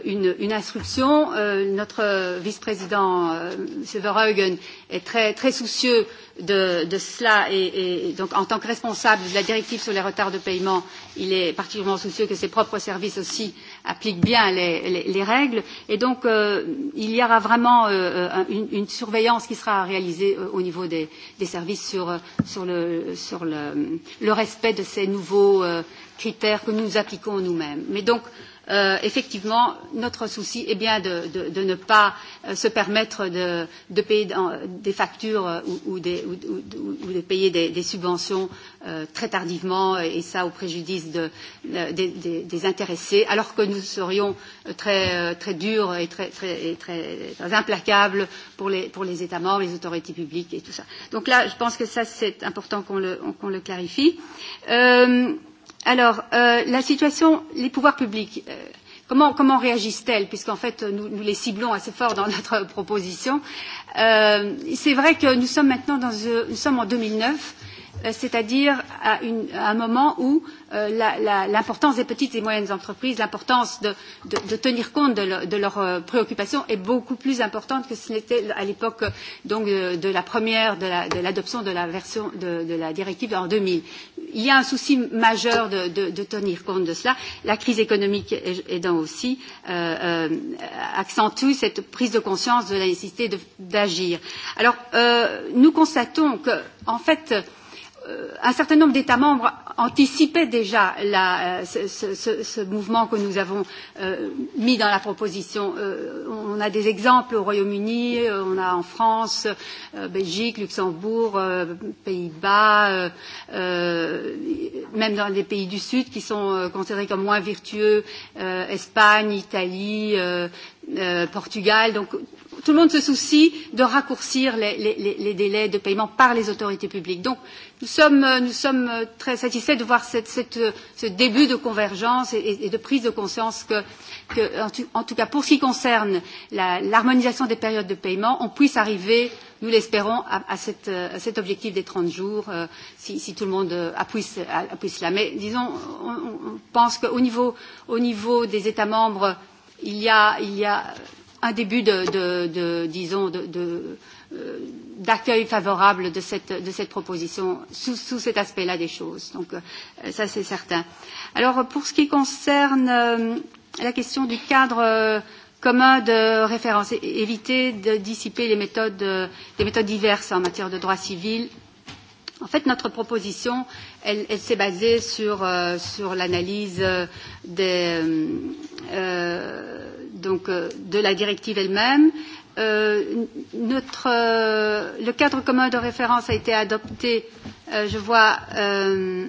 une, une instruction. notre vice-président, euh, M. Verheugen, est très, très soucieux de, de cela et, et donc en tant que responsable de la directive sur les retards de paiement, il est particulièrement soucieux que ses propres services aussi appliquent bien les, les, les règles et donc euh, il y aura vraiment euh, une, une surveillance qui sera réalisée euh, au niveau des, des services sur, sur, le, sur le, le respect de ces nouveaux euh, critères que nous appliquons nous-mêmes. Mais donc, euh, effectivement, notre souci est bien de, de, de ne pas se permettre de, de payer dans, des factures ou, ou, des, ou, ou de payer des, des subventions euh, très tardivement, et ça au préjudice de, de, des, des intéressés, alors que nous serions très, très durs et très, très, très, très implacables pour les, pour les États membres, les autorités publiques et tout ça. Donc là, je pense que ça, c'est important qu'on le, qu le clarifie. Euh, Alors, euh, la situation, les pouvoirs publics, euh, comment, comment réagissent-elles Puisqu'en fait, nous, nous les ciblons assez fort dans notre proposition. Euh, C'est vrai que nous sommes maintenant dans, nous sommes en 2009 c'est-à-dire à, un moment où l'importance des petites et moyennes entreprises, l'importance de, tenir compte de, leurs préoccupations est beaucoup plus importante que ce n'était à l'époque de la première, de l'adoption de la version de, la directive en deux mille. Il y a un souci majeur de, tenir compte de cela. La crise économique aidant aussi accentue cette prise de conscience de la nécessité d'agir. Alors, nous constatons que, en fait, un certain nombre d'États membres anticipaient déjà ce, mouvement que nous avons mis dans la proposition. on a des exemples au Royaume-Uni, on a en France, Belgique, Luxembourg, Pays-Bas, même dans les pays du Sud qui sont considérés comme moins vertueux, Espagne, Italie, Portugal. Donc tout le monde se soucie de raccourcir les, les, les délais de paiement par les autorités publiques. Donc, nous sommes, nous sommes très satisfaits de voir cette, cette, ce début de convergence et, et de prise de conscience que, que en, tout, en tout cas pour ce qui concerne l'harmonisation des périodes de paiement, on puisse arriver, nous l'espérons, à, à, à cet objectif des 30 jours euh, si, si tout le monde appuie, appuie cela. Mais disons, on, on pense qu'au niveau, au niveau des États membres, il y a, il y a un début de, de, de disons, de, de, d'accueil favorable de cette, de cette proposition sous, sous cet aspect-là des choses. Donc ça, c'est certain. Alors pour ce qui concerne la question du cadre commun de référence, éviter de dissiper les méthodes, des les méthodes diverses en matière de droit civil. En fait, notre proposition, elle, elle s'est basée sur, euh, sur l'analyse des, euh, donc, euh, de la directive elle-même. Euh, notre, euh, le cadre commun de référence a été adopté, euh, je vois, euh,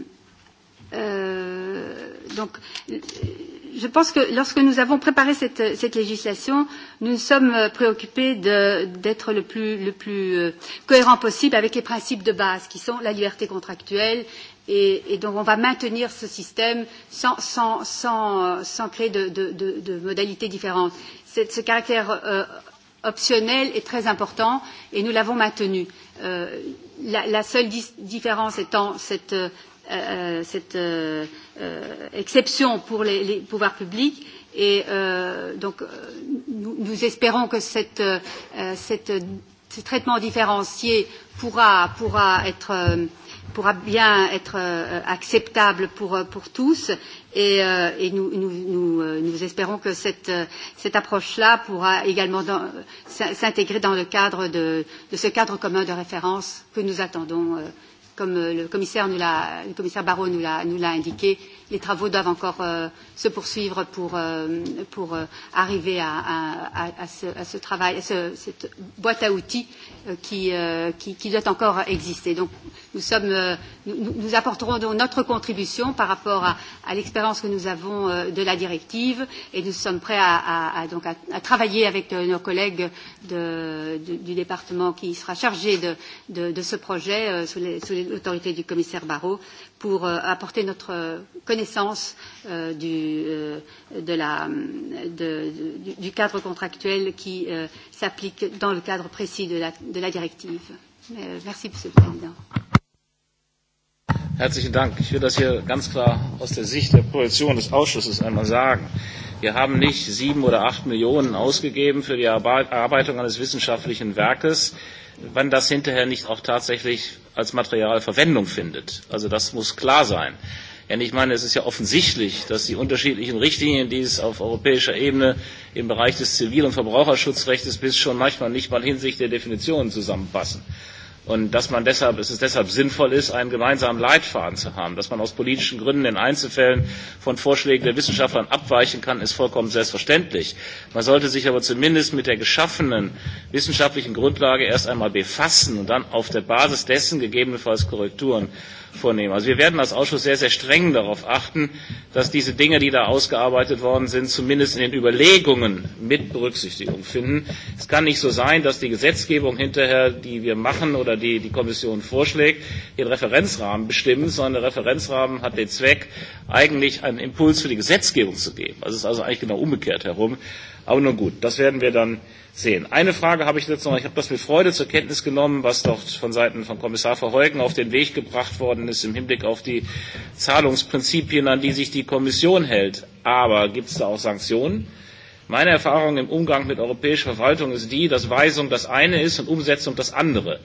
euh, donc, je pense que lorsque nous avons préparé cette, cette législation, nous nous sommes préoccupés d'être le plus, le plus cohérent possible avec les principes de base qui sont la liberté contractuelle Et, et donc on va maintenir ce système sans, sans, sans, sans créer de, de, de, de modalités différentes. Cette, ce caractère euh, optionnel est très important et nous l'avons maintenu. Euh, la, la seule différence étant cette, euh, cette euh, euh, exception pour les, les pouvoirs publics Et euh, donc, nous, nous espérons que cette, euh, cette, ce traitement différencié pourra, pourra être pourra bien être euh, acceptable pour, pour tous et, euh, et nous, nous, nous, nous espérons que cette, cette approche-là pourra également s'intégrer dans le cadre de, de ce cadre commun de référence que nous attendons euh, comme le commissaire, nous le commissaire Barrot nous l'a, nous l'a indiqué, les travaux doivent encore euh, se poursuivre pour, euh, pour euh, arriver à, à, à, à, ce, à ce travail, à ce, cette boîte à outils euh, qui, euh, qui, qui doit encore exister. Donc nous, sommes, euh, nous, nous apporterons donc notre contribution par rapport à, à l'expérience que nous avons euh, de la directive et nous sommes prêts à, à, à, donc à, à travailler avec euh, nos collègues de, de, du département qui sera chargé de, de, de ce projet euh, sous les, sous les l'autorité du commissaire Barrot pour apporter notre connaissance du, cadre contractuel qui s'applique dans le cadre précis de la, directive. merci, Monsieur le Président. Herzlichen Dank. Ich will das hier ganz klar aus der Sicht der Position des Ausschusses einmal sagen. Wir haben nicht sieben oder acht Millionen ausgegeben für die Erarbeitung eines wissenschaftlichen Werkes, wenn das hinterher nicht auch tatsächlich als Material Verwendung findet. Also das muss klar sein. Denn ich meine, es ist ja offensichtlich, dass die unterschiedlichen Richtlinien, die es auf europäischer Ebene im Bereich des Zivil- und Verbraucherschutzrechts bis schon manchmal nicht mal hinsichtlich der Definitionen zusammenpassen und dass man deshalb, es ist deshalb sinnvoll ist, einen gemeinsamen Leitfaden zu haben. Dass man aus politischen Gründen in Einzelfällen von Vorschlägen der Wissenschaftler abweichen kann, ist vollkommen selbstverständlich. Man sollte sich aber zumindest mit der geschaffenen wissenschaftlichen Grundlage erst einmal befassen und dann auf der Basis dessen gegebenenfalls Korrekturen vornehmen. Also wir werden als Ausschuss sehr, sehr streng darauf achten, dass diese Dinge, die da ausgearbeitet worden sind, zumindest in den Überlegungen mit Berücksichtigung finden. Es kann nicht so sein, dass die Gesetzgebung hinterher, die wir machen oder die die Kommission vorschlägt, den Referenzrahmen bestimmt, sondern der Referenzrahmen hat den Zweck, eigentlich einen Impuls für die Gesetzgebung zu geben. Also es ist also eigentlich genau umgekehrt herum. Aber nun gut, das werden wir dann sehen. Eine Frage habe ich jetzt noch. Ich habe das mit Freude zur Kenntnis genommen, was dort von Seiten von Kommissar Verheugen auf den Weg gebracht worden ist im Hinblick auf die Zahlungsprinzipien, an die sich die Kommission hält. Aber gibt es da auch Sanktionen? Meine Erfahrung im Umgang mit europäischer Verwaltung ist die, dass Weisung das eine ist und Umsetzung das andere.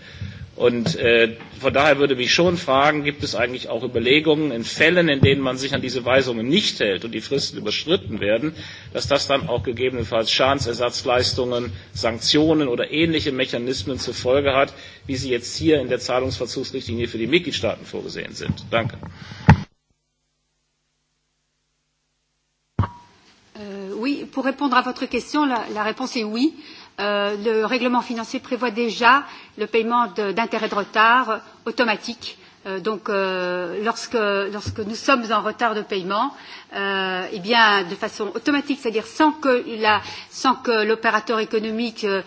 Und äh, von daher würde mich schon fragen, gibt es eigentlich auch Überlegungen in Fällen, in denen man sich an diese Weisungen nicht hält und die Fristen überschritten werden, dass das dann auch gegebenenfalls Schadensersatzleistungen, Sanktionen oder ähnliche Mechanismen zur Folge hat, wie sie jetzt hier in der Zahlungsverzugsrichtlinie für die Mitgliedstaaten vorgesehen sind. Danke. oui, pour répondre à votre question, la, réponse est oui le règlement financier prévoit déjà le paiement d'intérêts de retard Euh, donc lorsque, nous sommes en retard de paiement, euh, eh bien, de façon automatique, c'est-à-dire sans que, la, sans que l'opérateur économique euh,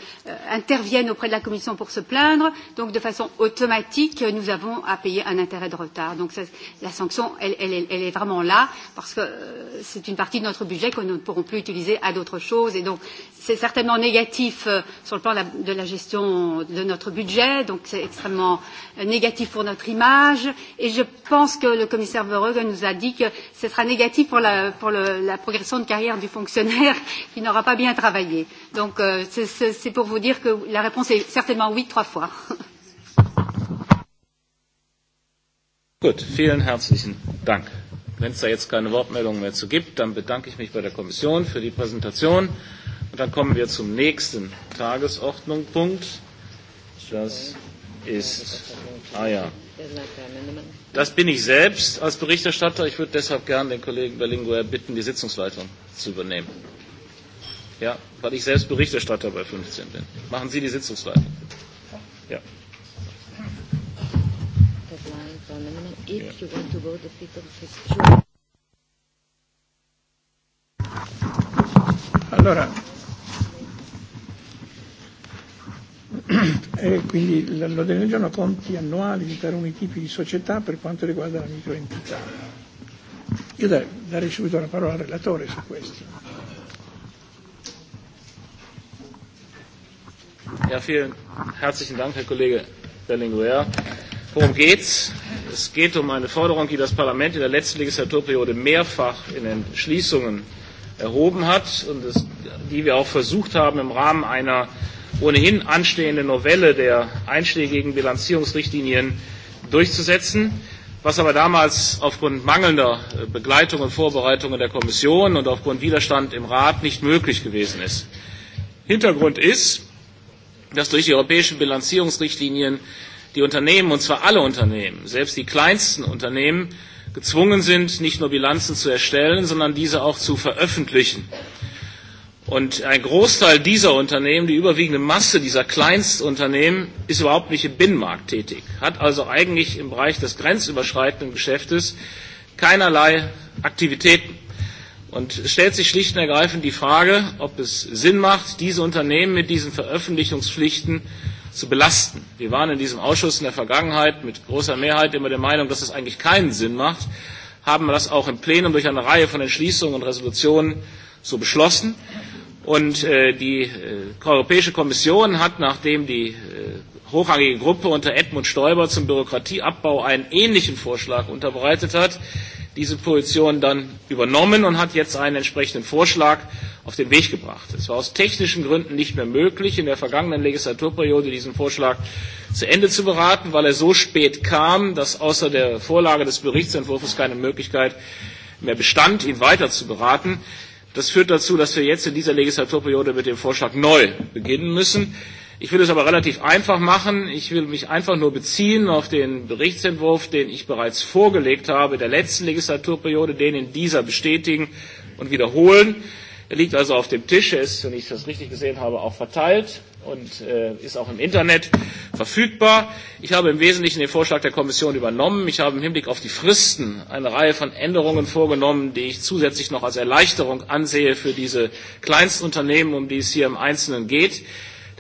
intervienne auprès de la Commission pour se plaindre. Donc, de façon automatique, nous avons à payer un intérêt de retard. Donc, ça, la sanction, elle, elle, elle est vraiment là parce que euh, c'est une partie de notre budget que nous ne pourrons plus utiliser à d'autres choses. Et donc, c'est certainement négatif euh, sur le plan de la, de la gestion de notre budget. Donc, c'est extrêmement négatif pour notre image. Et je pense que le commissaire Verhoeven nous a dit que ce sera négatif pour pour, la, pour le, la progression de carrière du fonctionnaire qui n'aura pas bien travaillé. Donc euh, c'est pour vous dire que la réponse est certainement oui trois fois. Gut, vielen herzlichen Dank. Wenn es da jetzt keine Wortmeldungen mehr zu gibt, dann bedanke ich mich bei der Kommission für die Präsentation. Und dann kommen wir zum nächsten Tagesordnungspunkt. Das ist, ah ja, Das bin ich selbst als Berichterstatter. Ich würde deshalb gerne den Kollegen Berlinguer bitten, die Sitzungsleitung zu übernehmen. Ja, weil ich selbst Berichterstatter bei 15 bin. Machen Sie die Sitzungsleitung. Ja. Allora, E quindi l'ordine del giorno conti annuali di taluni tipi di società per quanto riguarda la microentità. Io darei, subito la parola al relatore su questo. Ja, vielen herzlichen Dank, Herr Kollege Berlinguer. Worum geht Es Es geht um eine Forderung, die das Parlament in der letzten Legislaturperiode mehrfach in Entschließungen erhoben hat und es, die wir auch versucht haben, im Rahmen einer ohnehin anstehende Novelle der einschlägigen Bilanzierungsrichtlinien durchzusetzen, was aber damals aufgrund mangelnder Begleitung und Vorbereitung in der Kommission und aufgrund Widerstand im Rat nicht möglich gewesen ist. Hintergrund ist, dass durch die europäischen Bilanzierungsrichtlinien die Unternehmen, und zwar alle Unternehmen, selbst die kleinsten Unternehmen, gezwungen sind, nicht nur Bilanzen zu erstellen, sondern diese auch zu veröffentlichen. Und ein Großteil dieser Unternehmen, die überwiegende Masse dieser Kleinstunternehmen, ist überhaupt nicht im Binnenmarkt tätig, hat also eigentlich im Bereich des grenzüberschreitenden Geschäftes keinerlei Aktivitäten. Und es stellt sich schlicht und ergreifend die Frage, ob es Sinn macht, diese Unternehmen mit diesen Veröffentlichungspflichten zu belasten. Wir waren in diesem Ausschuss in der Vergangenheit mit großer Mehrheit immer der Meinung, dass es eigentlich keinen Sinn macht, haben das auch im Plenum durch eine Reihe von Entschließungen und Resolutionen so beschlossen. Und die Europäische Kommission hat, nachdem die hochrangige Gruppe unter Edmund Stoiber zum Bürokratieabbau einen ähnlichen Vorschlag unterbreitet hat, diese Position dann übernommen und hat jetzt einen entsprechenden Vorschlag auf den Weg gebracht. Es war aus technischen Gründen nicht mehr möglich, in der vergangenen Legislaturperiode diesen Vorschlag zu Ende zu beraten, weil er so spät kam, dass außer der Vorlage des Berichtsentwurfs keine Möglichkeit mehr bestand, ihn weiter zu beraten. Das führt dazu, dass wir jetzt in dieser Legislaturperiode mit dem Vorschlag neu beginnen müssen. Ich will es aber relativ einfach machen. Ich will mich einfach nur beziehen auf den Berichtsentwurf, den ich bereits vorgelegt habe, der letzten Legislaturperiode, den in dieser bestätigen und wiederholen. Er liegt also auf dem Tisch, er ist, wenn ich das richtig gesehen habe, auch verteilt und äh, ist auch im Internet verfügbar. Ich habe im Wesentlichen den Vorschlag der Kommission übernommen. Ich habe im Hinblick auf die Fristen eine Reihe von Änderungen vorgenommen, die ich zusätzlich noch als Erleichterung ansehe für diese Kleinstunternehmen, um die es hier im Einzelnen geht.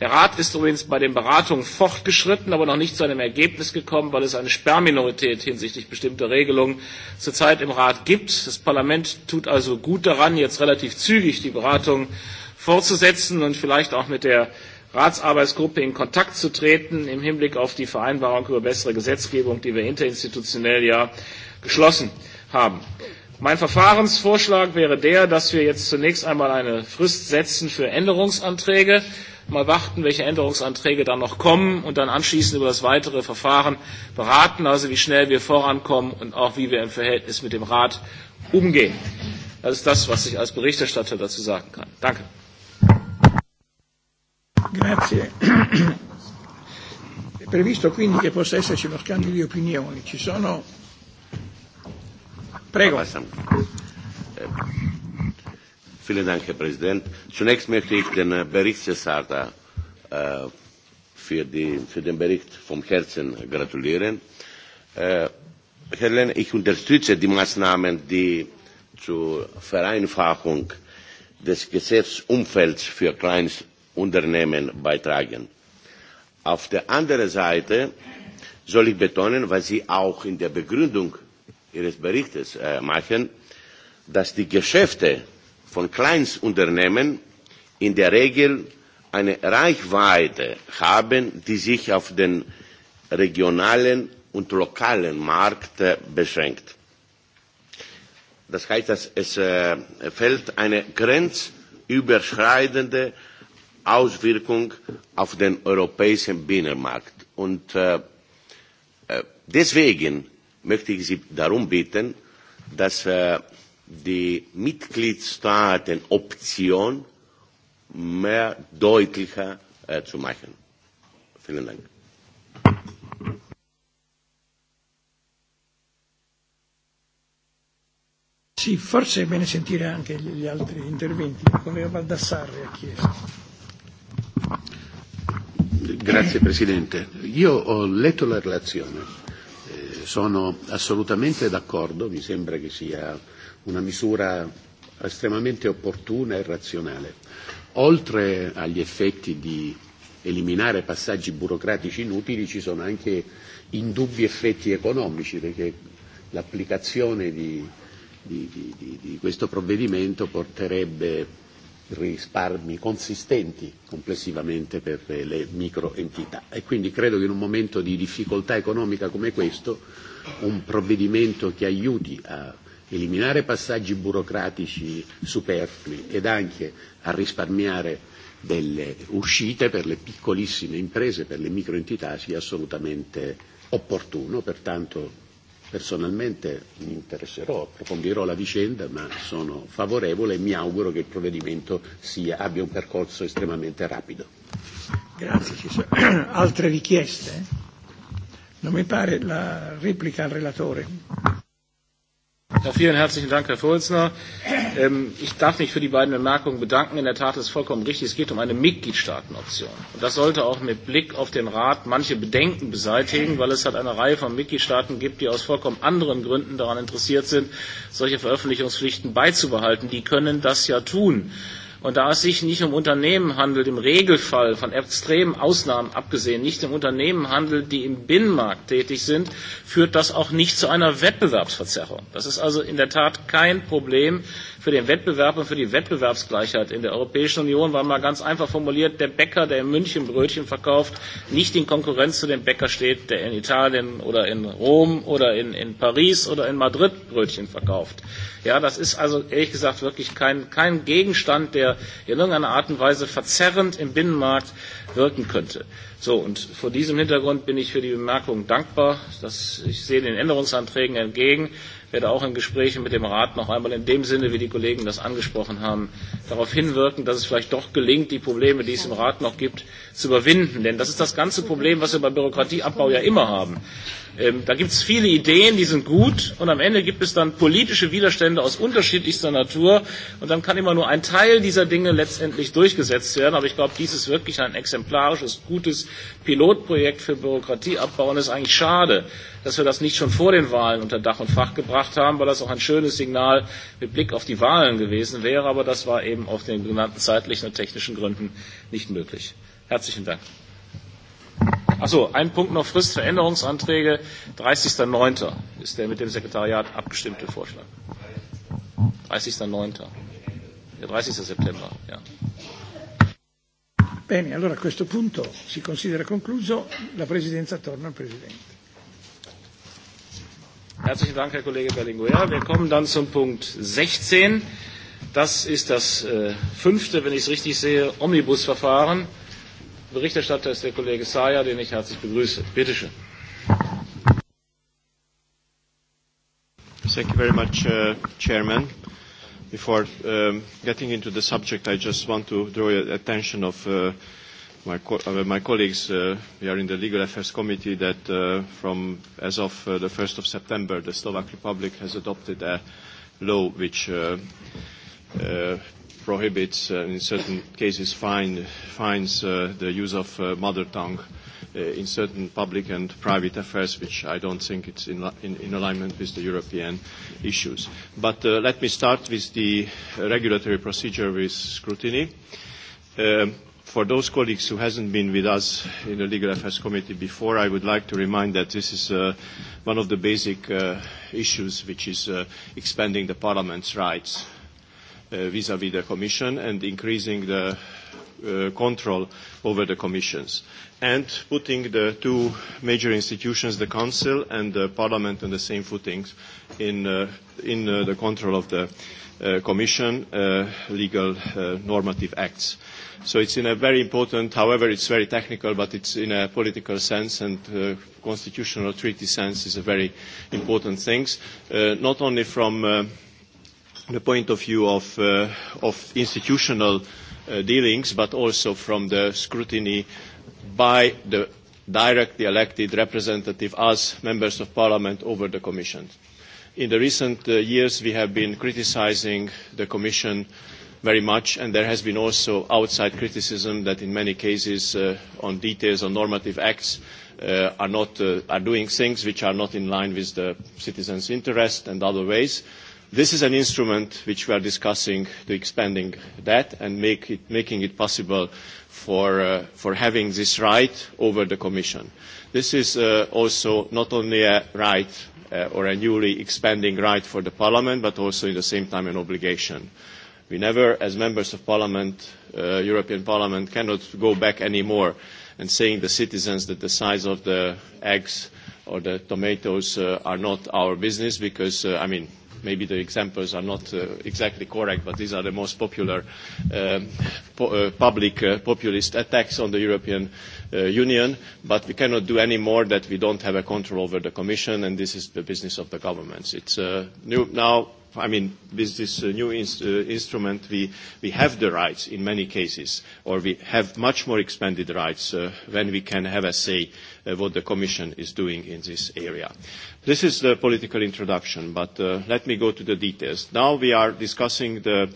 Der Rat ist übrigens bei den Beratungen fortgeschritten, aber noch nicht zu einem Ergebnis gekommen, weil es eine Sperrminorität hinsichtlich bestimmter Regelungen zurzeit im Rat gibt. Das Parlament tut also gut daran, jetzt relativ zügig die Beratungen fortzusetzen und vielleicht auch mit der Ratsarbeitsgruppe in Kontakt zu treten im Hinblick auf die Vereinbarung über bessere Gesetzgebung, die wir interinstitutionell ja geschlossen haben. Mein Verfahrensvorschlag wäre der, dass wir jetzt zunächst einmal eine Frist setzen für Änderungsanträge mal warten, welche Änderungsanträge dann noch kommen und dann anschließend über das weitere Verfahren beraten, also wie schnell wir vorankommen und auch wie wir im Verhältnis mit dem Rat umgehen. Das ist das, was ich als Berichterstatter dazu sagen kann. Danke. Grazie. È previsto quindi che possa esserci uno scambio di opinioni. Ci sono. Prego. Vielen Dank, Herr Präsident. Zunächst möchte ich den Berichterstatter für, für den Bericht vom Herzen gratulieren. Herr Lehn, ich unterstütze die Maßnahmen, die zur Vereinfachung des Geschäftsumfelds für Kleinstunternehmen beitragen. Auf der anderen Seite soll ich betonen, was Sie auch in der Begründung Ihres Berichtes machen, dass die Geschäfte von Kleinstunternehmen in der Regel eine Reichweite haben, die sich auf den regionalen und lokalen Markt beschränkt. Das heißt, dass es fällt eine grenzüberschreitende Auswirkung auf den europäischen Binnenmarkt. Und deswegen möchte ich Sie darum bitten, dass die Mitgliedstaaten Option, mehr deutlicher äh, zu machen. Vielen Dank. Sì, forse è bene sentire anche gli altri interventi. Il collega Baldassarre ha chiesto. Grazie Presidente. Io ho letto la relazione, eh, sono assolutamente d'accordo, mi sembra che sia una misura estremamente opportuna e razionale. Oltre agli effetti di eliminare passaggi burocratici inutili ci sono anche indubbi effetti economici perché l'applicazione di, di, di, di, questo provvedimento porterebbe risparmi consistenti complessivamente per le microentità e quindi credo che in un momento di difficoltà economica come questo un provvedimento che aiuti a eliminare passaggi burocratici superflui ed anche a risparmiare delle uscite per le piccolissime imprese, per le microentità sia assolutamente opportuno, pertanto personalmente mi interesserò, approfondirò la vicenda, ma sono favorevole e mi auguro che il provvedimento sia, abbia un percorso estremamente rapido. Grazie, ci sono altre richieste? Non mi pare la replica al relatore. Ja, vielen herzlichen Dank, Herr Vorsitzender. Ähm, ich darf mich für die beiden Bemerkungen bedanken. In der Tat ist vollkommen richtig, es geht um eine Mitgliedstaatenoption. Und das sollte auch mit Blick auf den Rat manche Bedenken beseitigen, weil es halt eine Reihe von Mitgliedstaaten gibt, die aus vollkommen anderen Gründen daran interessiert sind, solche Veröffentlichungspflichten beizubehalten. Die können das ja tun. Und da es sich nicht um Unternehmen handelt, im Regelfall von extremen Ausnahmen abgesehen, nicht um Unternehmen handelt, die im Binnenmarkt tätig sind, führt das auch nicht zu einer Wettbewerbsverzerrung. Das ist also in der Tat kein Problem, für den Wettbewerb und für die Wettbewerbsgleichheit in der Europäischen Union, weil mal ganz einfach formuliert, der Bäcker, der in München Brötchen verkauft, nicht in Konkurrenz zu dem Bäcker steht, der in Italien oder in Rom oder in, in Paris oder in Madrid Brötchen verkauft. Ja, das ist also ehrlich gesagt wirklich kein, kein Gegenstand, der in irgendeiner Art und Weise verzerrend im Binnenmarkt wirken könnte. So, und vor diesem Hintergrund bin ich für die Bemerkung dankbar. Dass ich sehe den Änderungsanträgen entgegen, werde auch in Gesprächen mit dem Rat noch einmal in dem Sinne, wie die Kollegen das angesprochen haben, darauf hinwirken, dass es vielleicht doch gelingt, die Probleme, die es im Rat noch gibt, zu überwinden. Denn das ist das ganze Problem, was wir beim Bürokratieabbau ja immer haben. Ähm, da gibt es viele Ideen, die sind gut und am Ende gibt es dann politische Widerstände aus unterschiedlichster Natur und dann kann immer nur ein Teil dieser Dinge letztendlich durchgesetzt werden. Aber ich glaube, dies ist wirklich ein exemplarisches, gutes Pilotprojekt für Bürokratieabbau und es ist eigentlich schade, dass wir das nicht schon vor den Wahlen unter Dach und Fach gebracht haben, weil das auch ein schönes Signal mit Blick auf die Wahlen gewesen wäre. Aber das war eben auf den genannten zeitlichen und technischen Gründen nicht möglich. Herzlichen Dank. Achso, ein Punkt noch Frist für Änderungsanträge. 30.09. ist der mit dem Sekretariat abgestimmte Vorschlag. 30.09. Der 30. September, ja. Bene, allora a questo punto si considera concluso. La Presidenza torna al Presidente. Herzlichen Dank, Herr Kollege Berlinguer. Wir kommen dann zum Punkt 16. Das ist das äh, fünfte, wenn ich es richtig sehe, Omnibusverfahren. verfahren Berichterstatter ist der Kollege Sayer, den ich herzlich begrüße. Bitte schön. Thank you very much, uh, Chairman. Before um, getting into the subject, I just want to draw the attention of uh, my, co uh, my colleagues. Uh, we are in the Legal Affairs Committee that uh, from as of uh, the 1st of September, the Slovak Republic has adopted a law which uh, uh, prohibits, uh, in certain cases, fine, fines uh, the use of uh, mother tongue uh, in certain public and private affairs, which I don't think it's in, in, in alignment with the European issues. But uh, let me start with the regulatory procedure with scrutiny. Um, for those colleagues who hasn't been with us in the Legal Affairs Committee before, I would like to remind that this is uh, one of the basic uh, issues which is uh, expanding the Parliament's rights vis-à-vis the Commission and increasing the control over the commissions and putting the two major institutions, the Council and the Parliament, on the same footing in, uh, in uh, the control of the uh, Commission uh, legal uh, normative acts. So it's in a very important, however it's very technical, but it's in a political sense and uh, constitutional treaty sense is a very important thing, uh, not only from uh, the point of view of, uh, of institutional uh, dealings, but also from the scrutiny by the directly elected representative as members of parliament over the commission. In the recent uh, years, we have been criticizing the commission very much, and there has been also outside criticism that in many cases uh, on details on normative acts uh, are, not, uh, are doing things which are not in line with the citizens' interest and other ways. Uh, This is an instrument which we are discussing to expanding that and make it, making it possible for, for having this right over the Commission. This is uh, also not only a right uh, or a newly expanding right for the Parliament, but also at the same time an obligation. We never, as members of Parliament, uh, European Parliament, cannot go back anymore and saying the citizens that the size of the eggs or the tomatoes uh, are not our business because, uh, I mean, Maybe the examples are not uh, exactly correct, but these are the most popular po- uh, public uh, populist attacks on the European uh, Union. But we cannot do any more that we don't have a control over the Commission, and this is the business of the governments. It's uh, new now I mean, with this uh, new inst- uh, instrument, we, we have the rights in many cases, or we have much more expanded rights uh, when we can have a say uh, what the Commission is doing in this area. This is the political introduction, but uh, let me go to the details. Now we are discussing the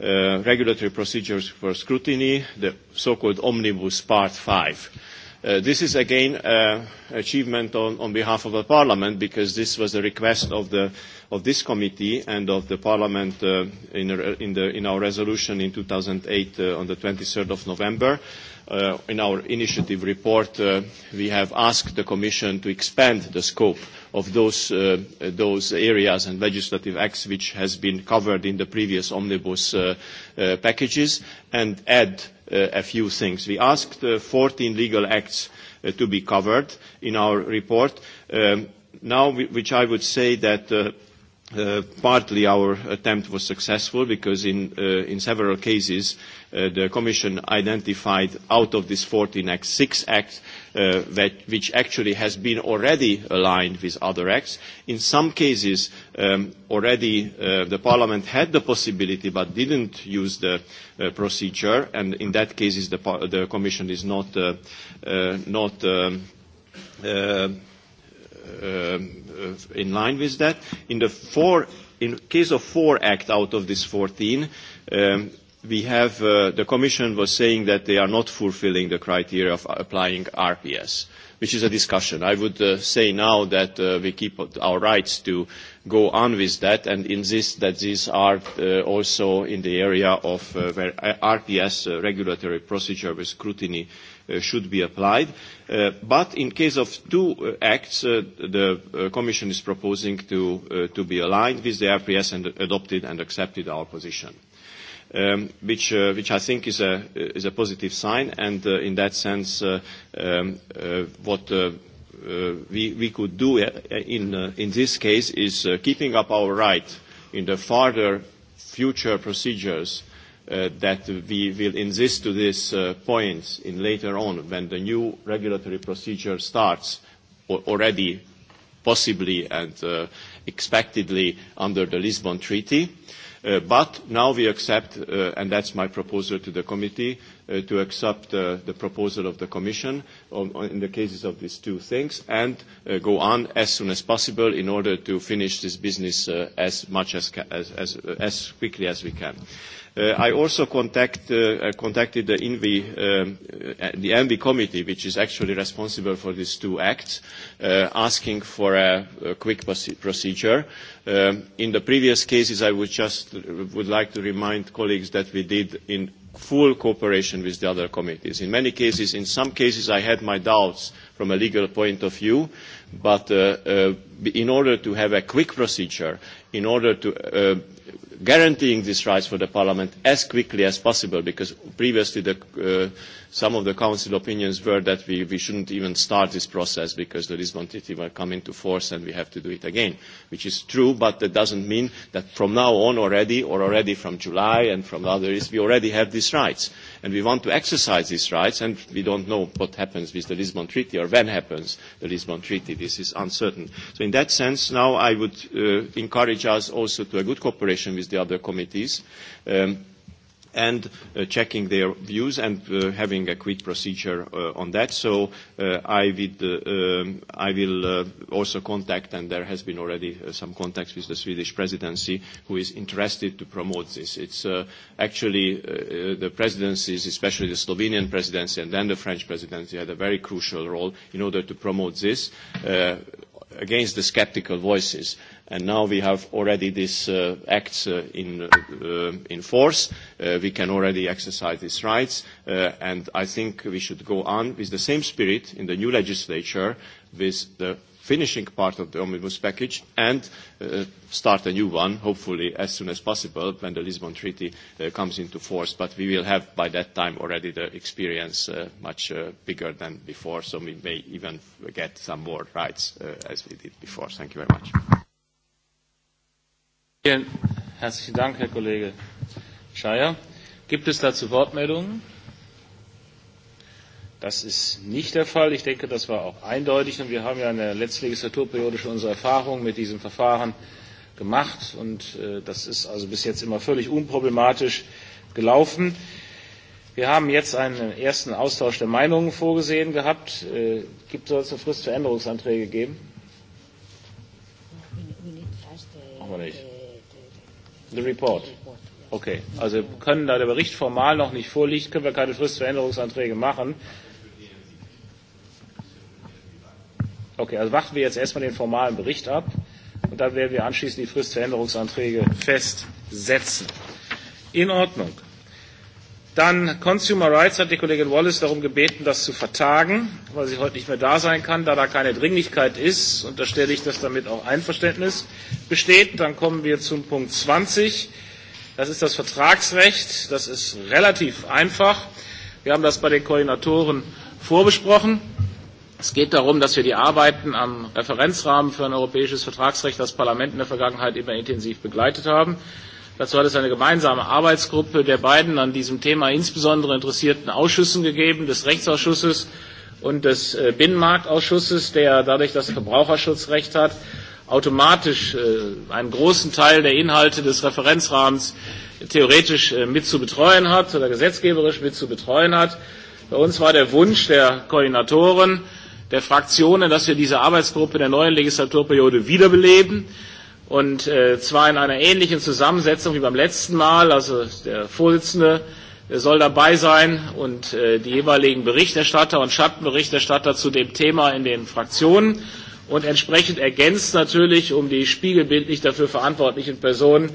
uh, regulatory procedures for scrutiny, the so-called Omnibus Part 5 this is again an achievement on, behalf of the Parliament because this was a request of the of this committee and of the Parliament uh, in, in, the, in our resolution in 2008 uh, on the 23rd of November. Uh, in our initiative report, uh, we have asked the Commission to expand the scope of those, uh, those areas and legislative acts which has been covered in the previous omnibus uh, uh, packages and add uh, a few things. We asked uh, 14 legal acts uh, to be covered in our report. Um, now, which I would say that uh, partly our attempt was successful because in, uh, in several cases uh, the Commission identified out of this 14 acts, six acts uh, that, which actually has been already aligned with other acts. In some cases um, already uh, the Parliament had the possibility but didn't use the uh, procedure and in that case the, the Commission is not, uh, uh, not um, uh, in line with that. In the four, in case of four act out of this 14, um, we have, uh, the Commission was saying that they are not fulfilling the criteria of applying RPS, which is a discussion. I would uh, say now that uh, we keep our rights to go on with that and insist that these are uh, also in the area of uh, where RPS, uh, regulatory procedure with scrutiny, uh, should be applied. but in case of two acts, the Commission is proposing to, be aligned with the RPS and adopted and accepted our position. which, I think is a, positive sign, and in that sense, what we, we could do in, in this case is keeping up our right in the further future procedures that we will insist to this point in later on when the new regulatory procedure starts already possibly and expectedly under the Lisbon Treaty. But now we accept, and that's my proposal to the committee, to accept the proposal of the Commission in the cases of these two things and go on as soon as possible in order to finish this business as much as quickly as we can. Uh, I also contact, uh, contacted the ENVI, uh, the ENVI committee, which is actually responsible for these two acts, uh, asking for a, a quick procedure. Um, in the previous cases, I would just would like to remind colleagues that we did in full cooperation with the other committees. In many cases, in some cases, I had my doubts from a legal point of view, but in order to have a quick procedure, in order to uh guaranteeing these rights for the parliament as quickly as possible because previously the Some of the Council opinions were that we, we shouldn't even start this process because the Lisbon Treaty will come into force and we have to do it again, which is true, but that doesn't mean that from now on already, or already from July and from others, we already have these rights. And we want to exercise these rights, and we don't know what happens with the Lisbon Treaty or when happens the Lisbon Treaty. This is uncertain. So in that sense, now I would uh, encourage us also to a good cooperation with the other committees. Um, and uh, checking their views and uh, having a quick procedure uh, on that. So uh, I, would, uh, um, I will uh, also contact, and there has been already uh, some contacts with the Swedish presidency, who is interested to promote this. It's uh, actually uh, the presidencies, especially the Slovenian presidency and then the French presidency, had a very crucial role in order to promote this. Uh, against the skeptical voices and now we have already this uh, act uh, in, uh, in force. Uh, we can already exercise these rights, uh, and I think we should go on with the same spirit in the new legislature with the finishing part of the omnibus package and uh, start a new one, hopefully as soon as possible when the Lisbon Treaty uh, comes into force. But we will have by that time already the experience uh, much uh, bigger than before, so we may even get some more rights uh, as we did before. Thank you very much. Vielen herzlichen Dank, Herr Kollege Scheier. Gibt es dazu Wortmeldungen? Das ist nicht der Fall. Ich denke, das war auch eindeutig. Und wir haben ja in der letzten Legislaturperiode schon unsere Erfahrungen mit diesem Verfahren gemacht. Und das ist also bis jetzt immer völlig unproblematisch gelaufen. Wir haben jetzt einen ersten Austausch der Meinungen vorgesehen gehabt. Gibt es eine Frist für Änderungsanträge geben? Machen wir nicht. The report. Okay, also können da der Bericht formal noch nicht vorliegt, können wir keine Frist für Änderungsanträge machen. Okay, also warten wir jetzt erstmal den formalen Bericht ab und dann werden wir anschließend die Frist für Änderungsanträge festsetzen. In Ordnung. Dann Consumer Rights hat die Kollegin Wallace darum gebeten, das zu vertagen, weil sie heute nicht mehr da sein kann, da da keine Dringlichkeit ist. Unterstelle ich, dass damit auch Einverständnis besteht. Dann kommen wir zum Punkt 20. Das ist das Vertragsrecht. Das ist relativ einfach. Wir haben das bei den Koordinatoren vorbesprochen. Es geht darum, dass wir die Arbeiten am Referenzrahmen für ein europäisches Vertragsrecht, das Parlament in der Vergangenheit immer intensiv begleitet haben. Dazu hat es eine gemeinsame Arbeitsgruppe der beiden an diesem Thema insbesondere interessierten Ausschüssen gegeben, des Rechtsausschusses und des Binnenmarktausschusses, der dadurch, dass er Verbraucherschutzrecht hat, automatisch einen großen Teil der Inhalte des Referenzrahmens theoretisch mit zu betreuen hat oder gesetzgeberisch mit zu betreuen hat. Bei uns war der Wunsch der Koordinatoren, der Fraktionen, dass wir diese Arbeitsgruppe in der neuen Legislaturperiode wiederbeleben Und äh, zwar in einer ähnlichen Zusammensetzung wie beim letzten Mal. Also der Vorsitzende soll dabei sein und äh, die jeweiligen Berichterstatter und Schattenberichterstatter zu dem Thema in den Fraktionen und entsprechend ergänzt natürlich um die spiegelbildlich dafür verantwortlichen Personen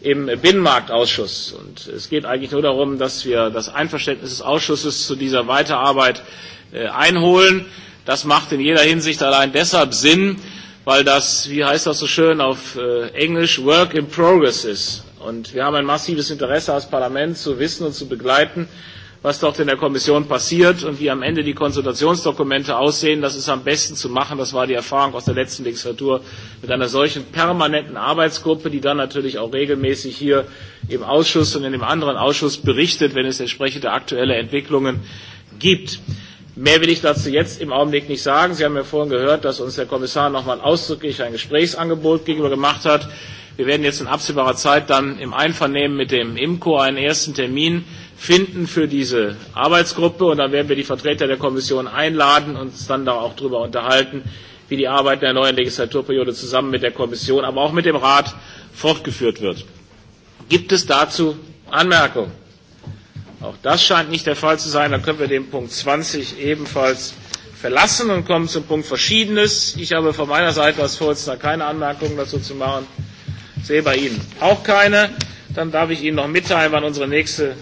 im Binnenmarktausschuss. Und es geht eigentlich nur darum, dass wir das Einverständnis des Ausschusses zu dieser Weiterarbeit einholen. Das macht in jeder Hinsicht allein deshalb Sinn, weil das, wie heißt das so schön auf Englisch, Work in Progress ist. Und wir haben ein massives Interesse als Parlament zu wissen und zu begleiten, was dort in der Kommission passiert und wie am Ende die Konsultationsdokumente aussehen. Das ist am besten zu machen. Das war die Erfahrung aus der letzten Legislatur mit einer solchen permanenten Arbeitsgruppe, die dann natürlich auch regelmäßig hier im Ausschuss und in dem anderen Ausschuss berichtet, wenn es entsprechende aktuelle Entwicklungen gibt. Mehr will ich dazu jetzt im Augenblick nicht sagen. Sie haben ja vorhin gehört, dass uns der Kommissar nochmal ausdrücklich ein Gesprächsangebot gegenüber gemacht hat. Wir werden jetzt in absehbarer Zeit dann im Einvernehmen mit dem IMCO einen ersten Termin finden für diese Arbeitsgruppe und dann werden wir die Vertreter der Kommission einladen und uns dann da auch darüber unterhalten, wie die Arbeit in der neuen Legislaturperiode zusammen mit der Kommission, aber auch mit dem Rat fortgeführt wird. Gibt es dazu Anmerkungen? Auch das scheint nicht der Fall zu sein. Dann können wir den Punkt 20 ebenfalls verlassen und kommen zum Punkt Verschiedenes. Ich habe von meiner Seite als Vorsitzender keine Anmerkungen dazu zu machen. Ich Sehe bei Ihnen auch keine. Dann darf ich Ihnen noch mitteilen, wann unsere nächste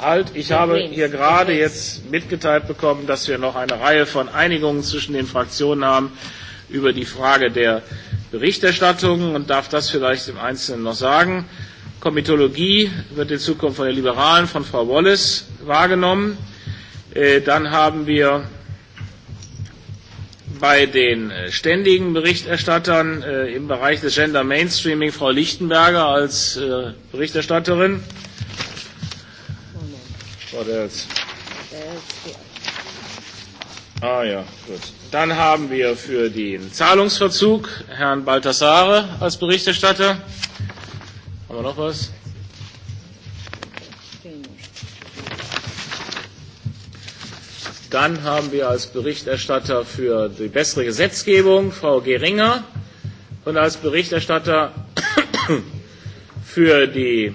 Halt, ich habe hier gerade jetzt mitgeteilt bekommen, dass wir noch eine Reihe von Einigungen zwischen den Fraktionen haben über die Frage der Berichterstattung und darf das vielleicht im Einzelnen noch sagen. Komitologie wird in Zukunft von den Liberalen, von Frau Wallace wahrgenommen. Dann haben wir bei den ständigen Berichterstattern im Bereich des Gender Mainstreaming Frau Lichtenberger als Berichterstatterin. Ah ja, gut. Dann haben wir für den Zahlungsverzug Herrn Baltasare als Berichterstatter. Haben wir noch was? Dann haben wir als Berichterstatter für die bessere Gesetzgebung Frau Geringer und als Berichterstatter für die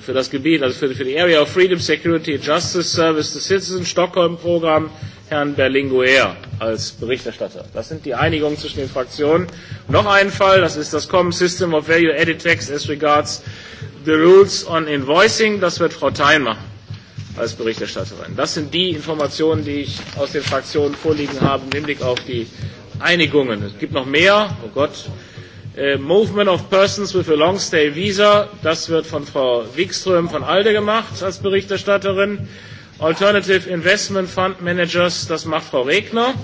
für das Gebiet, also für, für die Area of Freedom, Security, Justice Service, the Citizen Stockholm Programm, Herrn Berlinguer als Berichterstatter. Das sind die Einigungen zwischen den Fraktionen. Noch ein Fall, das ist das Common System of Value Added Tax as regards the rules on invoicing. Das wird Frau Thein machen als Berichterstatterin. Das sind die Informationen, die ich aus den Fraktionen vorliegen habe im Hinblick auf die Einigungen. Es gibt noch mehr. Oh Gott. Movement of Persons with a Long Stay Visa, das wird von Frau Wikström von ALDE gemacht als Berichterstatterin. Alternative Investment Fund Managers, das macht Frau Regner.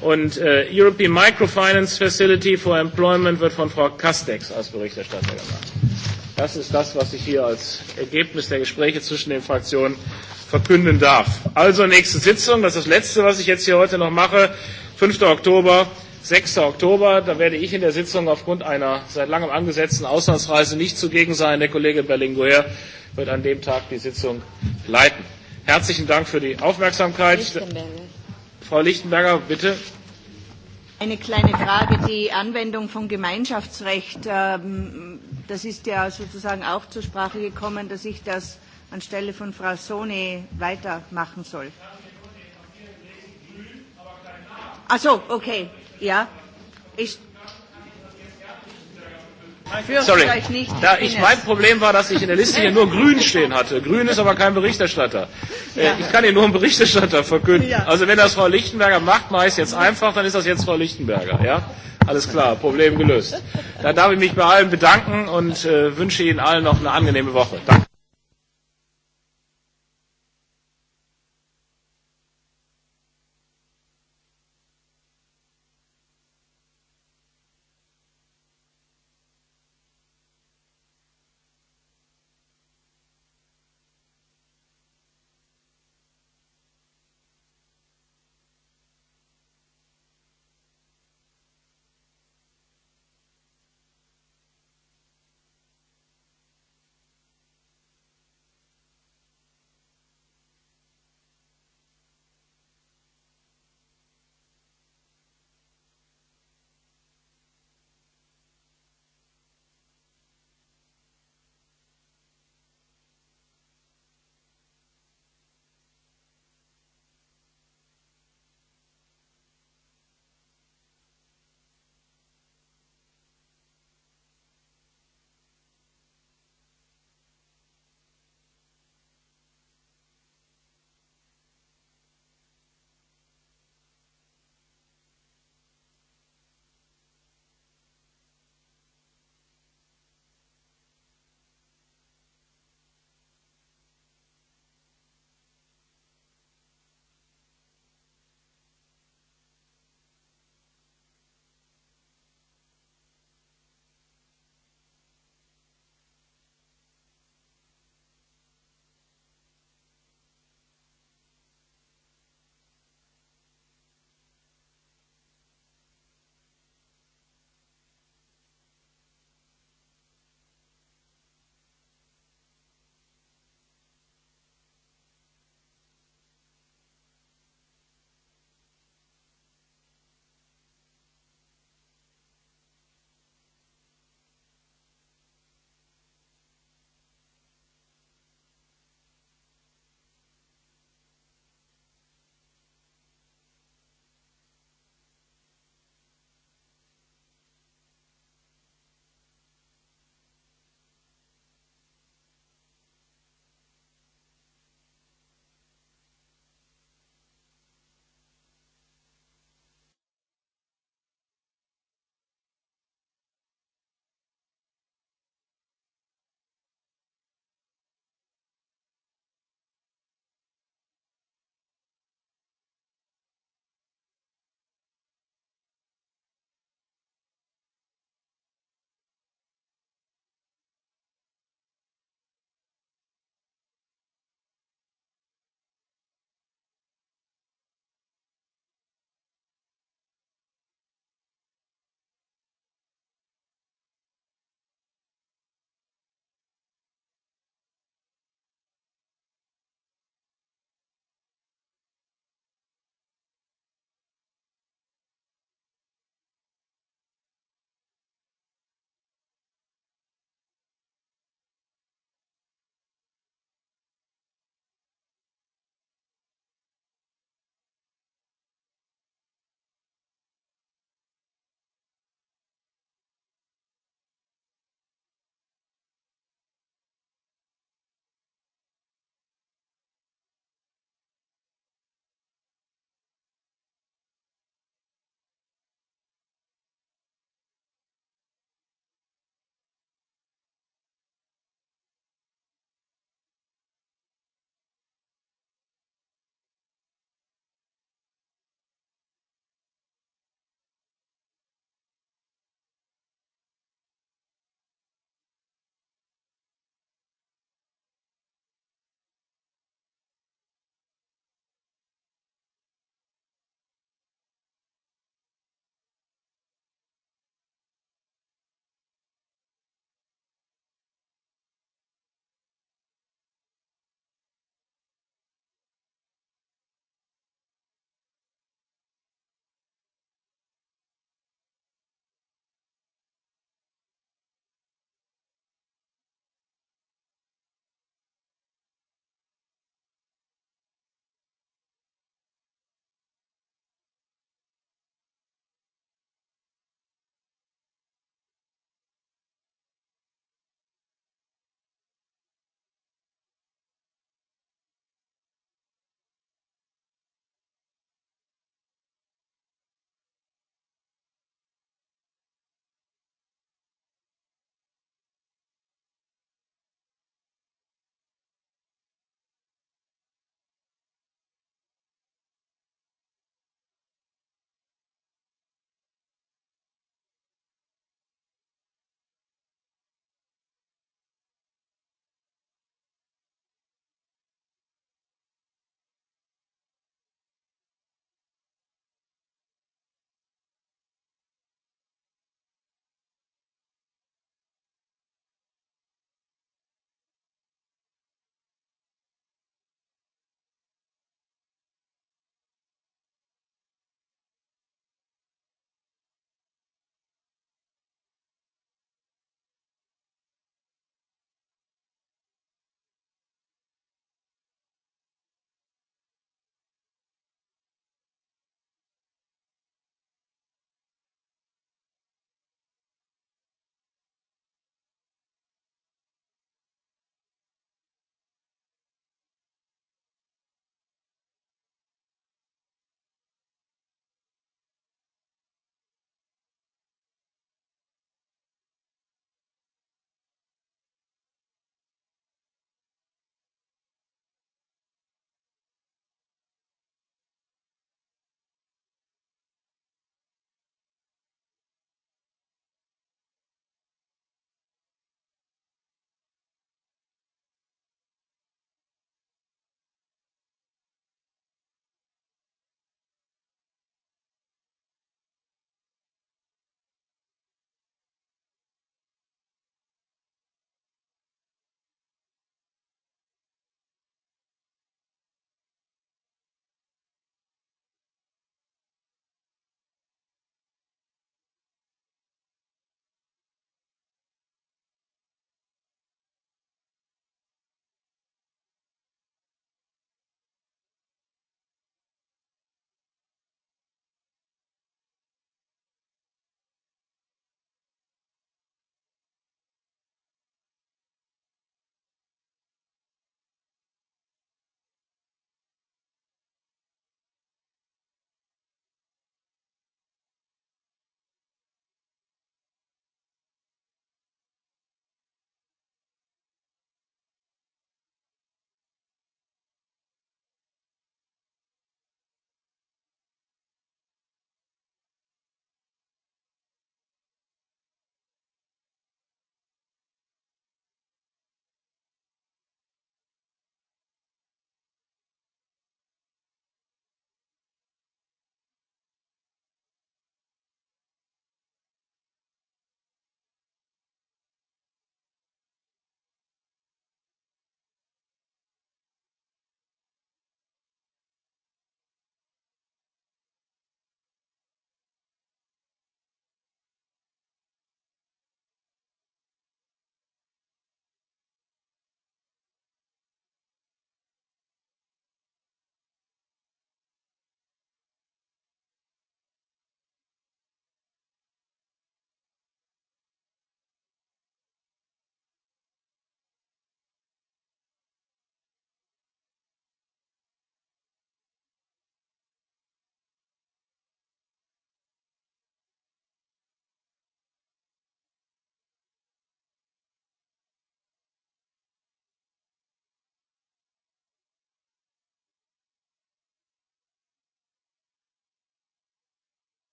Und äh, European Microfinance Facility for Employment wird von Frau Castex als Berichterstatter gemacht. Das ist das, was ich hier als Ergebnis der Gespräche zwischen den Fraktionen verkünden darf. Also nächste Sitzung, das ist das Letzte, was ich jetzt hier heute noch mache, 5. Oktober 6. Oktober. Da werde ich in der Sitzung aufgrund einer seit langem angesetzten Auslandsreise nicht zugegen sein. Der Kollege Berlinguer wird an dem Tag die Sitzung leiten. Herzlichen Dank für die Aufmerksamkeit. Frau Lichtenberger, bitte. Eine kleine Frage. Die Anwendung von Gemeinschaftsrecht, das ist ja sozusagen auch zur Sprache gekommen, dass ich das anstelle von Frau Sony weitermachen soll. Ach so, okay. Ja, ich. Sorry. Da ich, mein Problem war, dass ich in der Liste hier nur Grün stehen hatte. Grün ist aber kein Berichterstatter. Ja. ich kann hier nur einen Berichterstatter verkünden. Ja. Also wenn das Frau Lichtenberger macht, mache ich es jetzt einfach, dann ist das jetzt Frau Lichtenberger. Ja? Alles klar, Problem gelöst. Dann darf ich mich bei allen bedanken und äh, wünsche Ihnen allen noch eine angenehme Woche. Danke.